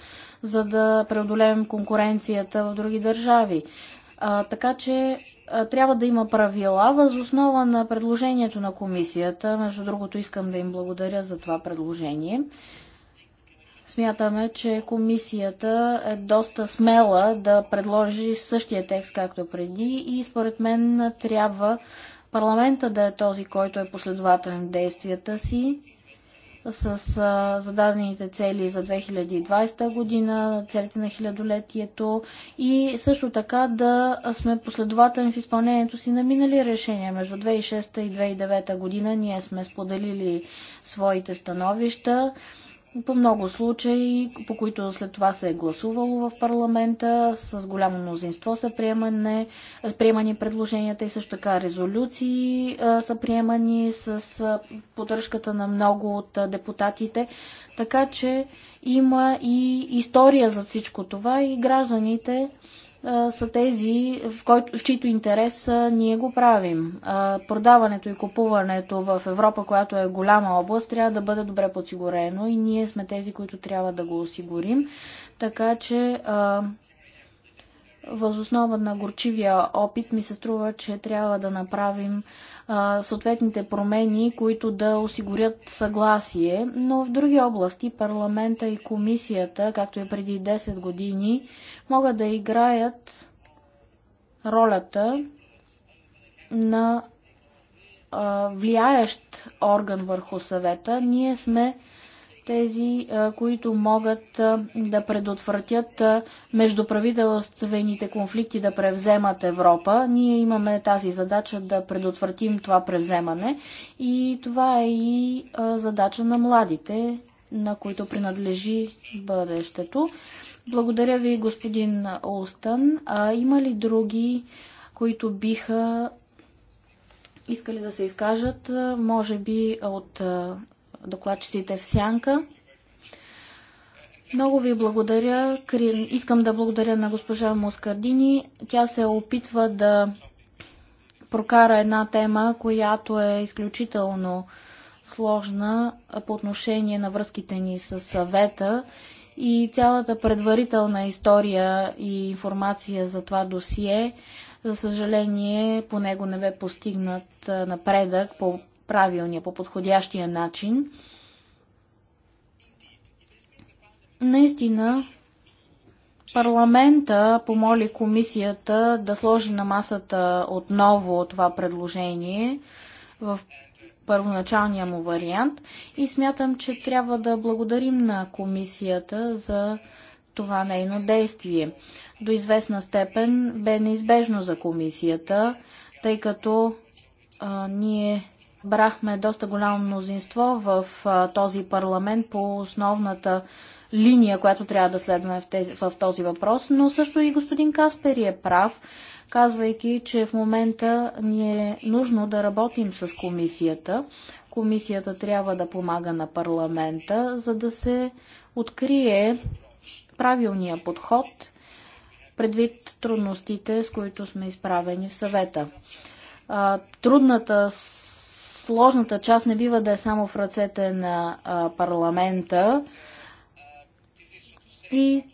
за да преодолеем конкуренцията в други държави така че трябва да има правила възоснова на предложението на комисията. Между другото, искам да им благодаря за това предложение. Смятаме, че комисията е доста смела да предложи същия текст, както преди и според мен трябва парламента да е този, който е последователен в действията си с зададените цели за 2020 година, целите на хилядолетието и също така да сме последователни в изпълнението си на минали решения. Между 2006 и 2009 година ние сме споделили своите становища по много случаи, по които след това се е гласувало в парламента, с голямо мнозинство са приемане, приемани предложенията и също така резолюции са приемани с поддръжката на много от депутатите. Така че има и история за всичко това и гражданите са тези, в, който, в чието интерес ние го правим. Продаването и купуването в Европа, която е голяма област, трябва да бъде добре подсигурено и ние сме тези, които трябва да го осигурим. Така че възоснова на горчивия опит ми се струва, че трябва да направим съответните промени, които да осигурят съгласие, но в други области парламента и комисията, както и преди 10 години, могат да играят ролята на влияещ орган върху съвета. Ние сме тези, които могат да предотвратят междуправителствените конфликти да превземат Европа. Ние имаме тази задача да предотвратим това превземане и това е и задача на младите, на които принадлежи бъдещето. Благодаря ви, господин Олстън. А има ли други, които биха искали да се изкажат, може би от докладчиците в Сянка. Много ви благодаря. Искам да благодаря на госпожа Москардини. Тя се опитва да прокара една тема, която е изключително сложна по отношение на връзките ни с съвета и цялата предварителна история и информация за това досие. За съжаление, по него не бе постигнат напредък по правилния, по подходящия начин. Наистина, парламента помоли комисията да сложи на масата отново това предложение в първоначалния му вариант и смятам, че трябва да благодарим на комисията за това нейно действие. До известна степен бе неизбежно за комисията, тъй като а, ние Брахме доста голямо мнозинство в този парламент по основната линия, която трябва да следваме в, тези, в този въпрос, но също и господин Каспери е прав, казвайки, че в момента ни е нужно да работим с комисията. Комисията трябва да помага на парламента, за да се открие правилния подход предвид трудностите, с които сме изправени в съвета. Трудната сложната част не бива да е само в ръцете на парламента. И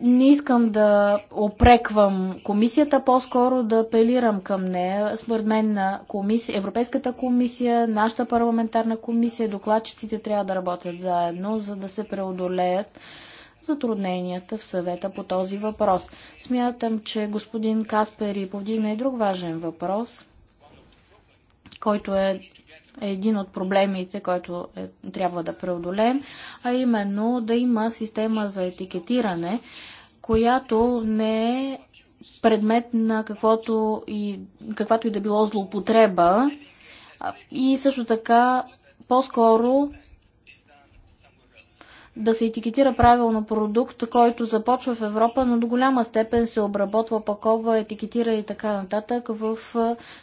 не искам да опреквам комисията, по-скоро да апелирам към нея. Според мен на комисия, Европейската комисия, нашата парламентарна комисия, докладчиците трябва да работят заедно, за да се преодолеят затрудненията в съвета по този въпрос. Смятам, че господин Каспери повдигна и друг важен въпрос – който е един от проблемите, който е, трябва да преодолеем, а именно да има система за етикетиране, която не е предмет на каквото и, каквато и да било злоупотреба и също така по-скоро да се етикетира правилно продукт, който започва в Европа, но до голяма степен се обработва, пакова, етикетира и така нататък в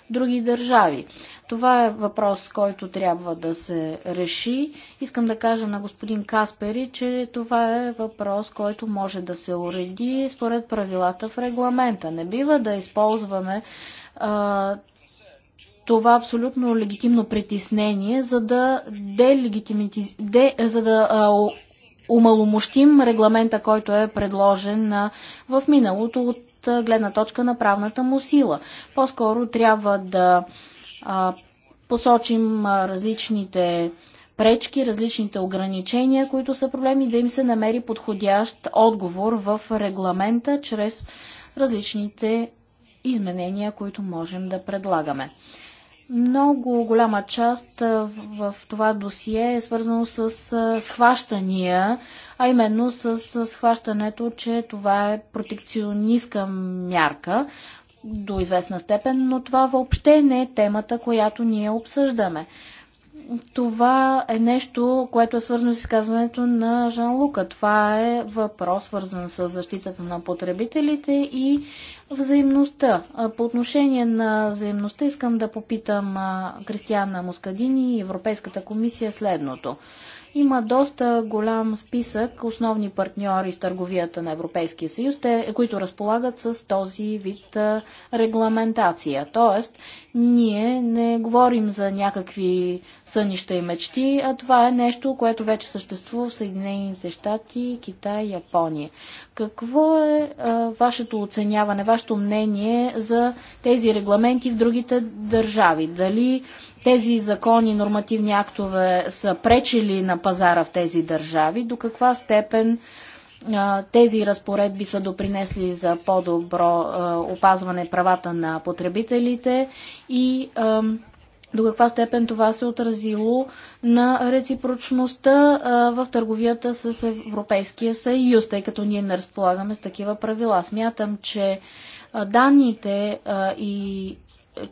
други държави. Това е въпрос, който трябва да се реши. Искам да кажа на господин Каспери, че това е въпрос, който може да се уреди според правилата в регламента. Не бива да използваме а, това абсолютно легитимно притеснение, за да, делегитимити... де... за да а, умаломощим регламента, който е предложен на, в миналото от гледна точка на правната му сила. По-скоро трябва да а, посочим а, различните пречки, различните ограничения, които са проблеми, да им се намери подходящ отговор в регламента чрез различните изменения, които можем да предлагаме. Много голяма част в това досие е свързано с схващания, а именно с схващането, че това е протекционистка мярка до известна степен, но това въобще не е темата, която ние обсъждаме това е нещо, което е свързано с изказването на Жан Лука. Това е въпрос, свързан с защитата на потребителите и взаимността. По отношение на взаимността искам да попитам Кристиана Мускадини и Европейската комисия следното. Има доста голям списък основни партньори в търговията на Европейския съюз, те, които разполагат с този вид регламентация. Тоест, ние не говорим за някакви сънища и мечти, а това е нещо, което вече съществува в Съединените щати, Китай, Япония. Какво е а, вашето оценяване, вашето мнение за тези регламенти в другите държави? Дали тези закони, нормативни актове са пречили на пазара в тези държави, до каква степен тези разпоредби са допринесли за по-добро опазване правата на потребителите и до каква степен това се отразило на реципрочността в търговията с Европейския съюз, тъй като ние не разполагаме с такива правила. Смятам, че данните и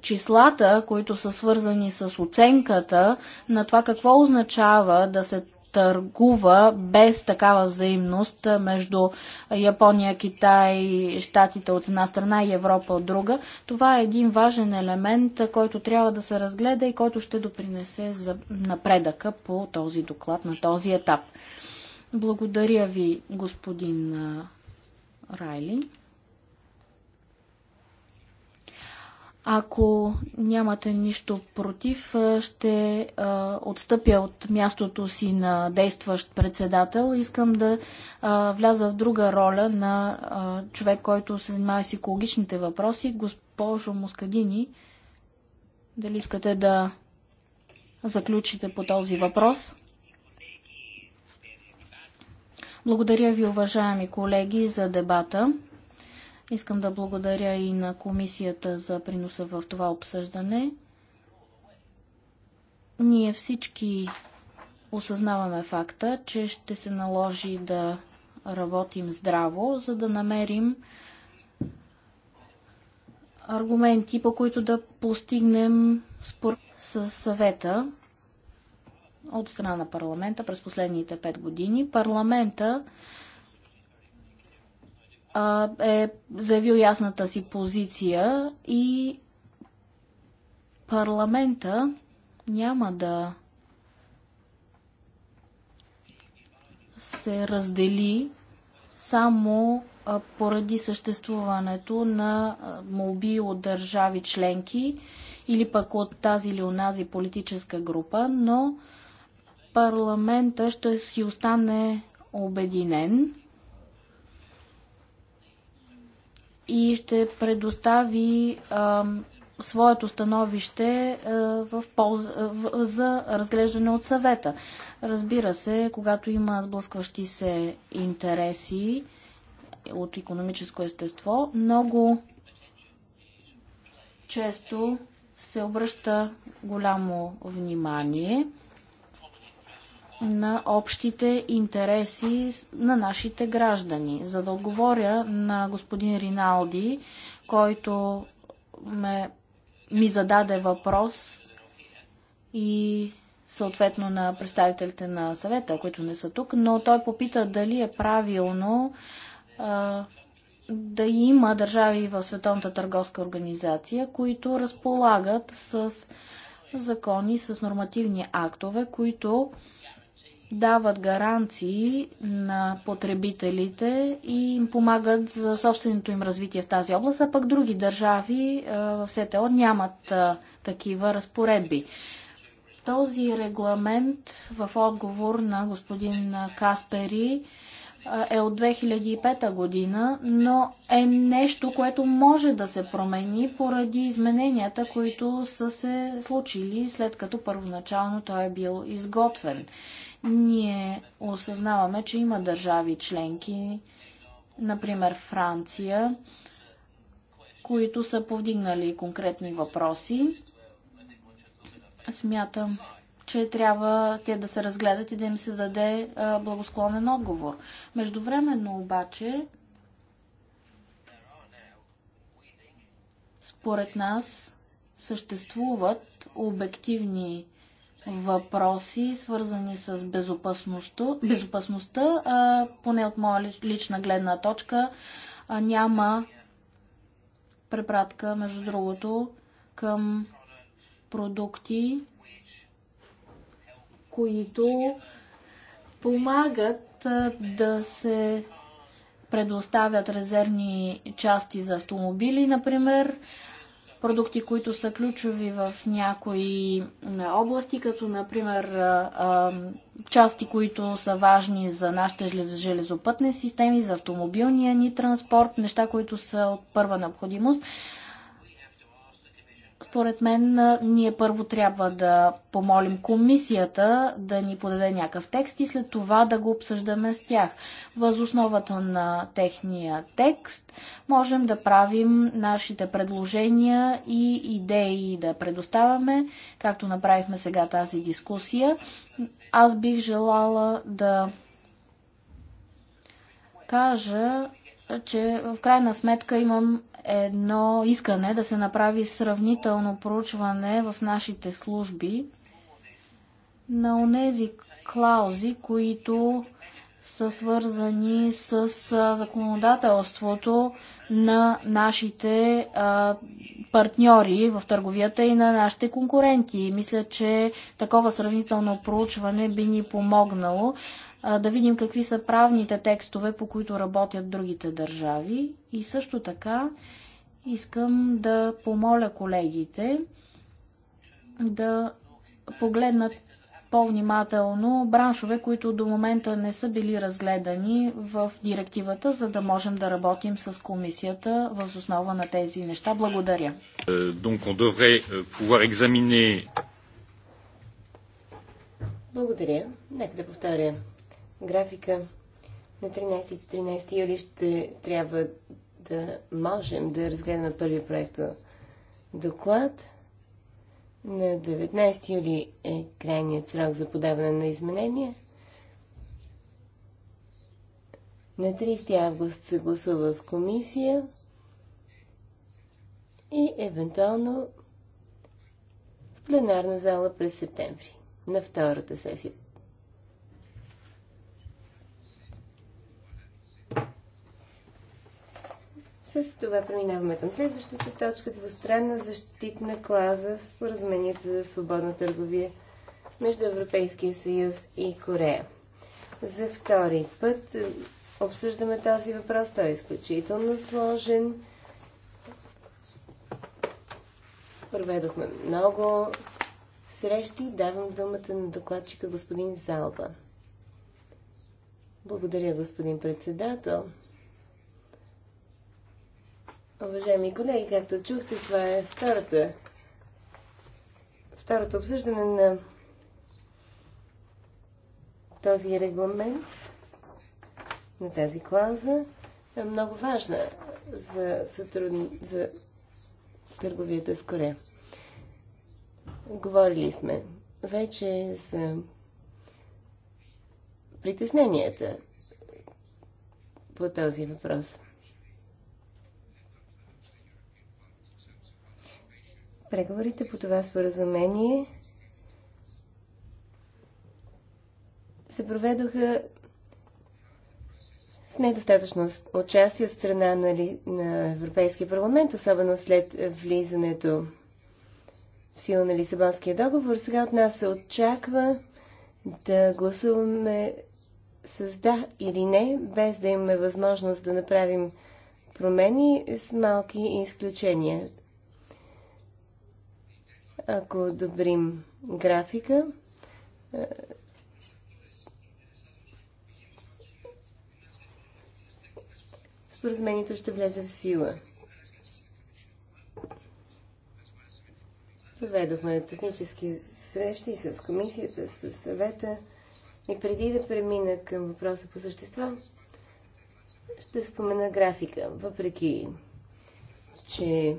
числата, които са свързани с оценката на това какво означава да се търгува без такава взаимност между Япония, Китай, Штатите от една страна и Европа от друга. Това е един важен елемент, който трябва да се разгледа и който ще допринесе за напредъка по този доклад на този етап. Благодаря ви, господин Райли. Ако нямате нищо против, ще а, отстъпя от мястото си на действащ председател. Искам да а, вляза в друга роля на а, човек, който се занимава с екологичните въпроси. Госпожо Москадини, дали искате да заключите по този въпрос? Благодаря ви, уважаеми колеги, за дебата. Искам да благодаря и на комисията за приноса в това обсъждане. Ние всички осъзнаваме факта, че ще се наложи да работим здраво, за да намерим аргументи, по които да постигнем спор с съвета от страна на парламента през последните пет години. Парламента а, е заявил ясната си позиция и парламента няма да се раздели само поради съществуването на молби от държави членки или пък от тази или онази политическа група, но парламента ще си остане обединен и ще предостави своето становище в полза, за разглеждане от съвета. Разбира се, когато има сблъскващи се интереси от економическо естество, много често се обръща голямо внимание на общите интереси на нашите граждани. За да отговоря на господин Риналди, който ме, ми зададе въпрос и съответно на представителите на съвета, които не са тук, но той попита дали е правилно а, да има държави в Световната търговска организация, които разполагат с закони, с нормативни актове, които а, дават гаранции на потребителите и им помагат за собственото им развитие в тази област, а пък други държави в СТО нямат такива разпоредби. Този регламент в отговор на господин Каспери е от 2005 година, но е нещо, което може да се промени поради измененията, които са се случили след като първоначално той е бил изготвен. Ние осъзнаваме, че има държави членки, например Франция, които са повдигнали конкретни въпроси. Смятам, че трябва те да се разгледат и да им се даде благосклонен отговор. Междувременно обаче, според нас, съществуват обективни въпроси, свързани с безопасността, безопасността а, поне от моя лична гледна точка, а, няма препратка, между другото, към продукти, които помагат а, да се предоставят резервни части за автомобили, например, продукти, които са ключови в някои области, като например части, които са важни за нашите железопътни системи, за автомобилния ни транспорт, неща, които са от първа необходимост. Според мен ние първо трябва да помолим комисията да ни подаде някакъв текст и след това да го обсъждаме с тях. Въз основата на техния текст можем да правим нашите предложения и идеи да предоставяме, както направихме сега тази дискусия. Аз бих желала да кажа, че в крайна сметка имам едно искане да се направи сравнително проучване в нашите служби на онези клаузи, които са свързани с законодателството на нашите партньори в търговията и на нашите конкуренти. Мисля, че такова сравнително проучване би ни помогнало да видим какви са правните текстове, по които работят другите държави. И също така искам да помоля колегите да погледнат по-внимателно браншове, които до момента не са били разгледани в директивата, за да можем да работим с комисията въз основа на тези неща. Благодаря. Благодаря. Нека да повторя графика на 13 и 14 юли ще трябва да можем да разгледаме първи проект доклад. На 19 юли е крайният срок за подаване на изменения. На 30 август се гласува в комисия и евентуално в пленарна зала през септември, на втората сесия С това преминаваме към следващата точка двустранна защитна клауза в споразумението за свободна търговия между Европейския съюз и Корея. За втори път обсъждаме този въпрос. Той е изключително сложен. Проведохме много срещи. Давам думата на докладчика господин Залба. Благодаря, господин председател. Уважаеми колеги, както чухте, това е втората, второто обсъждане на този регламент, на тази клауза. Е много важна за, сътруд... за търговията с Корея. Говорили сме вече за притесненията по този въпрос. преговорите по това споразумение се проведоха с недостатъчно участие от страна на, ли, на Европейския парламент, особено след влизането в сила на Лисабонския договор. Сега от нас се очаква да гласуваме с да или не, без да имаме възможност да направим промени с малки изключения. Ако одобрим графика, споразумението ще влезе в сила. Поведохме технически срещи с комисията, с съвета и преди да премина към въпроса по същество, ще спомена графика, въпреки че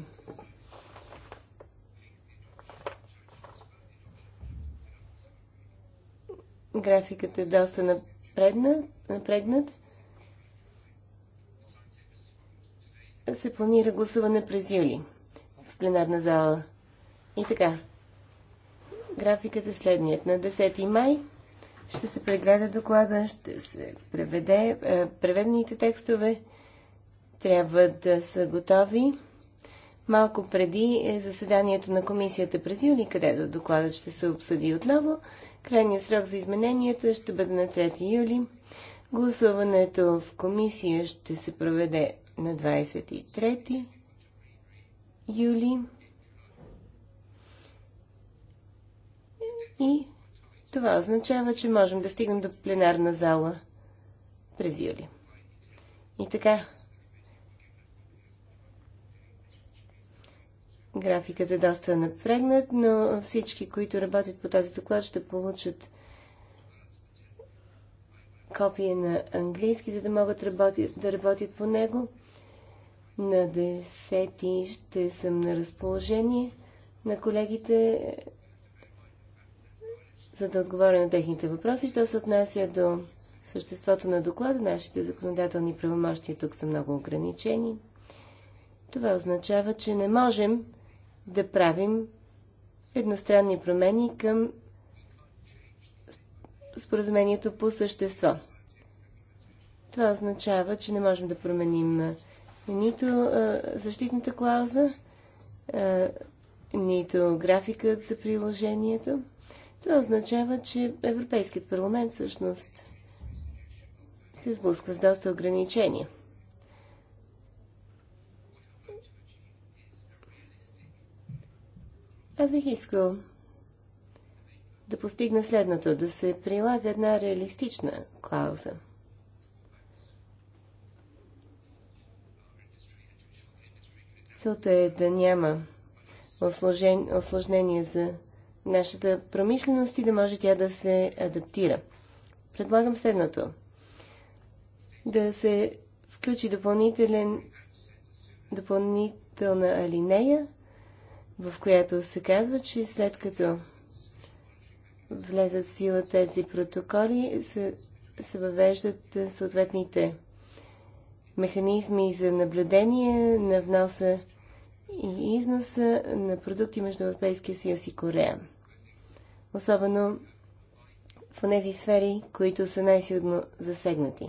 Графикът е доста напреднат. напреднат. Се планира гласуване през юли в пленарна зала. И така, графикът е следният. На 10 май ще се прегледа доклада, ще се преведе. Преведените текстове трябва да са готови малко преди заседанието на комисията през юли, където докладът ще се обсъди отново Крайният срок за измененията ще бъде на 3 юли. Гласуването в комисия ще се проведе на 23 юли. И това означава, че можем да стигнем до пленарна зала през юли. И така, Графикът е доста напрегнат, но всички, които работят по този доклад, ще получат копия на английски, за да могат да работят по него. На 10 ще съм на разположение на колегите, за да отговоря на техните въпроси. Що се отнася до съществото на доклада, нашите законодателни правомощия тук са много ограничени. Това означава, че не можем да правим едностранни промени към споразумението по същество. Това означава, че не можем да променим нито защитната клауза, нито графикът за приложението. Това означава, че Европейският парламент всъщност се сблъсква с доста ограничения. Аз бих искал да постигна следното, да се прилага една реалистична клауза. Целта е да няма осложнение за нашата промишленост и да може тя да се адаптира. Предлагам следното. Да се включи допълнителен, допълнителна алинея, в която се казва, че след като влезат в сила тези протоколи, се, се въвеждат съответните механизми за наблюдение на вноса и износа на продукти между Европейския съюз и Корея. Особено в тези сфери, които са най-силно засегнати.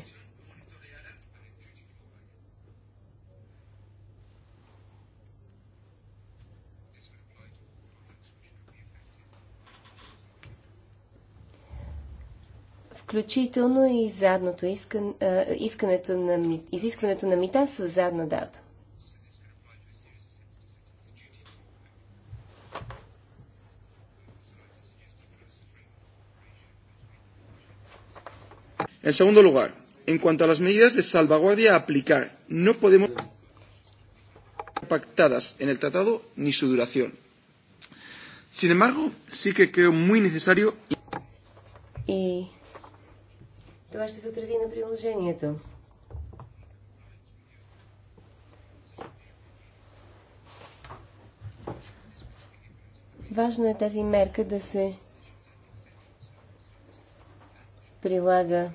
включително и задното искан, а, искането на, изискването на мита с задна дата. En segundo lugar, en cuanto a las medidas de salvaguardia a aplicar, no podemos pactadas en el tratado ni su duración. Sin embargo, sí que creo muy necesario. Y Това ще се отрази на приложението. Важно е тази мерка да се прилага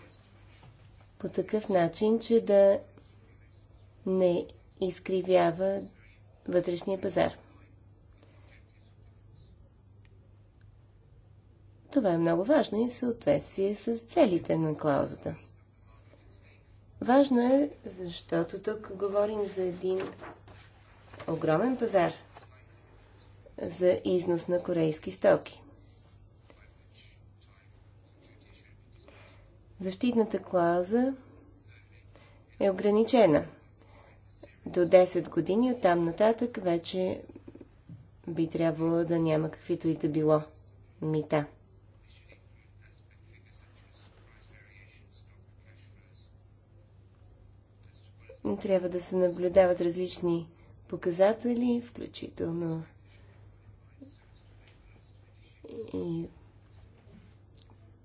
по такъв начин, че да не изкривява вътрешния пазар. Това е много важно и в съответствие с целите на клаузата. Важно е, защото тук говорим за един огромен пазар за износ на корейски стоки. Защитната клауза е ограничена. До 10 години оттам нататък вече би трябвало да няма каквито и да било мита. трябва да се наблюдават различни показатели, включително и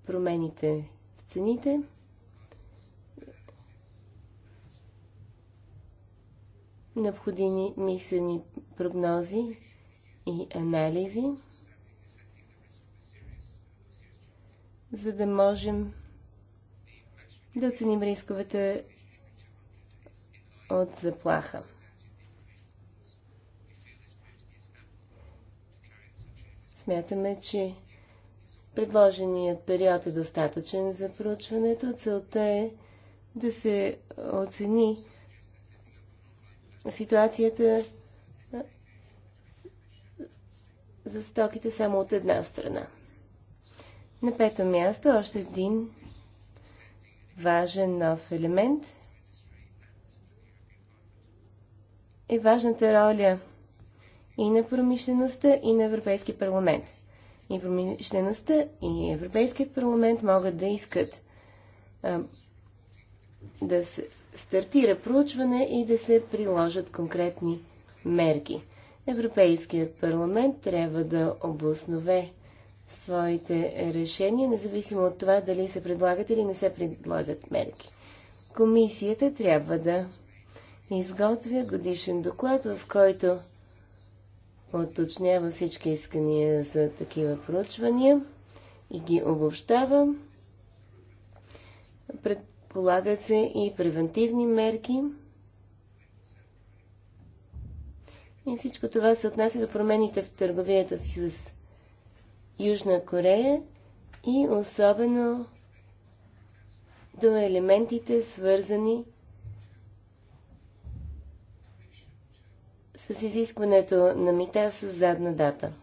промените в цените. Необходими мислени прогнози и анализи, за да можем да оценим рисковете от заплаха. Смятаме, че предложеният период е достатъчен за проучването. Целта е да се оцени ситуацията за стоките само от една страна. На пето място още един важен нов елемент е важната роля и на промишлеността, и на Европейски парламент. И промишлеността, и Европейският парламент могат да искат а, да се стартира проучване и да се приложат конкретни мерки. Европейският парламент трябва да обоснове своите решения, независимо от това дали се предлагат или не се предлагат мерки. Комисията трябва да изготвя годишен доклад, в който уточнява всички искания за такива проучвания и ги обобщава. Предполагат се и превентивни мерки. И всичко това се отнася до промените в търговията си с Южна Корея и особено до елементите, свързани с с изискването на мита с задна дата.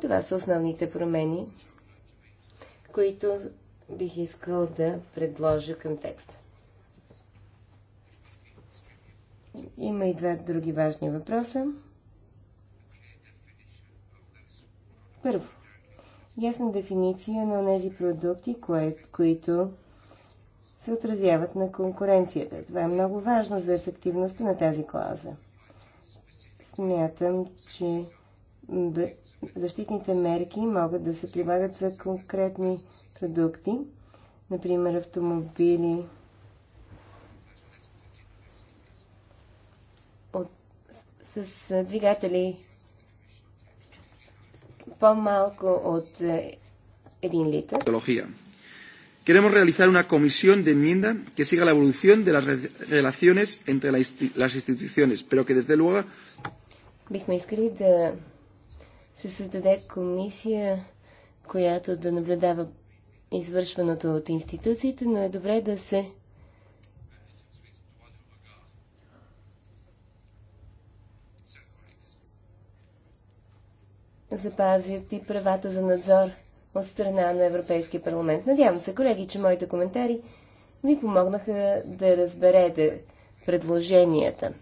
Това са основните промени, които бих искал да предложа към текста. Има и два други важни въпроса. Първо, ясна дефиниция на тези продукти, кое, които се отразяват на конкуренцията. Това е много важно за ефективността на тази клауза. Смятам, че защитните мерки могат да се прилагат за конкретни продукти, например автомобили от, с, с двигатели по od от един литър. Queremos realizar una comisión de enmienda que siga la evolución de las relaciones entre las instituciones, pero que desde luego. Bych mi да се създаде комисия, която да наблюдава извършваното от институциите, но е добре да се запазят и правата за надзор от страна на Европейския парламент. Надявам се, колеги, че моите коментари ви помогнаха да разберете предложенията.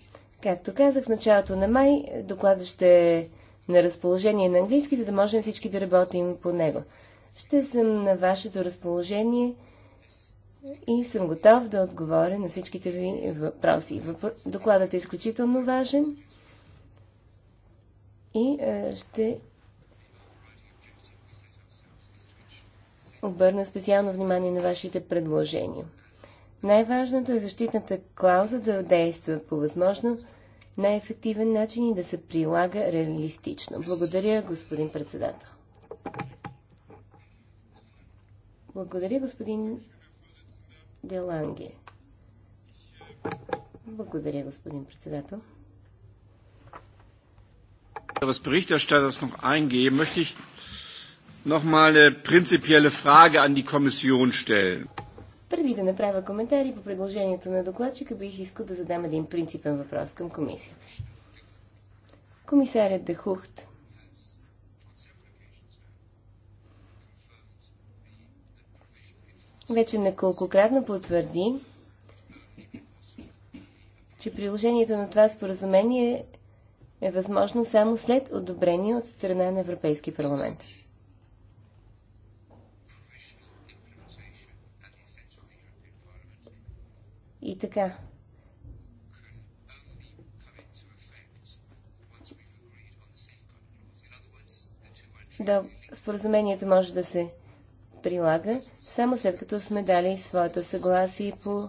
Както казах, в началото на май докладът ще е на разположение на английски, за да можем всички да работим по него. Ще съм на вашето разположение и съм готов да отговоря на всичките ви въпроси. Докладът е изключително важен и ще обърна специално внимание на вашите предложения. Най-важното е защитната клауза да действа по възможно най-ефективен начин и да се прилага реалистично. Благодаря, господин председател. Благодаря, господин Деланге. Благодаря, господин председател. Was Berichterstatters noch eingehe, möchte ich noch mal eine prinzipielle Frage an die Kommission stellen. Преди да направя коментари по предложението на докладчика, бих искал да задам един принципен въпрос към комисията. Комисарят Дехухт вече неколкократно потвърди, че приложението на това споразумение е възможно само след одобрение от страна на Европейски парламент. И така. Да, споразумението може да се прилага само след като сме дали своето съгласие по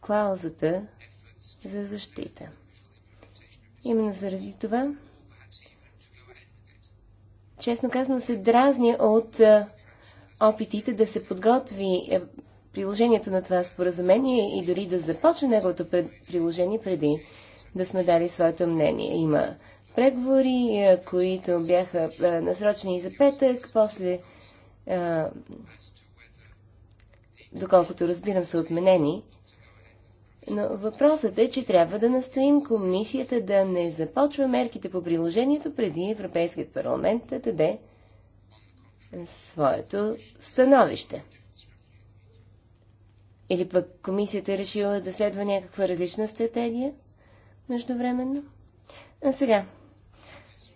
клаузата за защита. Именно заради това, честно казано, се дразни от опитите да се подготви приложението на това споразумение и дори да започне неговото приложение преди да сме дали своето мнение. Има преговори, които бяха насрочени за петък, после, а, доколкото разбирам, са отменени. Но въпросът е, че трябва да настоим комисията да не започва мерките по приложението преди Европейският парламент да даде своето становище. Или пък комисията е решила да следва някаква различна стратегия междувременно? А сега,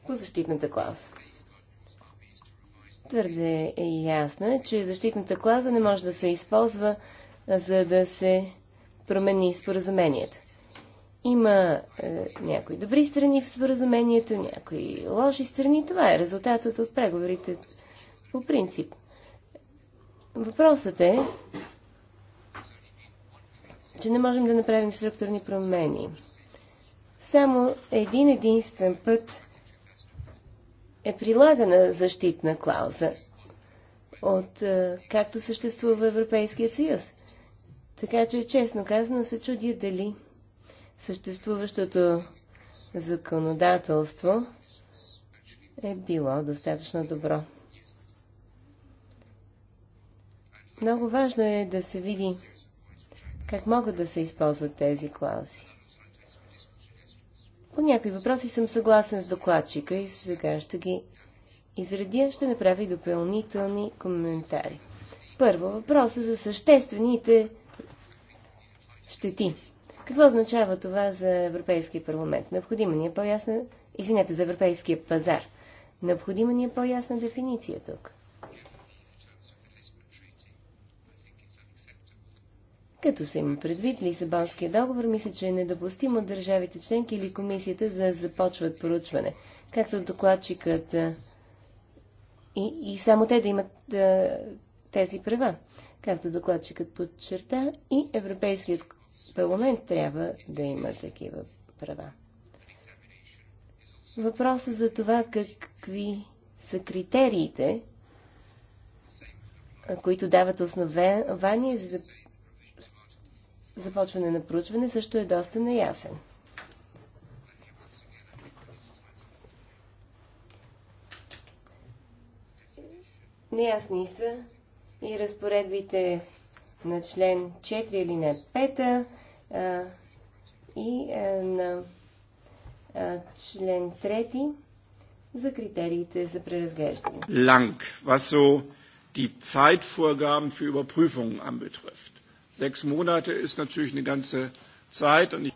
по защитната клауза. Твърде е ясно е, че защитната клауза не може да се използва за да се промени споразумението. Има е, някои добри страни в споразумението, някои лоши страни. Това е резултатът от преговорите по принцип. Въпросът е че не можем да направим структурни промени. Само един единствен път е прилагана защитна клауза от както съществува в Европейския съюз. Така че, честно казано, се чудя дали съществуващото законодателство е било достатъчно добро. Много важно е да се види Как могат да се използват тези клаузи? По някои въпроси съм съгласен с докладчика и сега ще ги изредя, ще направя и допълнителни коментари. Първо, въпроса за съществените щети. Какво означава това за Европейския парламент? Необходима ни е по-ясна, извинете, за Европейския пазар. Необходима ни е по-ясна дефиниция тук. Като се има предвид Лисабонския договор, мисля, че е недопустимо държавите членки или комисията да започват поручване, Както докладчикът и, и само те да имат а, тези права. Както докладчикът подчерта, и Европейският парламент трябва да има такива права. Въпросът за това какви са критериите, които дават основание за започване на проучване също е доста неясен. Неясни са и разпоредбите на член 4 или на 5 а, и а, на а, член 3 за критериите за преразглеждане. Lang, was so die Zeitvorgaben für Überprüfungen anbetrifft. Sechs Monate ist natürlich eine ganze Zeit. Und ich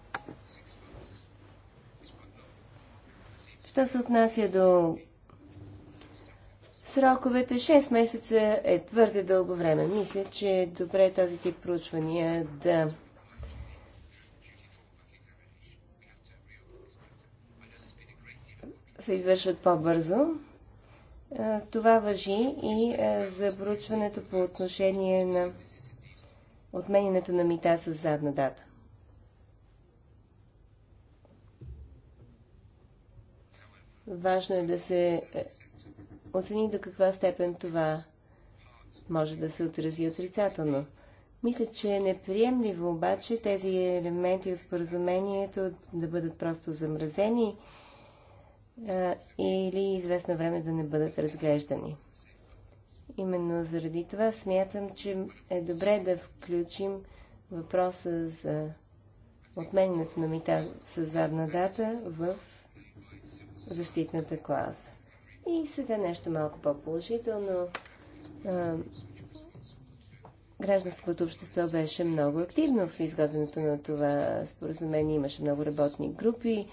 Що се отнася до сроковете, 6 месеца е твърде дълго време. Мисля, че е добре този тип проучвания да се извършват по-бързо. Това въжи и за проучването по отношение на отменянето на мита с задна дата. Важно е да се оцени до каква степен това може да се отрази отрицателно. Мисля, че е неприемливо обаче тези елементи от споразумението да бъдат просто замразени а, или известно време да не бъдат разглеждани. Именно заради това смятам, че е добре да включим въпроса за отменянето на мита с задна дата в защитната класа. И сега нещо малко по-положително. Гражданското общество беше много активно в изготвянето на това споразумение. Имаше много работни групи,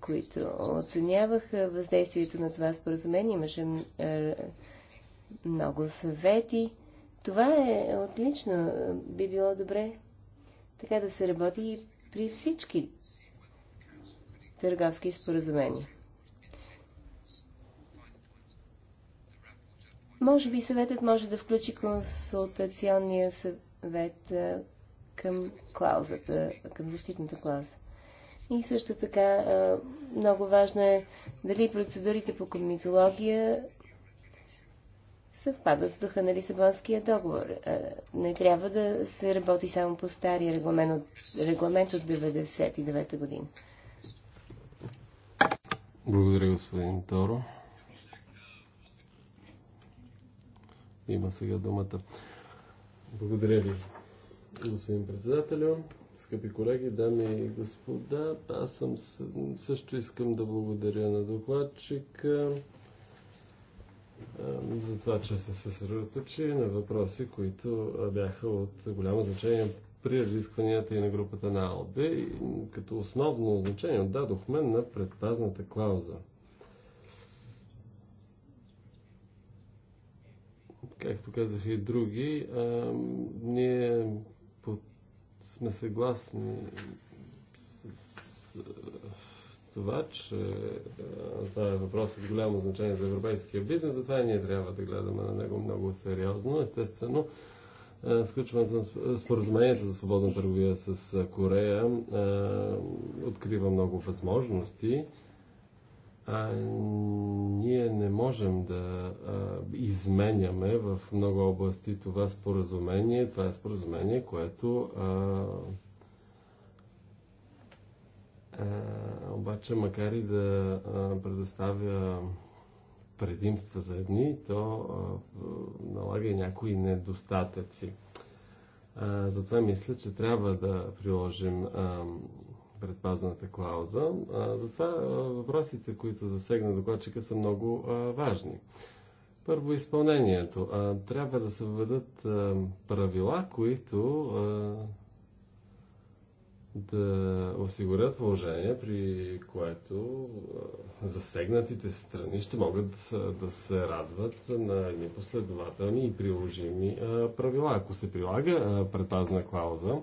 които оценяваха въздействието на това споразумение. Имаше много съвети. Това е отлично. Би било добре така да се работи и при всички търговски споразумения. Може би съветът може да включи консултационния съвет към клаузата, към защитната клауза. И също така много важно е дали процедурите по комитология съвпадат с духа на Лисабонския договор. Не трябва да се работи само по стария регламент от, регламент от 99-та година. Благодаря, господин Торо. Има сега думата. Благодаря ви, господин председателю. Скъпи колеги, дами и господа, аз съм, също искам да благодаря на докладчика за това, че се съсредоточи на въпроси, които бяха от голямо значение при разискванията и на групата на АЛД, като основно значение отдадохме на предпазната клауза. Както казаха и други, ние сме съгласни това, че става въпрос от голямо значение за европейския бизнес, затова и ние трябва да гледаме на него много сериозно. Естествено, сключването на споразумението за свободна търговия с Корея открива много възможности. А, ние не можем да а, изменяме в много области това споразумение. Това е споразумение, което а, обаче макар и да предоставя предимства за едни, то налага и някои недостатъци. Затова мисля, че трябва да приложим предпазната клауза. Затова въпросите, които засегна докладчика, са много важни. Първо, изпълнението. Трябва да се въведат правила, които да осигурят положение, при което засегнатите страни ще могат да се радват на едни последователни и приложими правила. Ако се прилага предпазна клауза,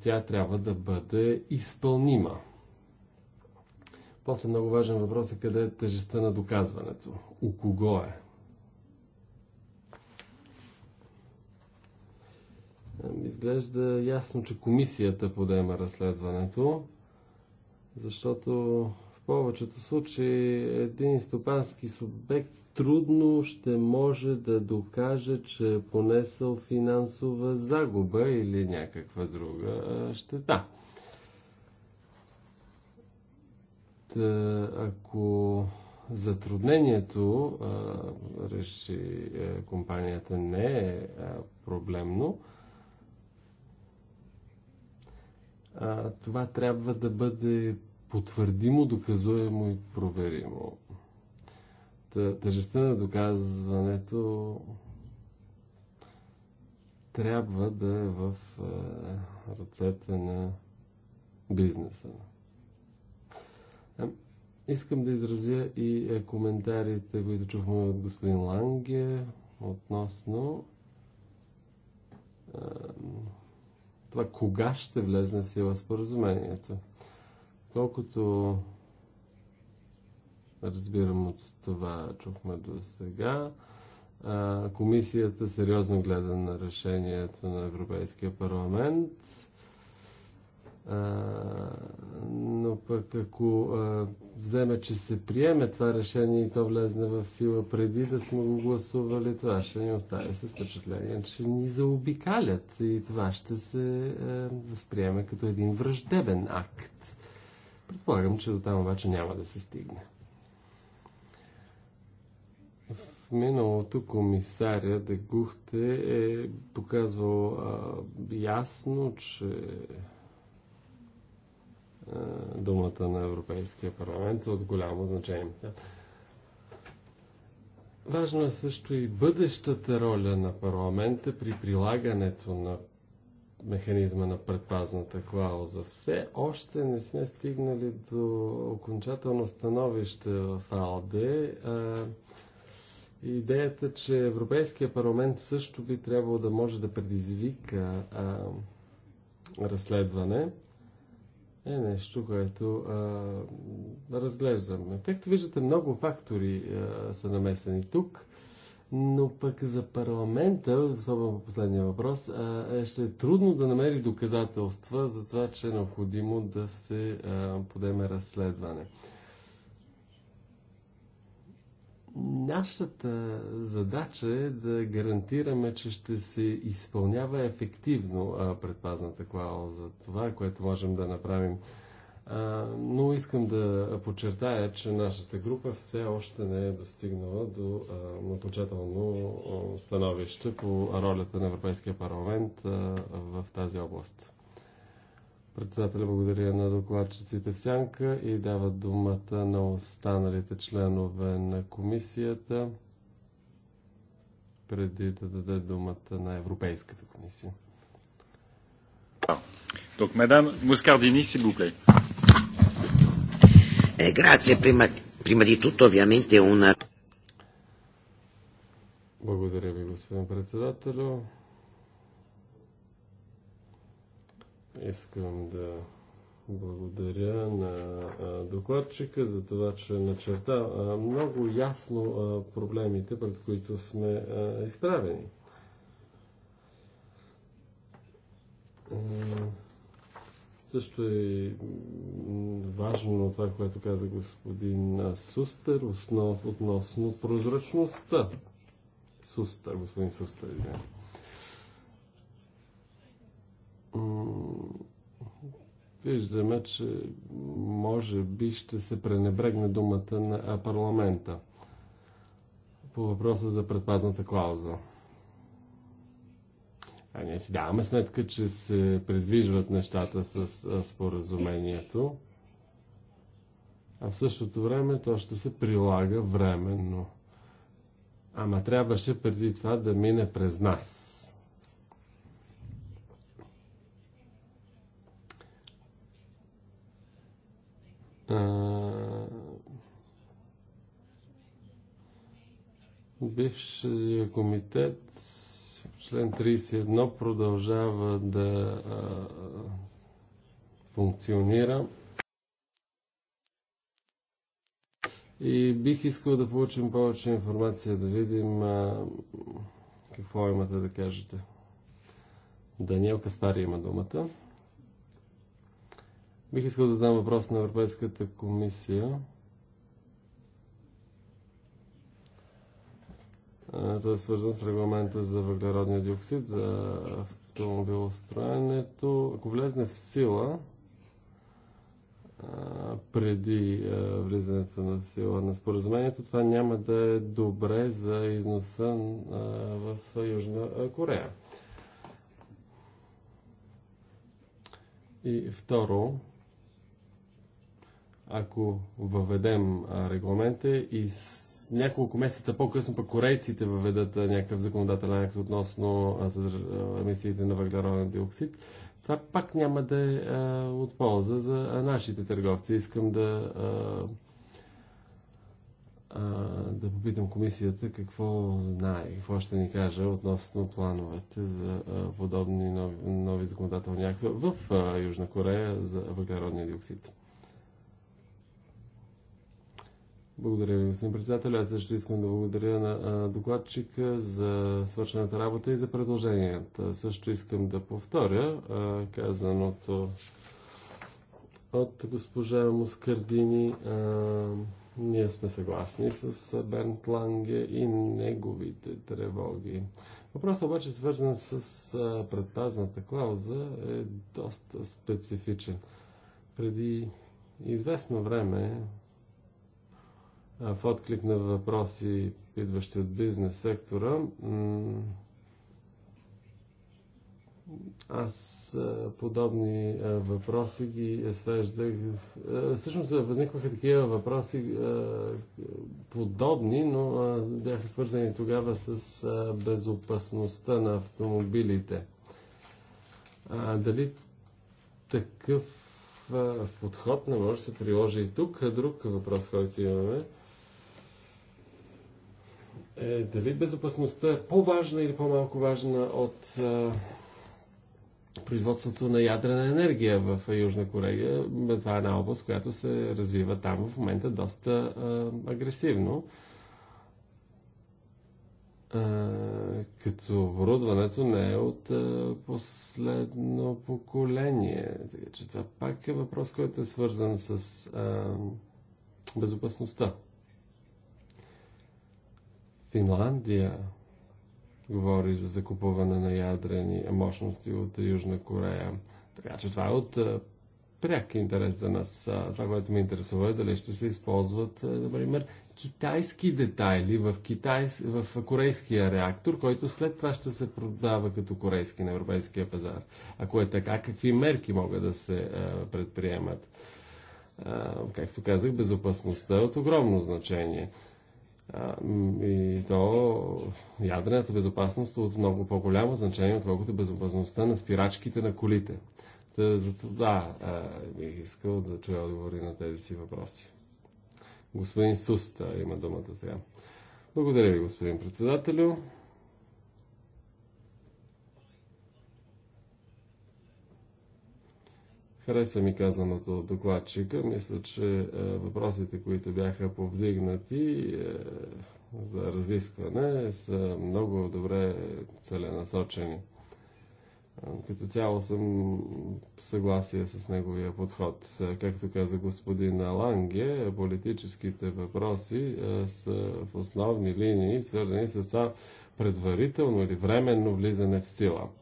тя трябва да бъде изпълнима. После много важен въпрос е къде е тежестта на доказването. У кого е? Изглежда ясно, че комисията подема разследването, защото в повечето случаи един стопански субект трудно ще може да докаже, че е понесъл финансова загуба или някаква друга щета. Та, ако затруднението а, реши а, компанията не е а, проблемно, а, това трябва да бъде потвърдимо, доказуемо и проверимо. Тъжестта на доказването трябва да е в ръцете на бизнеса. Искам да изразя и коментарите, които чухме от господин Ланге относно това кога ще влезне в сила споразумението. Колкото разбирам от това, чухме до сега, комисията сериозно гледа на решението на Европейския парламент но пък ако вземе, че се приеме това решение и то влезне в сила преди да сме го гласували, това ще ни остави с впечатление, че ни заобикалят и това ще се възприеме като един враждебен акт. Предполагам, че до там обаче няма да се стигне. миналото комисаря Дегухте е показвал а, ясно, че думата на Европейския парламент от голямо значение. Важно е също и бъдещата роля на парламента при прилагането на механизма на предпазната клауза. Все още не сме стигнали до окончателно становище в АЛДЕ. Идеята, че Европейския парламент също би трябвало да може да предизвика а, разследване е чуха, ето, а, разглеждам. Както виждате, много фактори а, са намесени тук, но пък за парламента, особено по последния въпрос, а, ще е трудно да намери доказателства за това, че е необходимо да се а, подеме разследване. Нашата задача е да гарантираме, че ще се изпълнява ефективно предпазната клауза. Това е което можем да направим. Но искам да подчертая, че нашата група все още не е достигнала до окончателно становище по ролята на Европейския парламент в тази област. Председателя благодаря на докладчиците в Сянка и дава думата на останалите членове на комисията преди да даде думата на Европейската комисия. Donc, Madame Moscardini, s'il vous plaît. Eh, grazie, prima, prima di tutto ovviamente una... Благодаря ви, господин председателю. Искам да благодаря на докладчика за това, че начерта много ясно проблемите, пред които сме изправени. Също е важно това, което каза господин Сустер, основ, относно прозрачността. Сустер, господин Сустер, извинявам. Виждаме, че може би ще се пренебрегне думата на парламента по въпроса за предпазната клауза. А ние си даваме сметка, че се предвижват нещата с споразумението, а в същото време то ще се прилага временно. Ама трябваше преди това да мине през нас. Бившия комитет член 31 продължава да функционира. И бих искал да получим повече информация, да видим а, какво имате да кажете. Даниел Каспари има думата. Бих искал да задам въпрос на Европейската комисия. Той е свързан с регламента за въглеродния диоксид, за автомобилостроенето. Ако влезне в сила, преди влизането на сила на споразумението, това няма да е добре за износа в Южна Корея. И второ, ако въведем регламента и с няколко месеца по-късно пък корейците въведат някакъв законодателен акт относно емисиите на въглероден диоксид, това пак няма да е от полза за нашите търговци. Искам да, да попитам комисията какво знае, какво ще ни каже относно плановете за подобни нови, нови законодателни актове в Южна Корея за въглеродния диоксид. Благодаря ви, господин председател. Аз също искам да благодаря на докладчика за свършената работа и за предложенията. Също искам да повторя казаното от госпожа Мускардини. Ние сме съгласни с Бернт Ланге и неговите тревоги. Въпросът обаче, свързан с предпазната клауза, е доста специфичен. Преди известно време в отклик на въпроси, идващи от бизнес сектора, аз подобни въпроси ги свеждах. Всъщност възникваха такива въпроси подобни, но бяха свързани тогава с безопасността на автомобилите. А, дали такъв подход не може да се приложи и тук? Друг въпрос, който имаме е дали безопасността е по-важна или по-малко важна от е, производството на ядрена енергия в Южна Корея. Това е една област, която се развива там в момента доста а, агресивно. А, като оборудването не е от а, последно поколение. Така че това пак е въпрос, който е свързан с а, безопасността. Финландия говори за закупуване на ядрени мощности от Южна Корея. Така че това е от пряк интерес за нас. Това, което ме интересува е дали ще се използват, например, китайски детайли в, китайс... в корейския реактор, който след това ще се продава като корейски на европейския пазар. Ако е така, какви мерки могат да се предприемат? както казах, безопасността е от огромно значение. И то ядрената безопасност е от много по-голямо значение, отколкото безопасността на спирачките на колите. Та, зато да, бих искал да чуя отговори на тези си въпроси. Господин Суста има думата сега. Благодаря ви, господин председателю. Хареса ми казаното от докладчика. Мисля, че въпросите, които бяха повдигнати за разискване, са много добре целенасочени. Като цяло съм съгласие с неговия подход. Както каза господин Аланге, политическите въпроси са в основни линии свързани с това предварително или временно влизане в сила –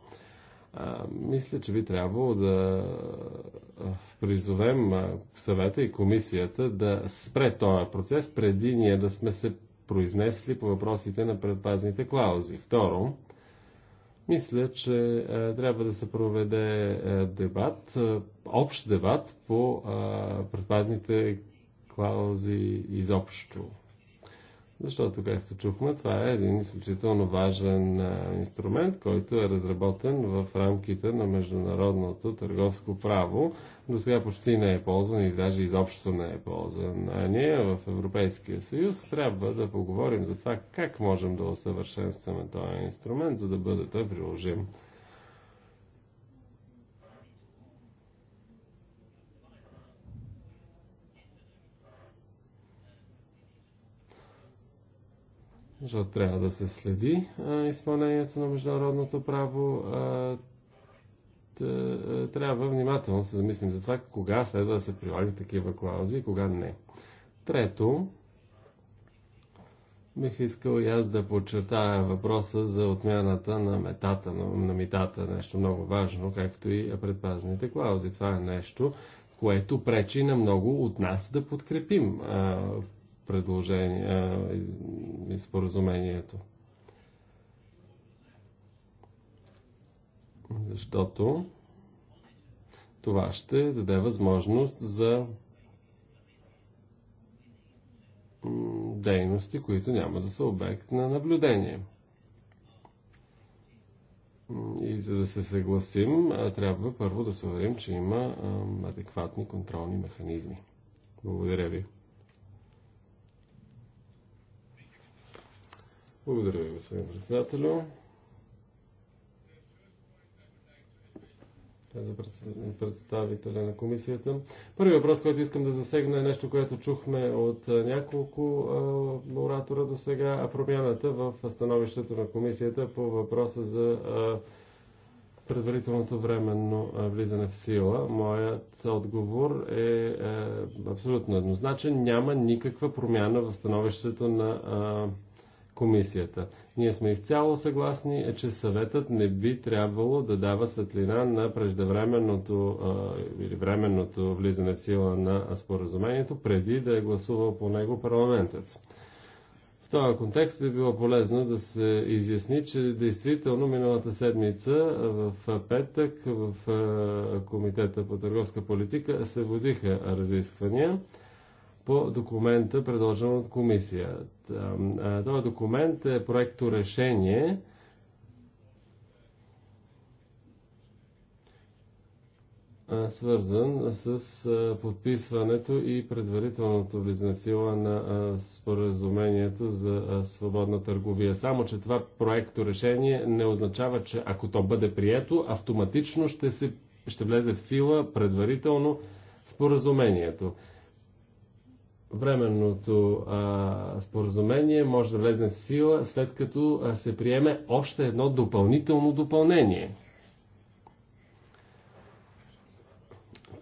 А, мисля, че би трябвало да призовем съвета и комисията да спре този процес преди ние да сме се произнесли по въпросите на предпазните клаузи. Второ, мисля, че а, трябва да се проведе а, дебат, а, общ дебат по а, предпазните клаузи изобщо. Защото, както чухме, това е един изключително важен инструмент, който е разработен в рамките на международното търговско право. До сега почти не е ползван и даже изобщо не е ползван. А ние в Европейския съюз трябва да поговорим за това как можем да усъвършенстваме този инструмент, за да бъде той приложим. защото трябва да се следи изпълнението на международното право. трябва внимателно да се замислим за това кога следва да се прилагат такива клаузи и кога не. Трето, бих искал и аз да подчертая въпроса за отмяната на метата, на, на митата, нещо много важно, както и предпазните клаузи. Това е нещо, което пречи на много от нас да подкрепим предложение и споразумението. Защото това ще даде възможност за дейности, които няма да са обект на наблюдение. И за да се съгласим, трябва първо да се уверим, че има адекватни контролни механизми. Благодаря ви. Благодаря ви, господин председателю. за представителя на комисията. Първи въпрос, който искам да засегна е нещо, което чухме от няколко а, оратора до сега, а промяната в становището на комисията по въпроса за а, предварителното временно влизане в сила. Моят отговор е, е абсолютно еднозначен. Няма никаква промяна в становището на а, комисията. Ние сме изцяло съгласни, че съветът не би трябвало да дава светлина на преждевременното или временното влизане в сила на споразумението, преди да е гласувал по него парламентът. В този контекст би било полезно да се изясни, че действително миналата седмица в петък в Комитета по търговска политика се водиха разисквания по документа, предложен от комисията. Този документ е проекто решение, свързан с подписването и предварителното влизане в сила на споразумението за свободна търговия. Само, че това проекто решение не означава, че ако то бъде прието, автоматично ще, се, ще влезе в сила предварително споразумението временното а, споразумение може да влезне в сила след като а, се приеме още едно допълнително допълнение.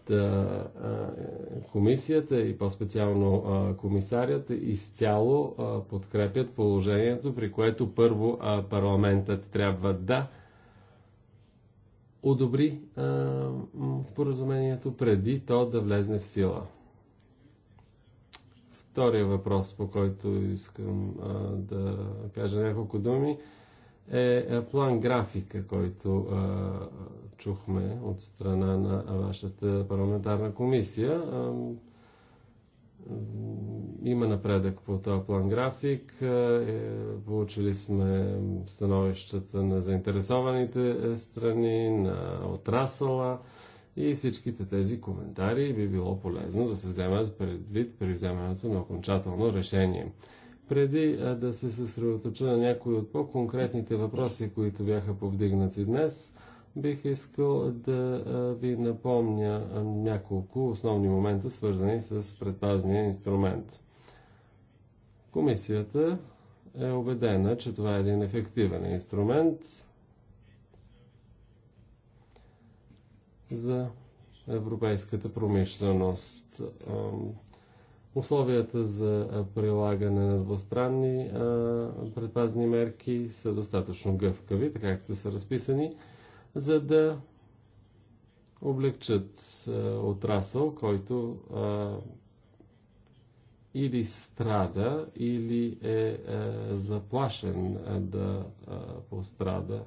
Та, а, комисията и по-специално а, комисарят изцяло а, подкрепят положението, при което първо а, парламентът трябва да одобри а, споразумението преди то да влезне в сила втория въпрос, по който искам а, да кажа няколко думи, е план графика, който а, чухме от страна на вашата парламентарна комисия. А, има напредък по този план график. Получили сме становищата на заинтересованите страни, на отрасъла. И всичките тези коментари би било полезно да се вземат предвид при вземането на окончателно решение. Преди да се съсредоточа на някои от по-конкретните въпроси, които бяха повдигнати днес, бих искал да ви напомня няколко основни момента, свързани с предпазния инструмент. Комисията е убедена, че това е един ефективен инструмент, за европейската промишленост. Условията за прилагане на двустранни предпазни мерки са достатъчно гъвкави, така както са разписани, за да облегчат отрасъл, който или страда, или е заплашен да пострада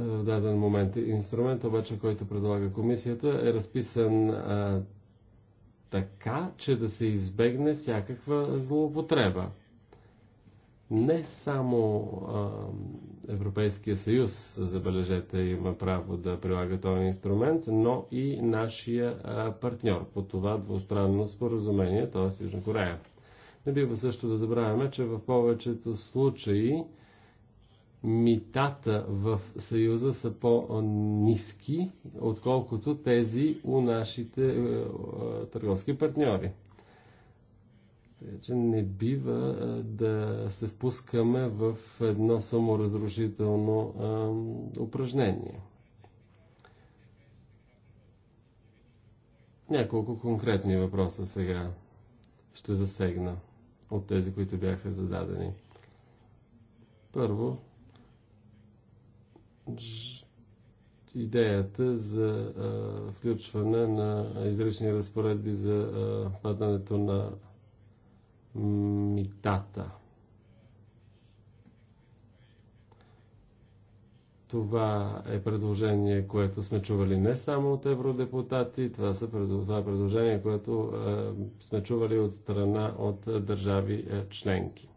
даден момент. Инструмент обаче, който предлага комисията е разписан а, така, че да се избегне всякаква злоупотреба. Не само а, Европейския съюз, забележете, има право да прилага този инструмент, но и нашия а, партньор по това двустранно споразумение, т.е. Южна Корея. Не бива също да забравяме, че в повечето случаи митата в Съюза са по-низки, отколкото тези у нашите търговски партньори. че не бива да се впускаме в едно саморазрушително упражнение. Няколко конкретни въпроса сега ще засегна от тези, които бяха зададени. Първо, идеята за а, включване на изрични разпоредби за а, падането на митата. Това е предложение, което сме чували не само от евродепутати, това, са, това е предложение, което а, сме чували от страна от държави е, членки.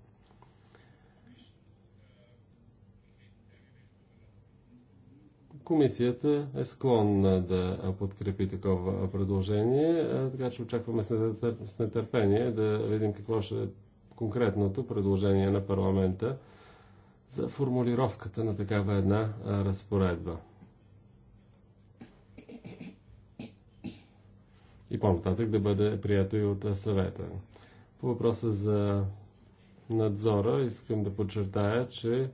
Комисията е склонна да подкрепи такова предложение, така че очакваме с нетърпение да видим какво ще е конкретното предложение на парламента за формулировката на такава една разпоредба. И по-нататък да бъде прието и от съвета. По въпроса за надзора искам да подчертая, че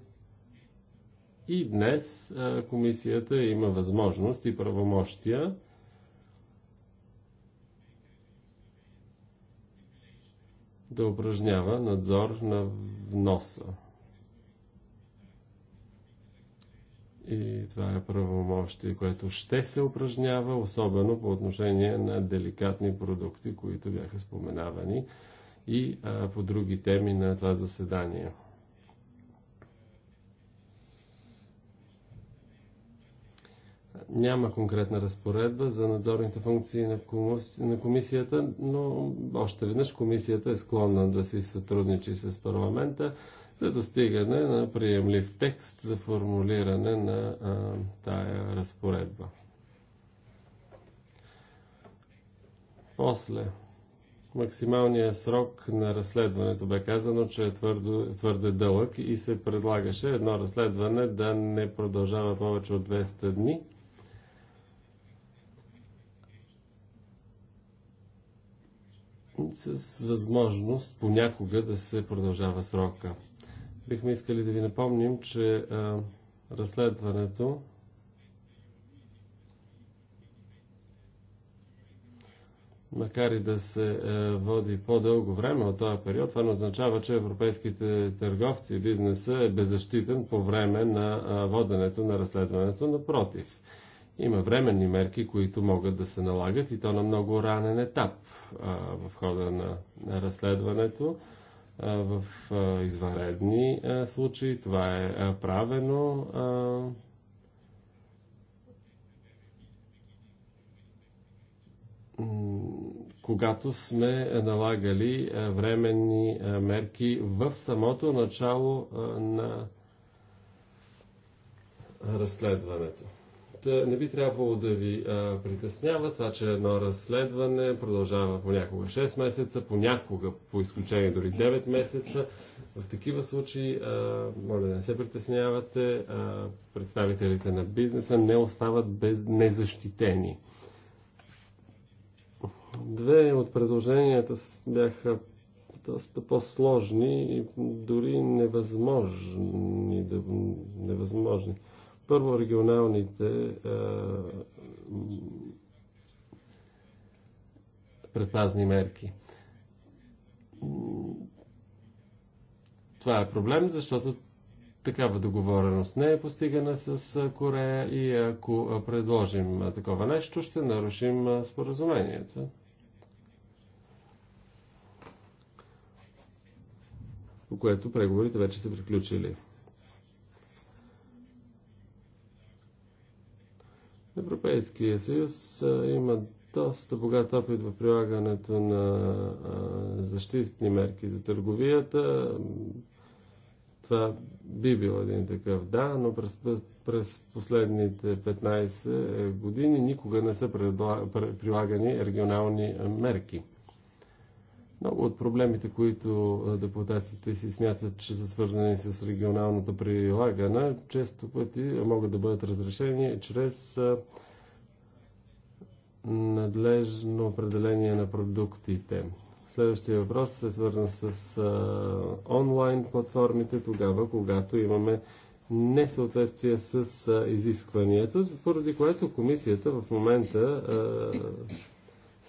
И днес комисията има възможност и правомощия да упражнява надзор на вноса. И това е правомощие, което ще се упражнява, особено по отношение на деликатни продукти, които бяха споменавани и а, по други теми на това заседание. Няма конкретна разпоредба за надзорните функции на, комисията, но още веднъж комисията е склонна да си сътрудничи с парламента за достигане на приемлив текст за формулиране на а, тая разпоредба. После, максималният срок на разследването бе казано, че е твърдо, твърде дълъг и се предлагаше едно разследване да не продължава повече от 200 дни с възможност понякога да се продължава срока. Бихме искали да ви напомним, че а, разследването макар и да се води по-дълго време от този период, това не означава, че европейските търговци и бизнеса е беззащитен по време на а, воденето на разследването. Напротив, Има временни мерки, които могат да се налагат и то на много ранен етап а, в хода на, на разследването. А, в а, извънредни случаи това е правено. когато сме налагали временни мерки в самото начало на разследването проект, не би трябвало да ви а, притеснява това, че едно разследване продължава понякога 6 месеца, понякога по изключение дори 9 месеца. В такива случаи, а, моля да не се притеснявате, а, представителите на бизнеса не остават без незащитени. Две от предложенията бяха доста по-сложни и дори невъзможни. Да, невъзможни Първо, регионалните предпазни мерки. Това е проблем, защото такава договореност не е постигана с Корея и ако предложим такова нещо, ще нарушим споразумението. По което преговорите вече са приключили. Европейския съюз има доста богат опит в прилагането на защитни мерки за търговията. Това би бил един такъв, да, но през, през последните 15 години никога не са прилагани регионални мерки. Много от проблемите, които депутатите си смятат, че са свързани с регионалното прилагане, често пъти могат да бъдат разрешени чрез надлежно определение на продуктите. Следващия въпрос е свързан с онлайн платформите, тогава, когато имаме несъответствие с изискванията, поради което комисията в момента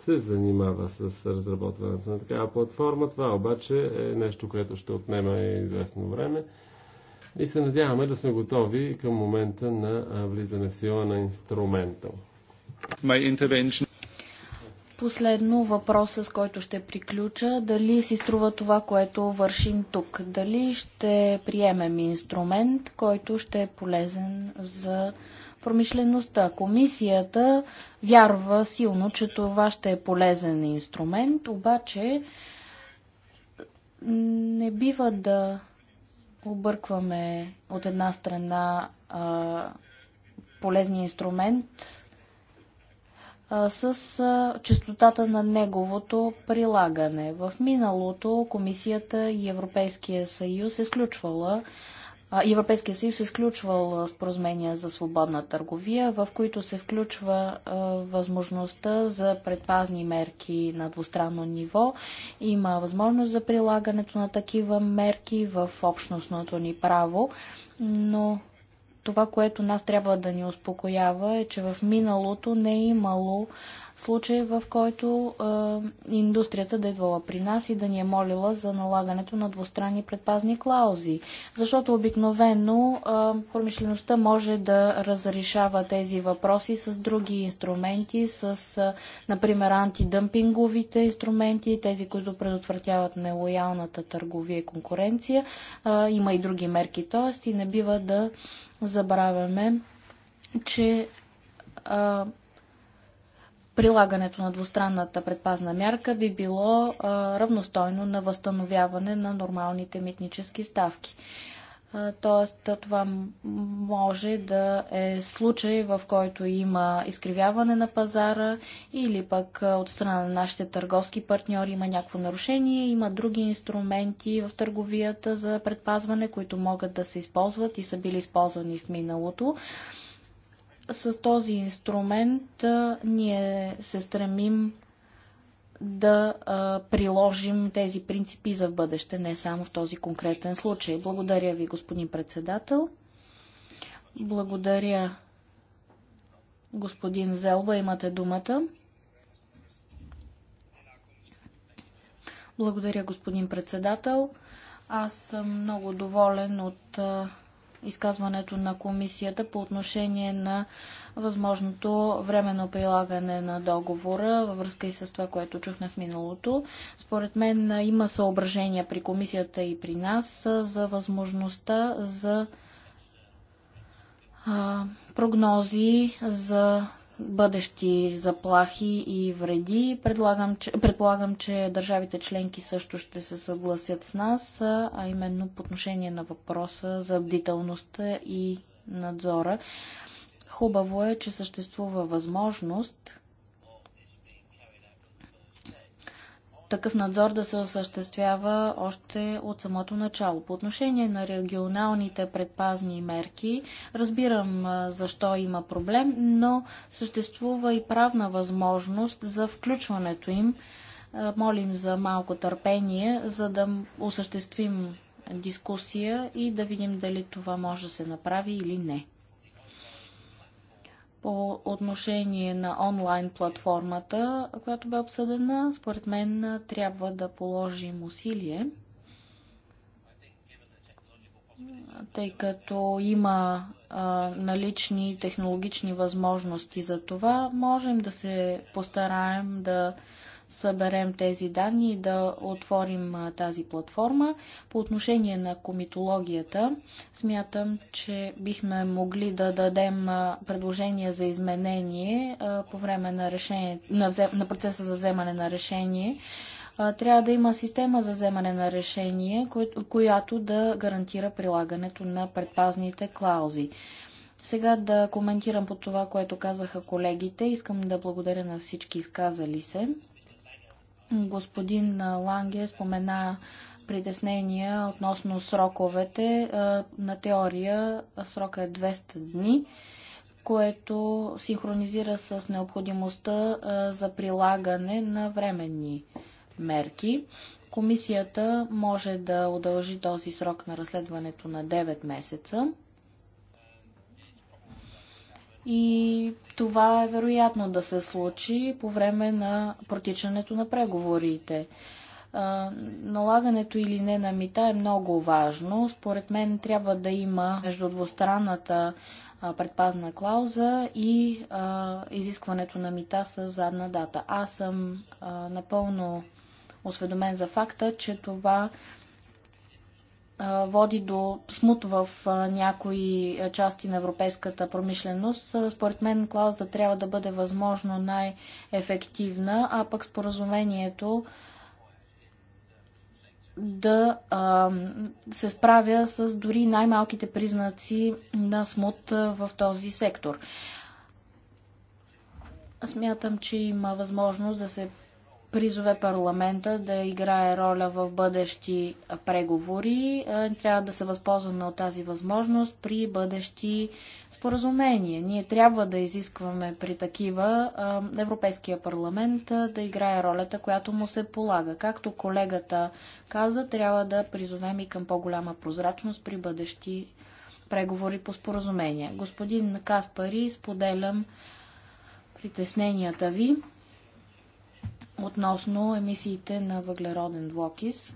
се занимава с разработването на такава платформа. Това обаче е нещо, което ще отнема известно време. И се надяваме да сме готови към момента на влизане в сила на инструмента. Последно въпрос, с който ще приключа. Дали си струва това, което вършим тук? Дали ще приемем инструмент, който ще е полезен за промишлеността. Комисията вярва силно, че това ще е полезен инструмент, обаче не бива да объркваме от една страна а, полезния инструмент с а, частотата на неговото прилагане. В миналото Комисията и Европейския съюз е сключвала Европейския съюз е сключвал споразумения за свободна търговия, в които се включва възможността за предпазни мерки на двустранно ниво. Има възможност за прилагането на такива мерки в общностното ни право, но това, което нас трябва да ни успокоява е, че в миналото не е имало случай, в който е, индустрията да идвала при нас и да ни е молила за налагането на двустранни предпазни клаузи. Защото обикновено е, промишлеността може да разрешава тези въпроси с други инструменти, с, е, например, антидъмпинговите инструменти, тези, които предотвратяват нелоялната търговия и конкуренция. Е, има и други мерки, т.е. и не бива да забравяме, че прилагането на двустранната предпазна мярка би било а, равностойно на възстановяване на нормалните митнически ставки. Тоест, това може да е случай, в който има изкривяване на пазара или пък от страна на нашите търговски партньори има някакво нарушение. Има други инструменти в търговията за предпазване, които могат да се използват и са били използвани в миналото. С този инструмент ние се стремим да а, приложим тези принципи за в бъдеще, не само в този конкретен случай. Благодаря ви, господин председател. Благодаря, господин Зелба. Имате думата. Благодаря, господин председател. Аз съм много доволен от а, изказването на комисията по отношение на възможното временно прилагане на договора във връзка и с това, което чухме в миналото. Според мен има съображения при комисията и при нас за възможността за прогнози за бъдещи заплахи и вреди. Предлагам, че, предполагам, че държавите членки също ще се съгласят с нас, а именно по отношение на въпроса за бдителността и надзора. Хубаво е, че съществува възможност такъв надзор да се осъществява още от самото начало. По отношение на регионалните предпазни мерки, разбирам защо има проблем, но съществува и правна възможност за включването им. Молим за малко търпение, за да осъществим дискусия и да видим дали това може да се направи или не по отношение на онлайн платформата, която бе обсъдена, според мен трябва да положим усилие, тъй като има а, налични технологични възможности за това, можем да се постараем да съберем тези данни и да отворим тази платформа. По отношение на комитологията, смятам, че бихме могли да дадем предложение за изменение по време на, решение, на, взем, на процеса за вземане на решение. Трябва да има система за вземане на решение, която да гарантира прилагането на предпазните клаузи. Сега да коментирам по това, което казаха колегите. Искам да благодаря на всички изказали се. Господин Ланге спомена притеснения относно сроковете. На теория срока е 200 дни, което синхронизира с необходимостта за прилагане на временни мерки. Комисията може да удължи този срок на разследването на 9 месеца и това е вероятно да се случи по време на протичането на преговорите. Налагането или не на мита е много важно. Според мен трябва да има между двустранната предпазна клауза и а, изискването на мита с задна дата. Аз съм а, напълно осведомен за факта, че това води до смут в някои части на европейската промишленост. Според мен клаузата трябва да бъде възможно най-ефективна, а пък споразумението да се справя с дори най-малките признаци на смут в този сектор. Смятам, че има възможност да се призове парламента да играе роля в бъдещи преговори. Трябва да се възползваме от тази възможност при бъдещи споразумения. Ние трябва да изискваме при такива Европейския парламент да играе ролята, която му се полага. Както колегата каза, трябва да призовем и към по-голяма прозрачност при бъдещи преговори по споразумения. Господин Каспари, споделям притесненията ви относно емисиите на въглероден двуокис.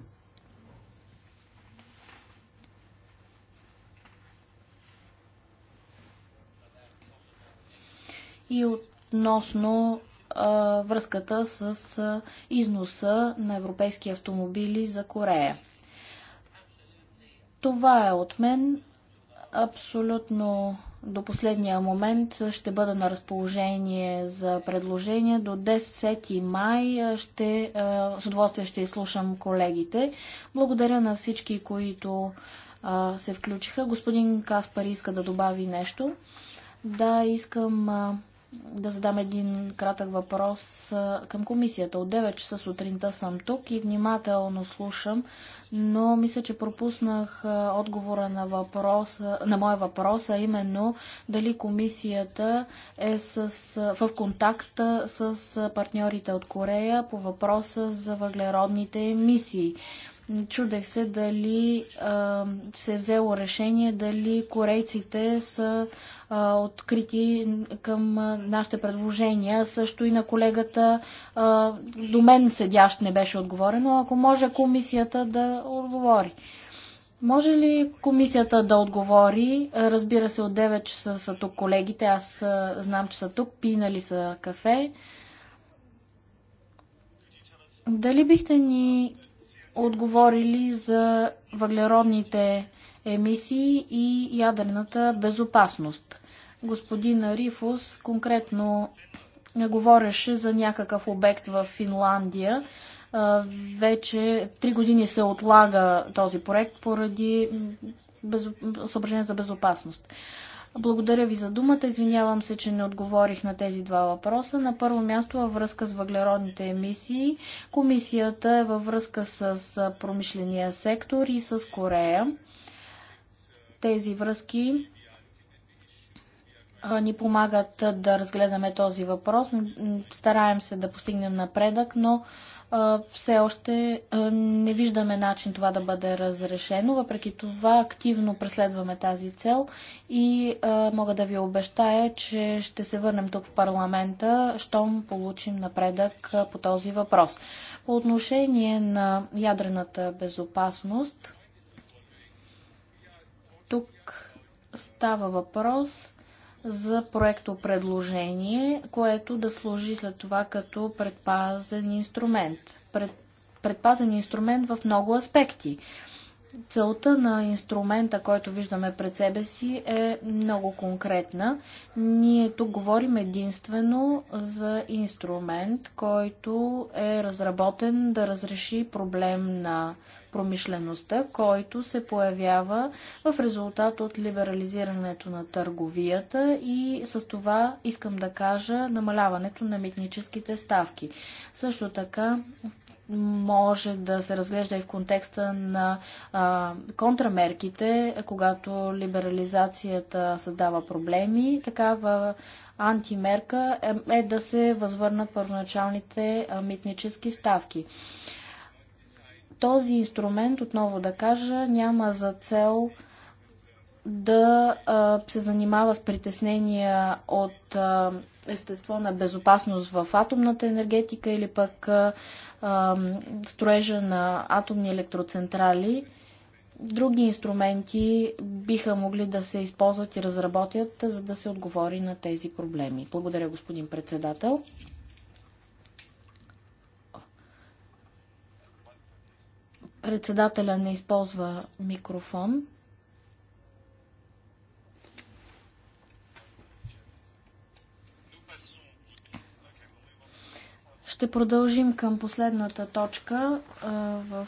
И относно а, връзката с а, износа на европейски автомобили за Корея. Това е от мен абсолютно до последния момент ще бъда на разположение за предложение. До 10 май ще, с удоволствие ще изслушам колегите. Благодаря на всички, които се включиха. Господин Каспар иска да добави нещо. Да, искам да задам един кратък въпрос към комисията. От 9 часа сутринта съм тук и внимателно слушам, но мисля, че пропуснах отговора на, въпрос, на моя въпрос, а именно дали комисията е с, в контакт с партньорите от Корея по въпроса за въглеродните емисии. Чудех се дали а, се е взело решение, дали корейците са а, открити към а, нашите предложения. Също и на колегата а, до мен седящ не беше отговорено, ако може комисията да отговори. Може ли комисията да отговори? Разбира се, от 9 часа са тук колегите. Аз знам, че са тук. Пинали са кафе. Дали бихте ни отговорили за въглеродните емисии и ядрената безопасност. Господин Рифус конкретно говореше за някакъв обект в Финландия. Вече три години се отлага този проект поради безо... съображение за безопасност. Благодаря ви за думата. Извинявам се, че не отговорих на тези два въпроса. На първо място във връзка с въглеродните емисии. Комисията е във връзка с промишления сектор и с Корея. Тези връзки ни помагат да разгледаме този въпрос. Стараем се да постигнем напредък, но все още не виждаме начин това да бъде разрешено. Въпреки това активно преследваме тази цел и мога да ви обещая, че ще се върнем тук в парламента, щом получим напредък по този въпрос. По отношение на ядрената безопасност, тук става въпрос за проекто предложение, което да служи след това като предпазен инструмент. Пред, предпазен инструмент в много аспекти. Целта на инструмента, който виждаме пред себе си, е много конкретна. Ние тук говорим единствено за инструмент, който е разработен да разреши проблем на промишлеността, който се появява в резултат от либерализирането на търговията и с това искам да кажа намаляването на митническите ставки. Също така може да се разглежда и в контекста на а, контрамерките, когато либерализацията създава проблеми. Такава антимерка е, е да се възвърнат първоначалните а, митнически ставки. Този инструмент, отново да кажа, няма за цел да а, се занимава с притеснения от а, естество на безопасност в атомната енергетика или пък а, строежа на атомни електроцентрали. Други инструменти биха могли да се използват и разработят, за да се отговори на тези проблеми. Благодаря, господин председател. Председателя не използва микрофон. Ще продължим към последната точка в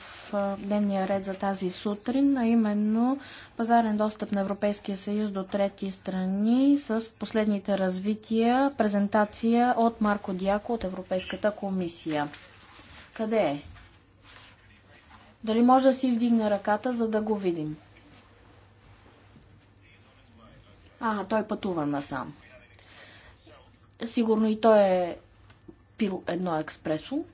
дневния ред за тази сутрин, а именно пазарен достъп на Европейския съюз до трети страни с последните развития, презентация от Марко Дяко от Европейската комисия. Къде е? Дали може да си вдигне ръката, за да го видим? А, той пътува насам. Сигурно и той е пил едно експресо.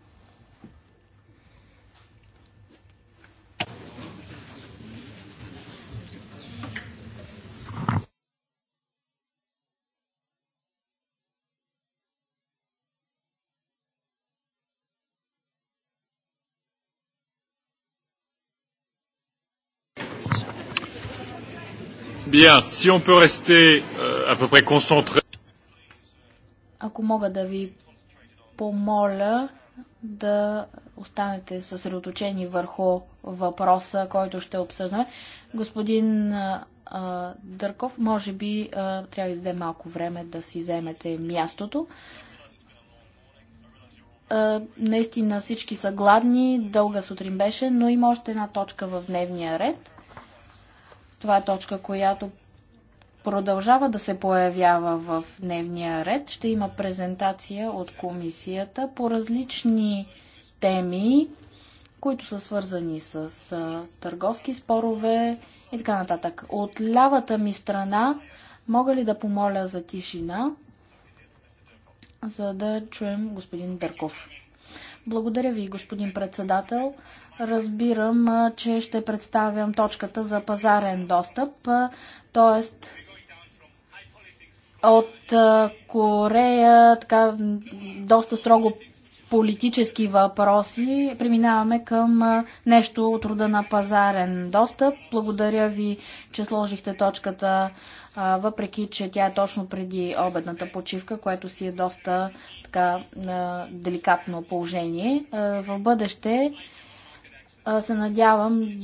Bien, si on peut rester euh, à peu près concentré. Ако мога да ви помоля да останете съсредоточени върху въпроса, който ще обсъждаме. Господин а, Дърков, може би а, трябва да даде малко време да си вземете мястото. А, наистина всички са гладни, дълга сутрин беше, но има още една точка в дневния ред – Това е точка, която продължава да се появява в дневния ред. Ще има презентация от комисията по различни теми, които са свързани с търговски спорове и така нататък. От лявата ми страна мога ли да помоля за тишина, за да чуем господин Дърков? Благодаря ви, господин председател разбирам, че ще представям точката за пазарен достъп, т.е. от Корея така, доста строго политически въпроси, преминаваме към нещо от рода на пазарен достъп. Благодаря ви, че сложихте точката, въпреки че тя е точно преди обедната почивка, което си е доста така деликатно положение. В бъдеще се надявам,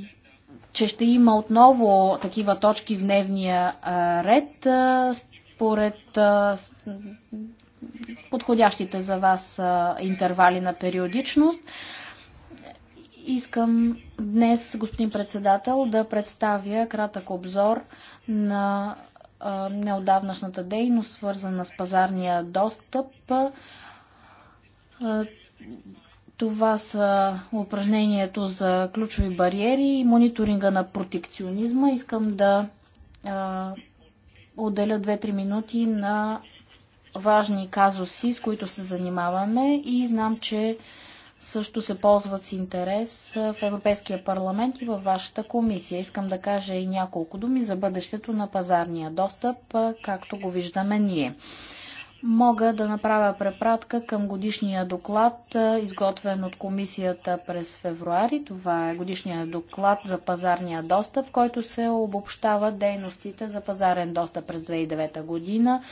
че ще има отново такива точки в дневния ред според подходящите за вас интервали на периодичност. Искам днес, господин председател, да представя кратък обзор на неодавнашната дейност, свързана с пазарния достъп Това са упражнението за ключови бариери и мониторинга на протекционизма. Искам да а, отделя 2-3 минути на важни казуси, с които се занимаваме и знам, че също се ползват с интерес в Европейския парламент и във вашата комисия. Искам да кажа и няколко думи за бъдещето на пазарния достъп, както го виждаме ние мога да направя препратка към годишния доклад, изготвен от комисията през февруари. Това е годишния доклад за пазарния достъп, който се обобщава дейностите за пазарен достъп през 2009 година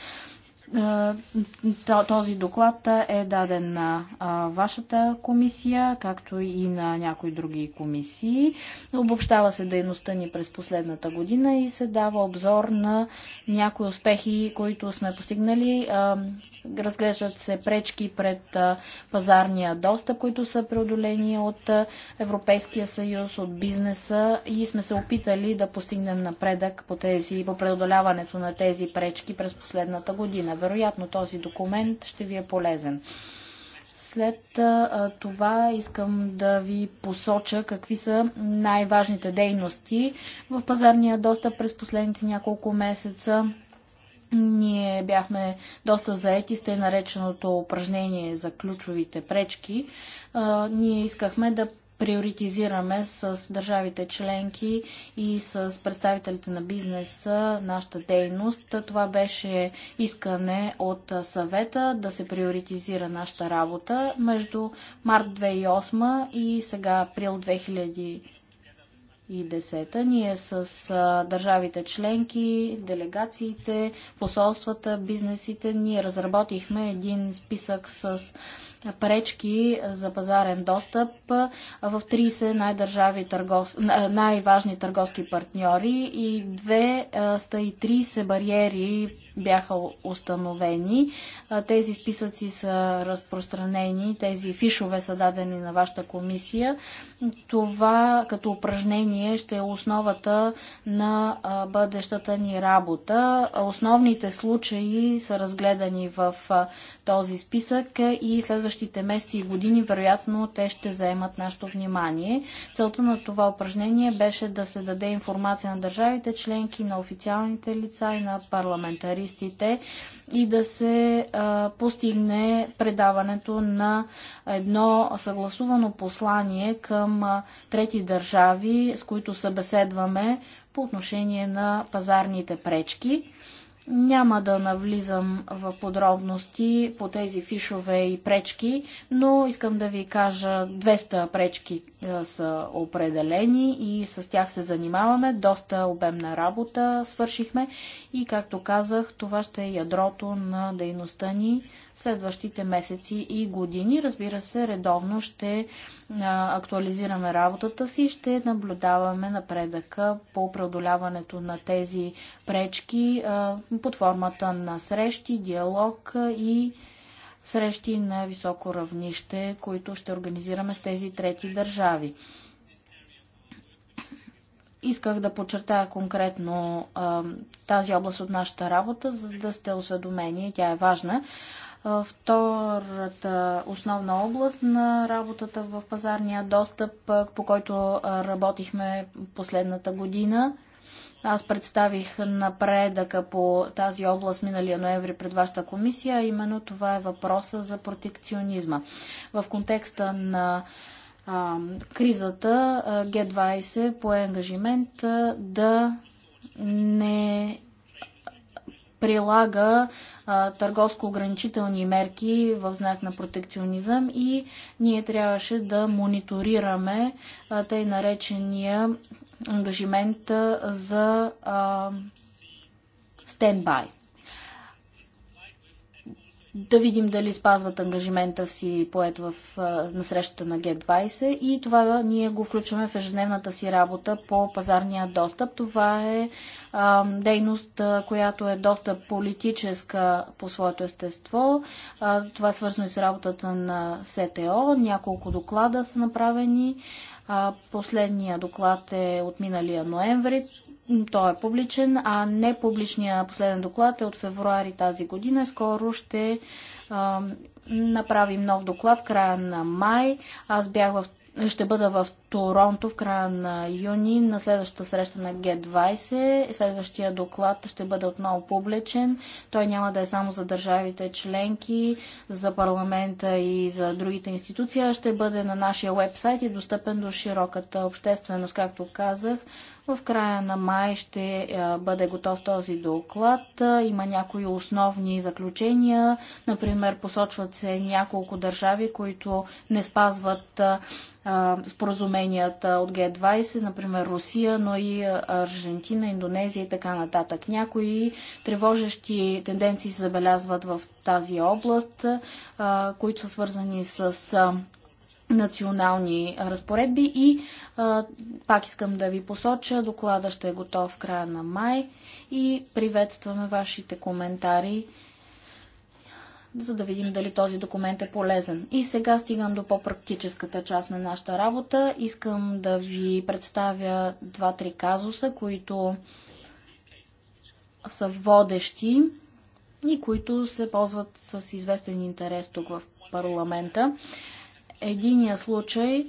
този доклад е даден на вашата комисия, както и на някои други комисии. Обобщава се дейността ни през последната година и се дава обзор на някои успехи, които сме постигнали. Разглеждат се пречки пред пазарния достъп, които са преодолени от Европейския съюз, от бизнеса и сме се опитали да постигнем напредък по, тези, по преодоляването на тези пречки през последната година. Вероятно този документ ще ви е полезен. След това искам да ви посоча какви са най-важните дейности в пазарния достъп през последните няколко месеца. Ние бяхме доста заети с тъй нареченото упражнение за ключовите пречки. Ние искахме да приоритизираме с държавите членки и с представителите на бизнеса нашата дейност. Това беше искане от съвета да се приоритизира нашата работа между март 2008 и сега април 2000 и десета. Ние с а, държавите членки, делегациите, посолствата, бизнесите, ние разработихме един списък с пречки за пазарен достъп в 30 най-държави търгов... най-важни търговски партньори и 230 бариери бяха установени. Тези списъци са разпространени, тези фишове са дадени на вашата комисия. Това като упражнение ще е основата на бъдещата ни работа. Основните случаи са разгледани в този списък и следващите следващите месеци и години, вероятно те ще заемат нашето внимание. Целта на това упражнение беше да се даде информация на държавите членки, на официалните лица и на парламентаристите и да се а, постигне предаването на едно съгласувано послание към а, трети държави, с които събеседваме по отношение на пазарните пречки. Няма да навлизам в подробности по тези фишове и пречки, но искам да ви кажа, 200 пречки са определени и с тях се занимаваме. Доста обемна работа свършихме и, както казах, това ще е ядрото на дейността ни следващите месеци и години. Разбира се, редовно ще актуализираме работата си ще наблюдаваме напредъка по преодоляването на тези пречки под формата на срещи, диалог и срещи на високо равнище, които ще организираме с тези трети държави. Исках да подчертая конкретно а, тази област от нашата работа, за да сте осведомени. Тя е важна. Втората основна област на работата в пазарния достъп, по който работихме последната година. Аз представих напредъка по тази област миналия ноември пред вашата комисия. Именно това е въпроса за протекционизма. В контекста на а, кризата Г20 пое ангажимент да не прилага търговско ограничителни мерки в знак на протекционизъм и ние трябваше да мониторираме тъй наречения ангажимент за стендбай да видим дали спазват ангажимента си поет в, на срещата на Г20 и това ние го включваме в ежедневната си работа по пазарния достъп. Това е а, дейност, а, която е доста политическа по своето естество. А, това е свързано и с работата на СТО. Няколко доклада са направени. А, последния доклад е от миналия ноември. Той е публичен, а не публичният последен доклад е от февруари тази година. Скоро ще а, направим нов доклад края на май. Аз бях в ще бъда в Торонто в края на юни на следващата среща на Г20. Следващия доклад ще бъде отново публичен. Той няма да е само за държавите членки, за парламента и за другите институции, а ще бъде на нашия вебсайт и достъпен до широката общественост, както казах. В края на май ще бъде готов този доклад. Има някои основни заключения. Например, посочват се няколко държави, които не спазват споразуменията от Г-20, например Русия, но и Аржентина, Индонезия и така нататък. Някои тревожещи тенденции се забелязват в тази област, които са свързани с национални разпоредби и а, пак искам да ви посоча, доклада ще е готов в края на май и приветстваме вашите коментари, за да видим дали този документ е полезен. И сега стигам до по-практическата част на нашата работа. Искам да ви представя два-три казуса, които са водещи и които се ползват с известен интерес тук в парламента единия случай,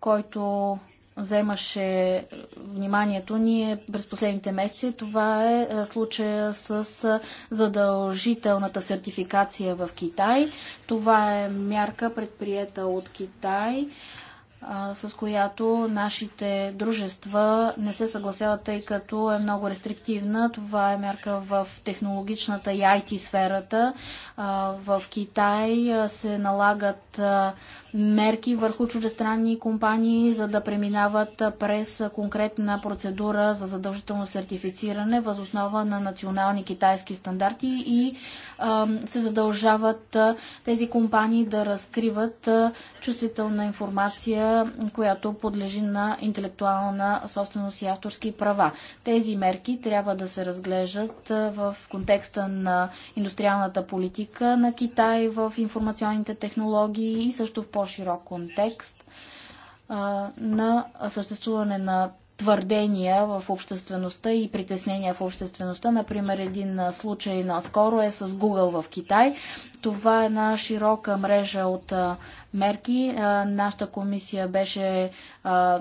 който вземаше вниманието ни през последните месеци. Това е случая с задължителната сертификация в Китай. Това е мярка предприета от Китай с която нашите дружества не се съгласяват, тъй като е много рестриктивна. Това е мярка в технологичната и IT сферата. в Китай се налагат мерки върху чуждестранни компании, за да преминават през конкретна процедура за задължително сертифициране възоснова на национални китайски стандарти и се задължават тези компании да разкриват чувствителна информация която подлежи на интелектуална собственост и авторски права. Тези мерки трябва да се разглеждат в контекста на индустриалната политика на Китай в информационните технологии и също в по-широк контекст на съществуване на твърдения в обществеността и притеснения в обществеността. Например, един случай наскоро е с Google в Китай. Това е една широка мрежа от мерки. Нашата комисия беше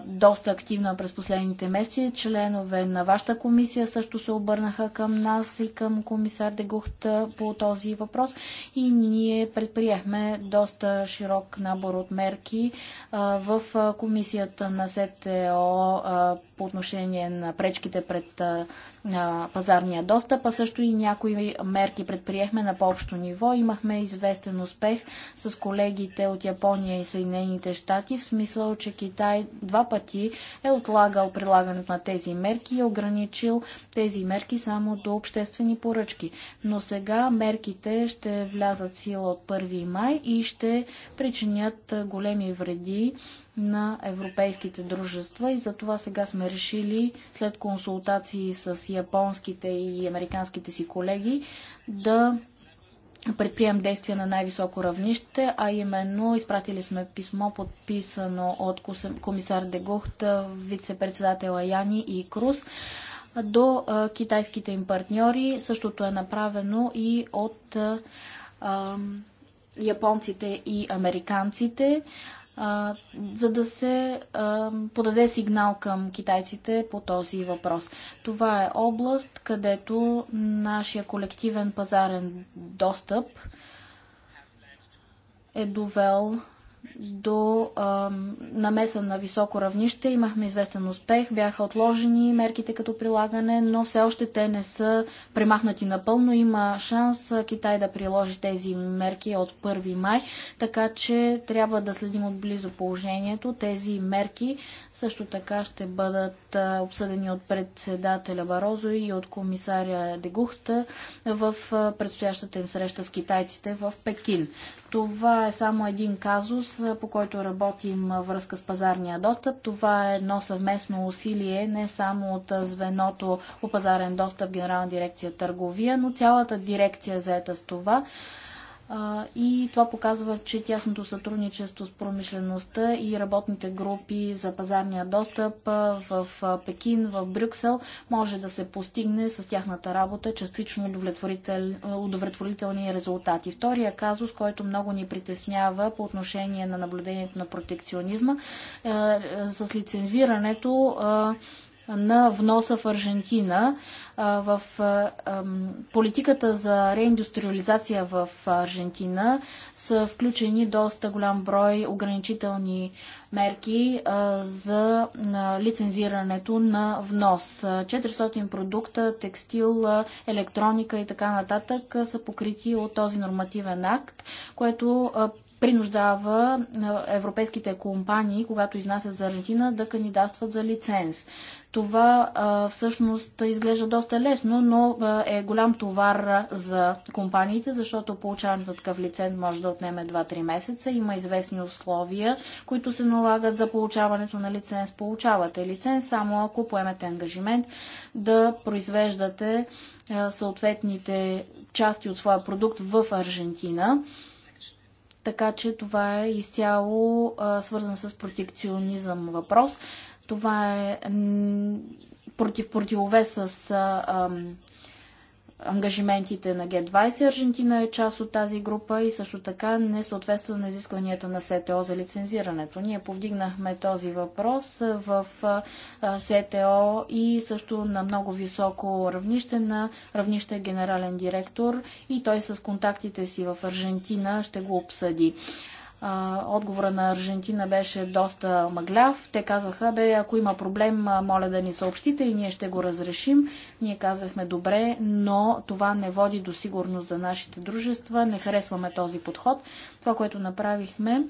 доста активна през последните месеци. Членове на вашата комисия също се обърнаха към нас и към комисар Дегухт по този въпрос и ние предприехме доста широк набор от мерки в комисията на СТО по отношение на пречките пред пазарния достъп, а също и някои мерки предприехме на по-общо ниво. Имахме известен успех с колегите от Япония и Съединените щати, в смисъл, че Китай два пъти е отлагал прилагането на тези мерки и ограничил тези мерки само до обществени поръчки. Но сега мерките ще влязат сила от 1 май и ще причинят големи вреди на европейските дружества и за това сега сме решили след консултации с си японските и американските си колеги да предприем действия на най-високо равнище, а именно изпратили сме писмо, подписано от комисар Дегухт, вице-председател Яни и Крус до китайските им партньори. Същото е направено и от японците и американците за да се подаде сигнал към китайците по този въпрос. Това е област, където нашия колективен пазарен достъп е довел до а, намеса на високо равнище. Имахме известен успех, бяха отложени мерките като прилагане, но все още те не са премахнати напълно. Има шанс Китай да приложи тези мерки от 1 май, така че трябва да следим отблизо положението. Тези мерки също така ще бъдат обсъдени от председателя Барозо и от комисаря Дегухта в предстоящата им среща с китайците в Пекин. Това е само един казус, по който работим връзка с пазарния достъп. Това е едно съвместно усилие не само от звеното по пазарен достъп Генерална дирекция търговия, но цялата дирекция заета с това. И това показва, че тясното сътрудничество с промишлеността и работните групи за пазарния достъп в Пекин, в Брюксел може да се постигне с тяхната работа частично удовлетворител... удовлетворителни резултати. Втория казус, който много ни притеснява по отношение на наблюдението на протекционизма, с лицензирането на вноса в Аржентина. В политиката за реиндустриализация в Аржентина са включени доста голям брой ограничителни мерки за лицензирането на внос. 400 продукта, текстил, електроника и така нататък са покрити от този нормативен акт, което принуждава европейските компании, когато изнасят за Аржентина, да кандидатстват за лиценз. Това всъщност изглежда доста лесно, но е голям товар за компаниите, защото получаването на такъв лиценз може да отнеме 2-3 месеца. Има известни условия, които се налагат за получаването на лиценз. Получавате лиценз само ако поемете ангажимент да произвеждате съответните части от своя продукт в Аржентина. Така че това е изцяло свързан с протекционизъм въпрос. Това е против противовес с а, а, ангажиментите на Г20. Аржентина е част от тази група и също така не съответства на изискванията на СТО за лицензирането. Ние повдигнахме този въпрос в СТО и също на много високо равнище на равнище генерален директор и той с контактите си в Аржентина ще го обсъди отговора на Аржентина беше доста мъгляв. Те казваха, бе, ако има проблем, моля да ни съобщите и ние ще го разрешим. Ние казахме, добре, но това не води до сигурност за нашите дружества, не харесваме този подход. Това, което направихме,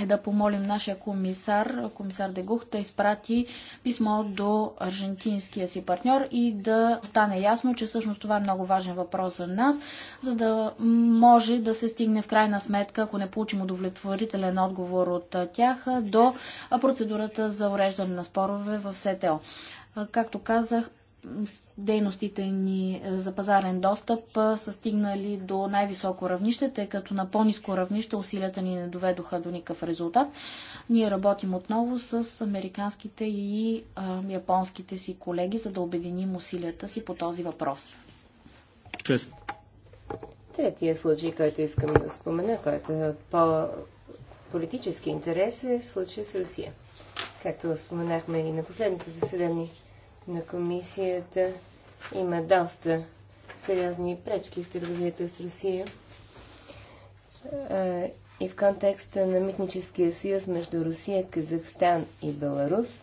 е да помолим нашия комисар, комисар Дегух, да изпрати писмо до аржентинския си партньор и да стане ясно, че всъщност това е много важен въпрос за нас, за да може да се стигне в крайна сметка, ако не получим удовлетворителен отговор от тях, до процедурата за уреждане на спорове в СТО. Както казах, дейностите ни за пазарен достъп са стигнали до най-високо равнище, тъй като на по-низко равнище усилията ни не доведоха до никакъв резултат. Ние работим отново с американските и а, японските си колеги, за да обединим усилията си по този въпрос. Чест. Третия случай, който искам да спомена, който е по политически интерес е случай с Русия. Както споменахме и на последното заседание на комисията има доста сериозни пречки в търговията с Русия. И в контекста на митническия съюз между Русия, Казахстан и Беларус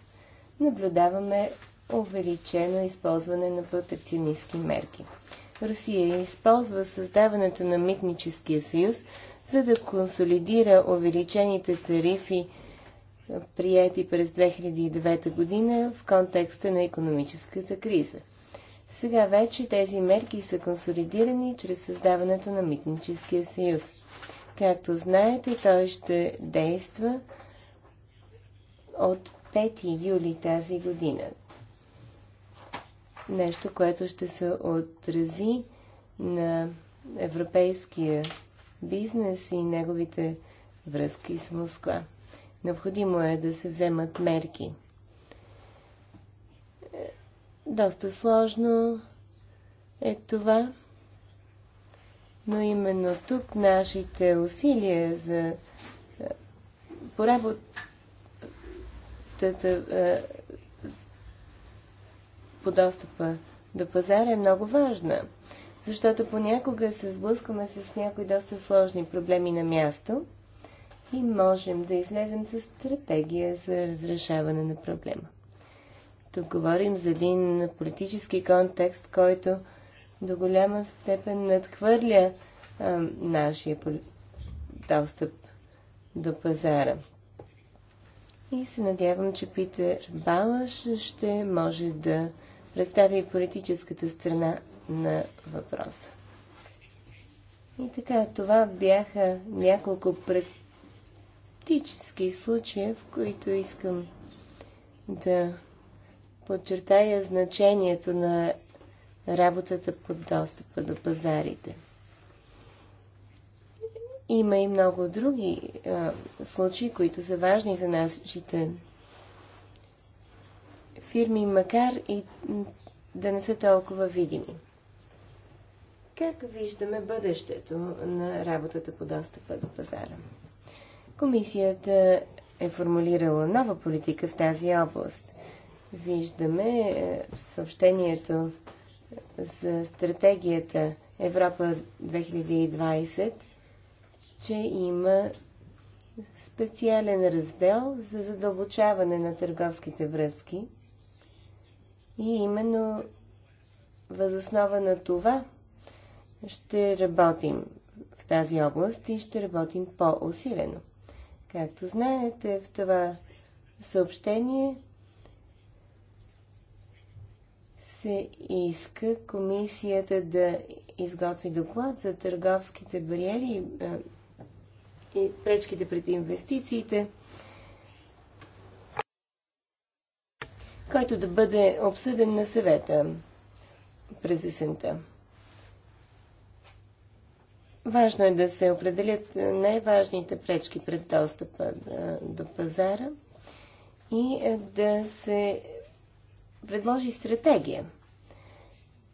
наблюдаваме увеличено използване на протекционистски мерки. Русия използва създаването на митническия съюз, за да консолидира увеличените тарифи прияти през 2009 година в контекста на економическата криза. Сега вече тези мерки са консолидирани чрез създаването на Митническия съюз. Както знаете, той ще действа от 5 юли тази година. Нещо, което ще се отрази на европейския бизнес и неговите връзки с Москва. Необходимо е да се вземат мерки. Доста сложно е това, но именно тук нашите усилия за по по достъпа до пазара е много важна, защото понякога се сблъскваме с някои доста сложни проблеми на място – и можем да излезем с стратегия за разрешаване на проблема. Тук говорим за един политически контекст, който до голяма степен надхвърля а, нашия достъп до пазара. И се надявам, че Питер Балаш ще може да представи политическата страна на въпроса. И така, това бяха няколко пред практически случаи, в които искам да подчертая значението на работата под достъпа до пазарите. Има и много други а, случаи, които са важни за нашите фирми, макар и да не са толкова видими. Как виждаме бъдещето на работата по достъпа до пазара? Комисията е формулирала нова политика в тази област. Виждаме в съобщението за стратегията Европа 2020, че има специален раздел за задълбочаване на търговските връзки. И именно възоснова на това ще работим в тази област и ще работим по-усилено. Както знаете, в това съобщение се иска комисията да изготви доклад за търговските бариери и пречките пред инвестициите, който да бъде обсъден на съвета през есента. Важно е да се определят най-важните пречки пред достъпа до пазара и да се предложи стратегия.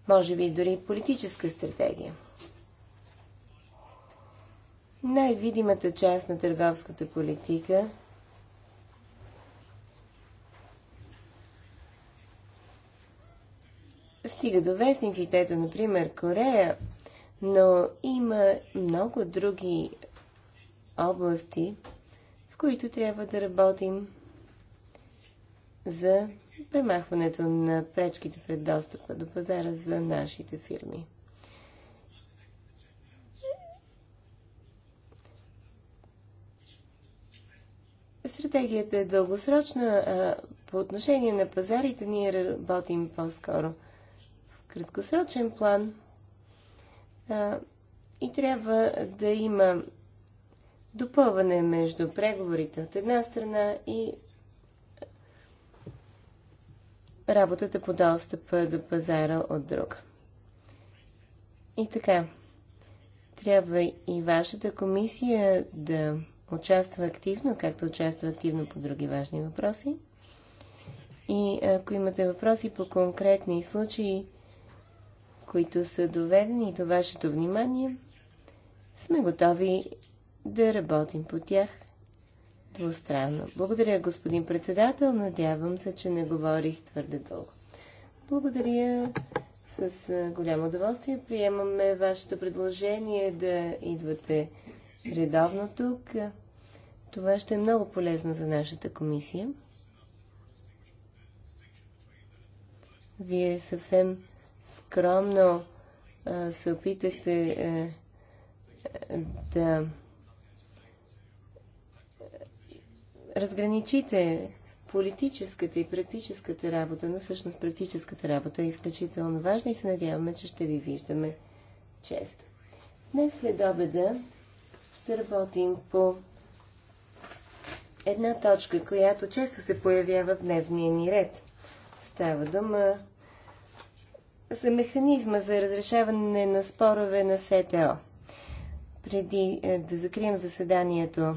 Може би дори политическа стратегия. Най-видимата част на търговската политика стига до вестниците. Ето, например, Корея но има много други области, в които трябва да работим за премахването на пречките пред достъпа до пазара за нашите фирми. Стратегията е дългосрочна. А по отношение на пазарите ние работим по-скоро в краткосрочен план – И трябва да има допълване между преговорите от една страна и работата по достъпа до пазара от друга. И така, трябва и вашата комисия да участва активно, както участва активно по други важни въпроси. И ако имате въпроси по конкретни случаи, които са доведени до вашето внимание, сме готови да работим по тях двустранно. Благодаря, господин председател. Надявам се, че не говорих твърде дълго. Благодаря. С голямо удоволствие приемаме вашето предложение да идвате редовно тук. Това ще е много полезно за нашата комисия. Вие съвсем скромно а, се опитахте а, да разграничите политическата и практическата работа, но всъщност практическата работа е изключително важна и се надяваме, че ще ви виждаме често. Днес след обеда ще работим по една точка, която често се появява в дневния ни ред. Става дума за механизма за разрешаване на спорове на СТО. Преди да закрием заседанието,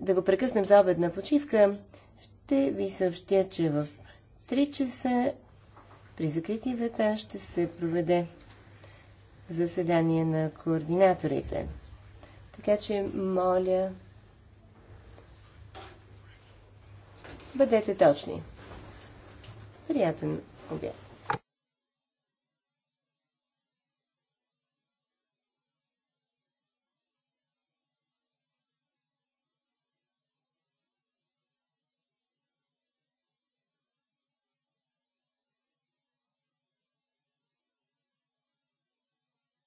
да го прекъснем за обедна почивка, ще ви съобщя, че в 3 часа при закрити врата ще се проведе заседание на координаторите. Така че, моля, бъдете точни. Приятен обяд!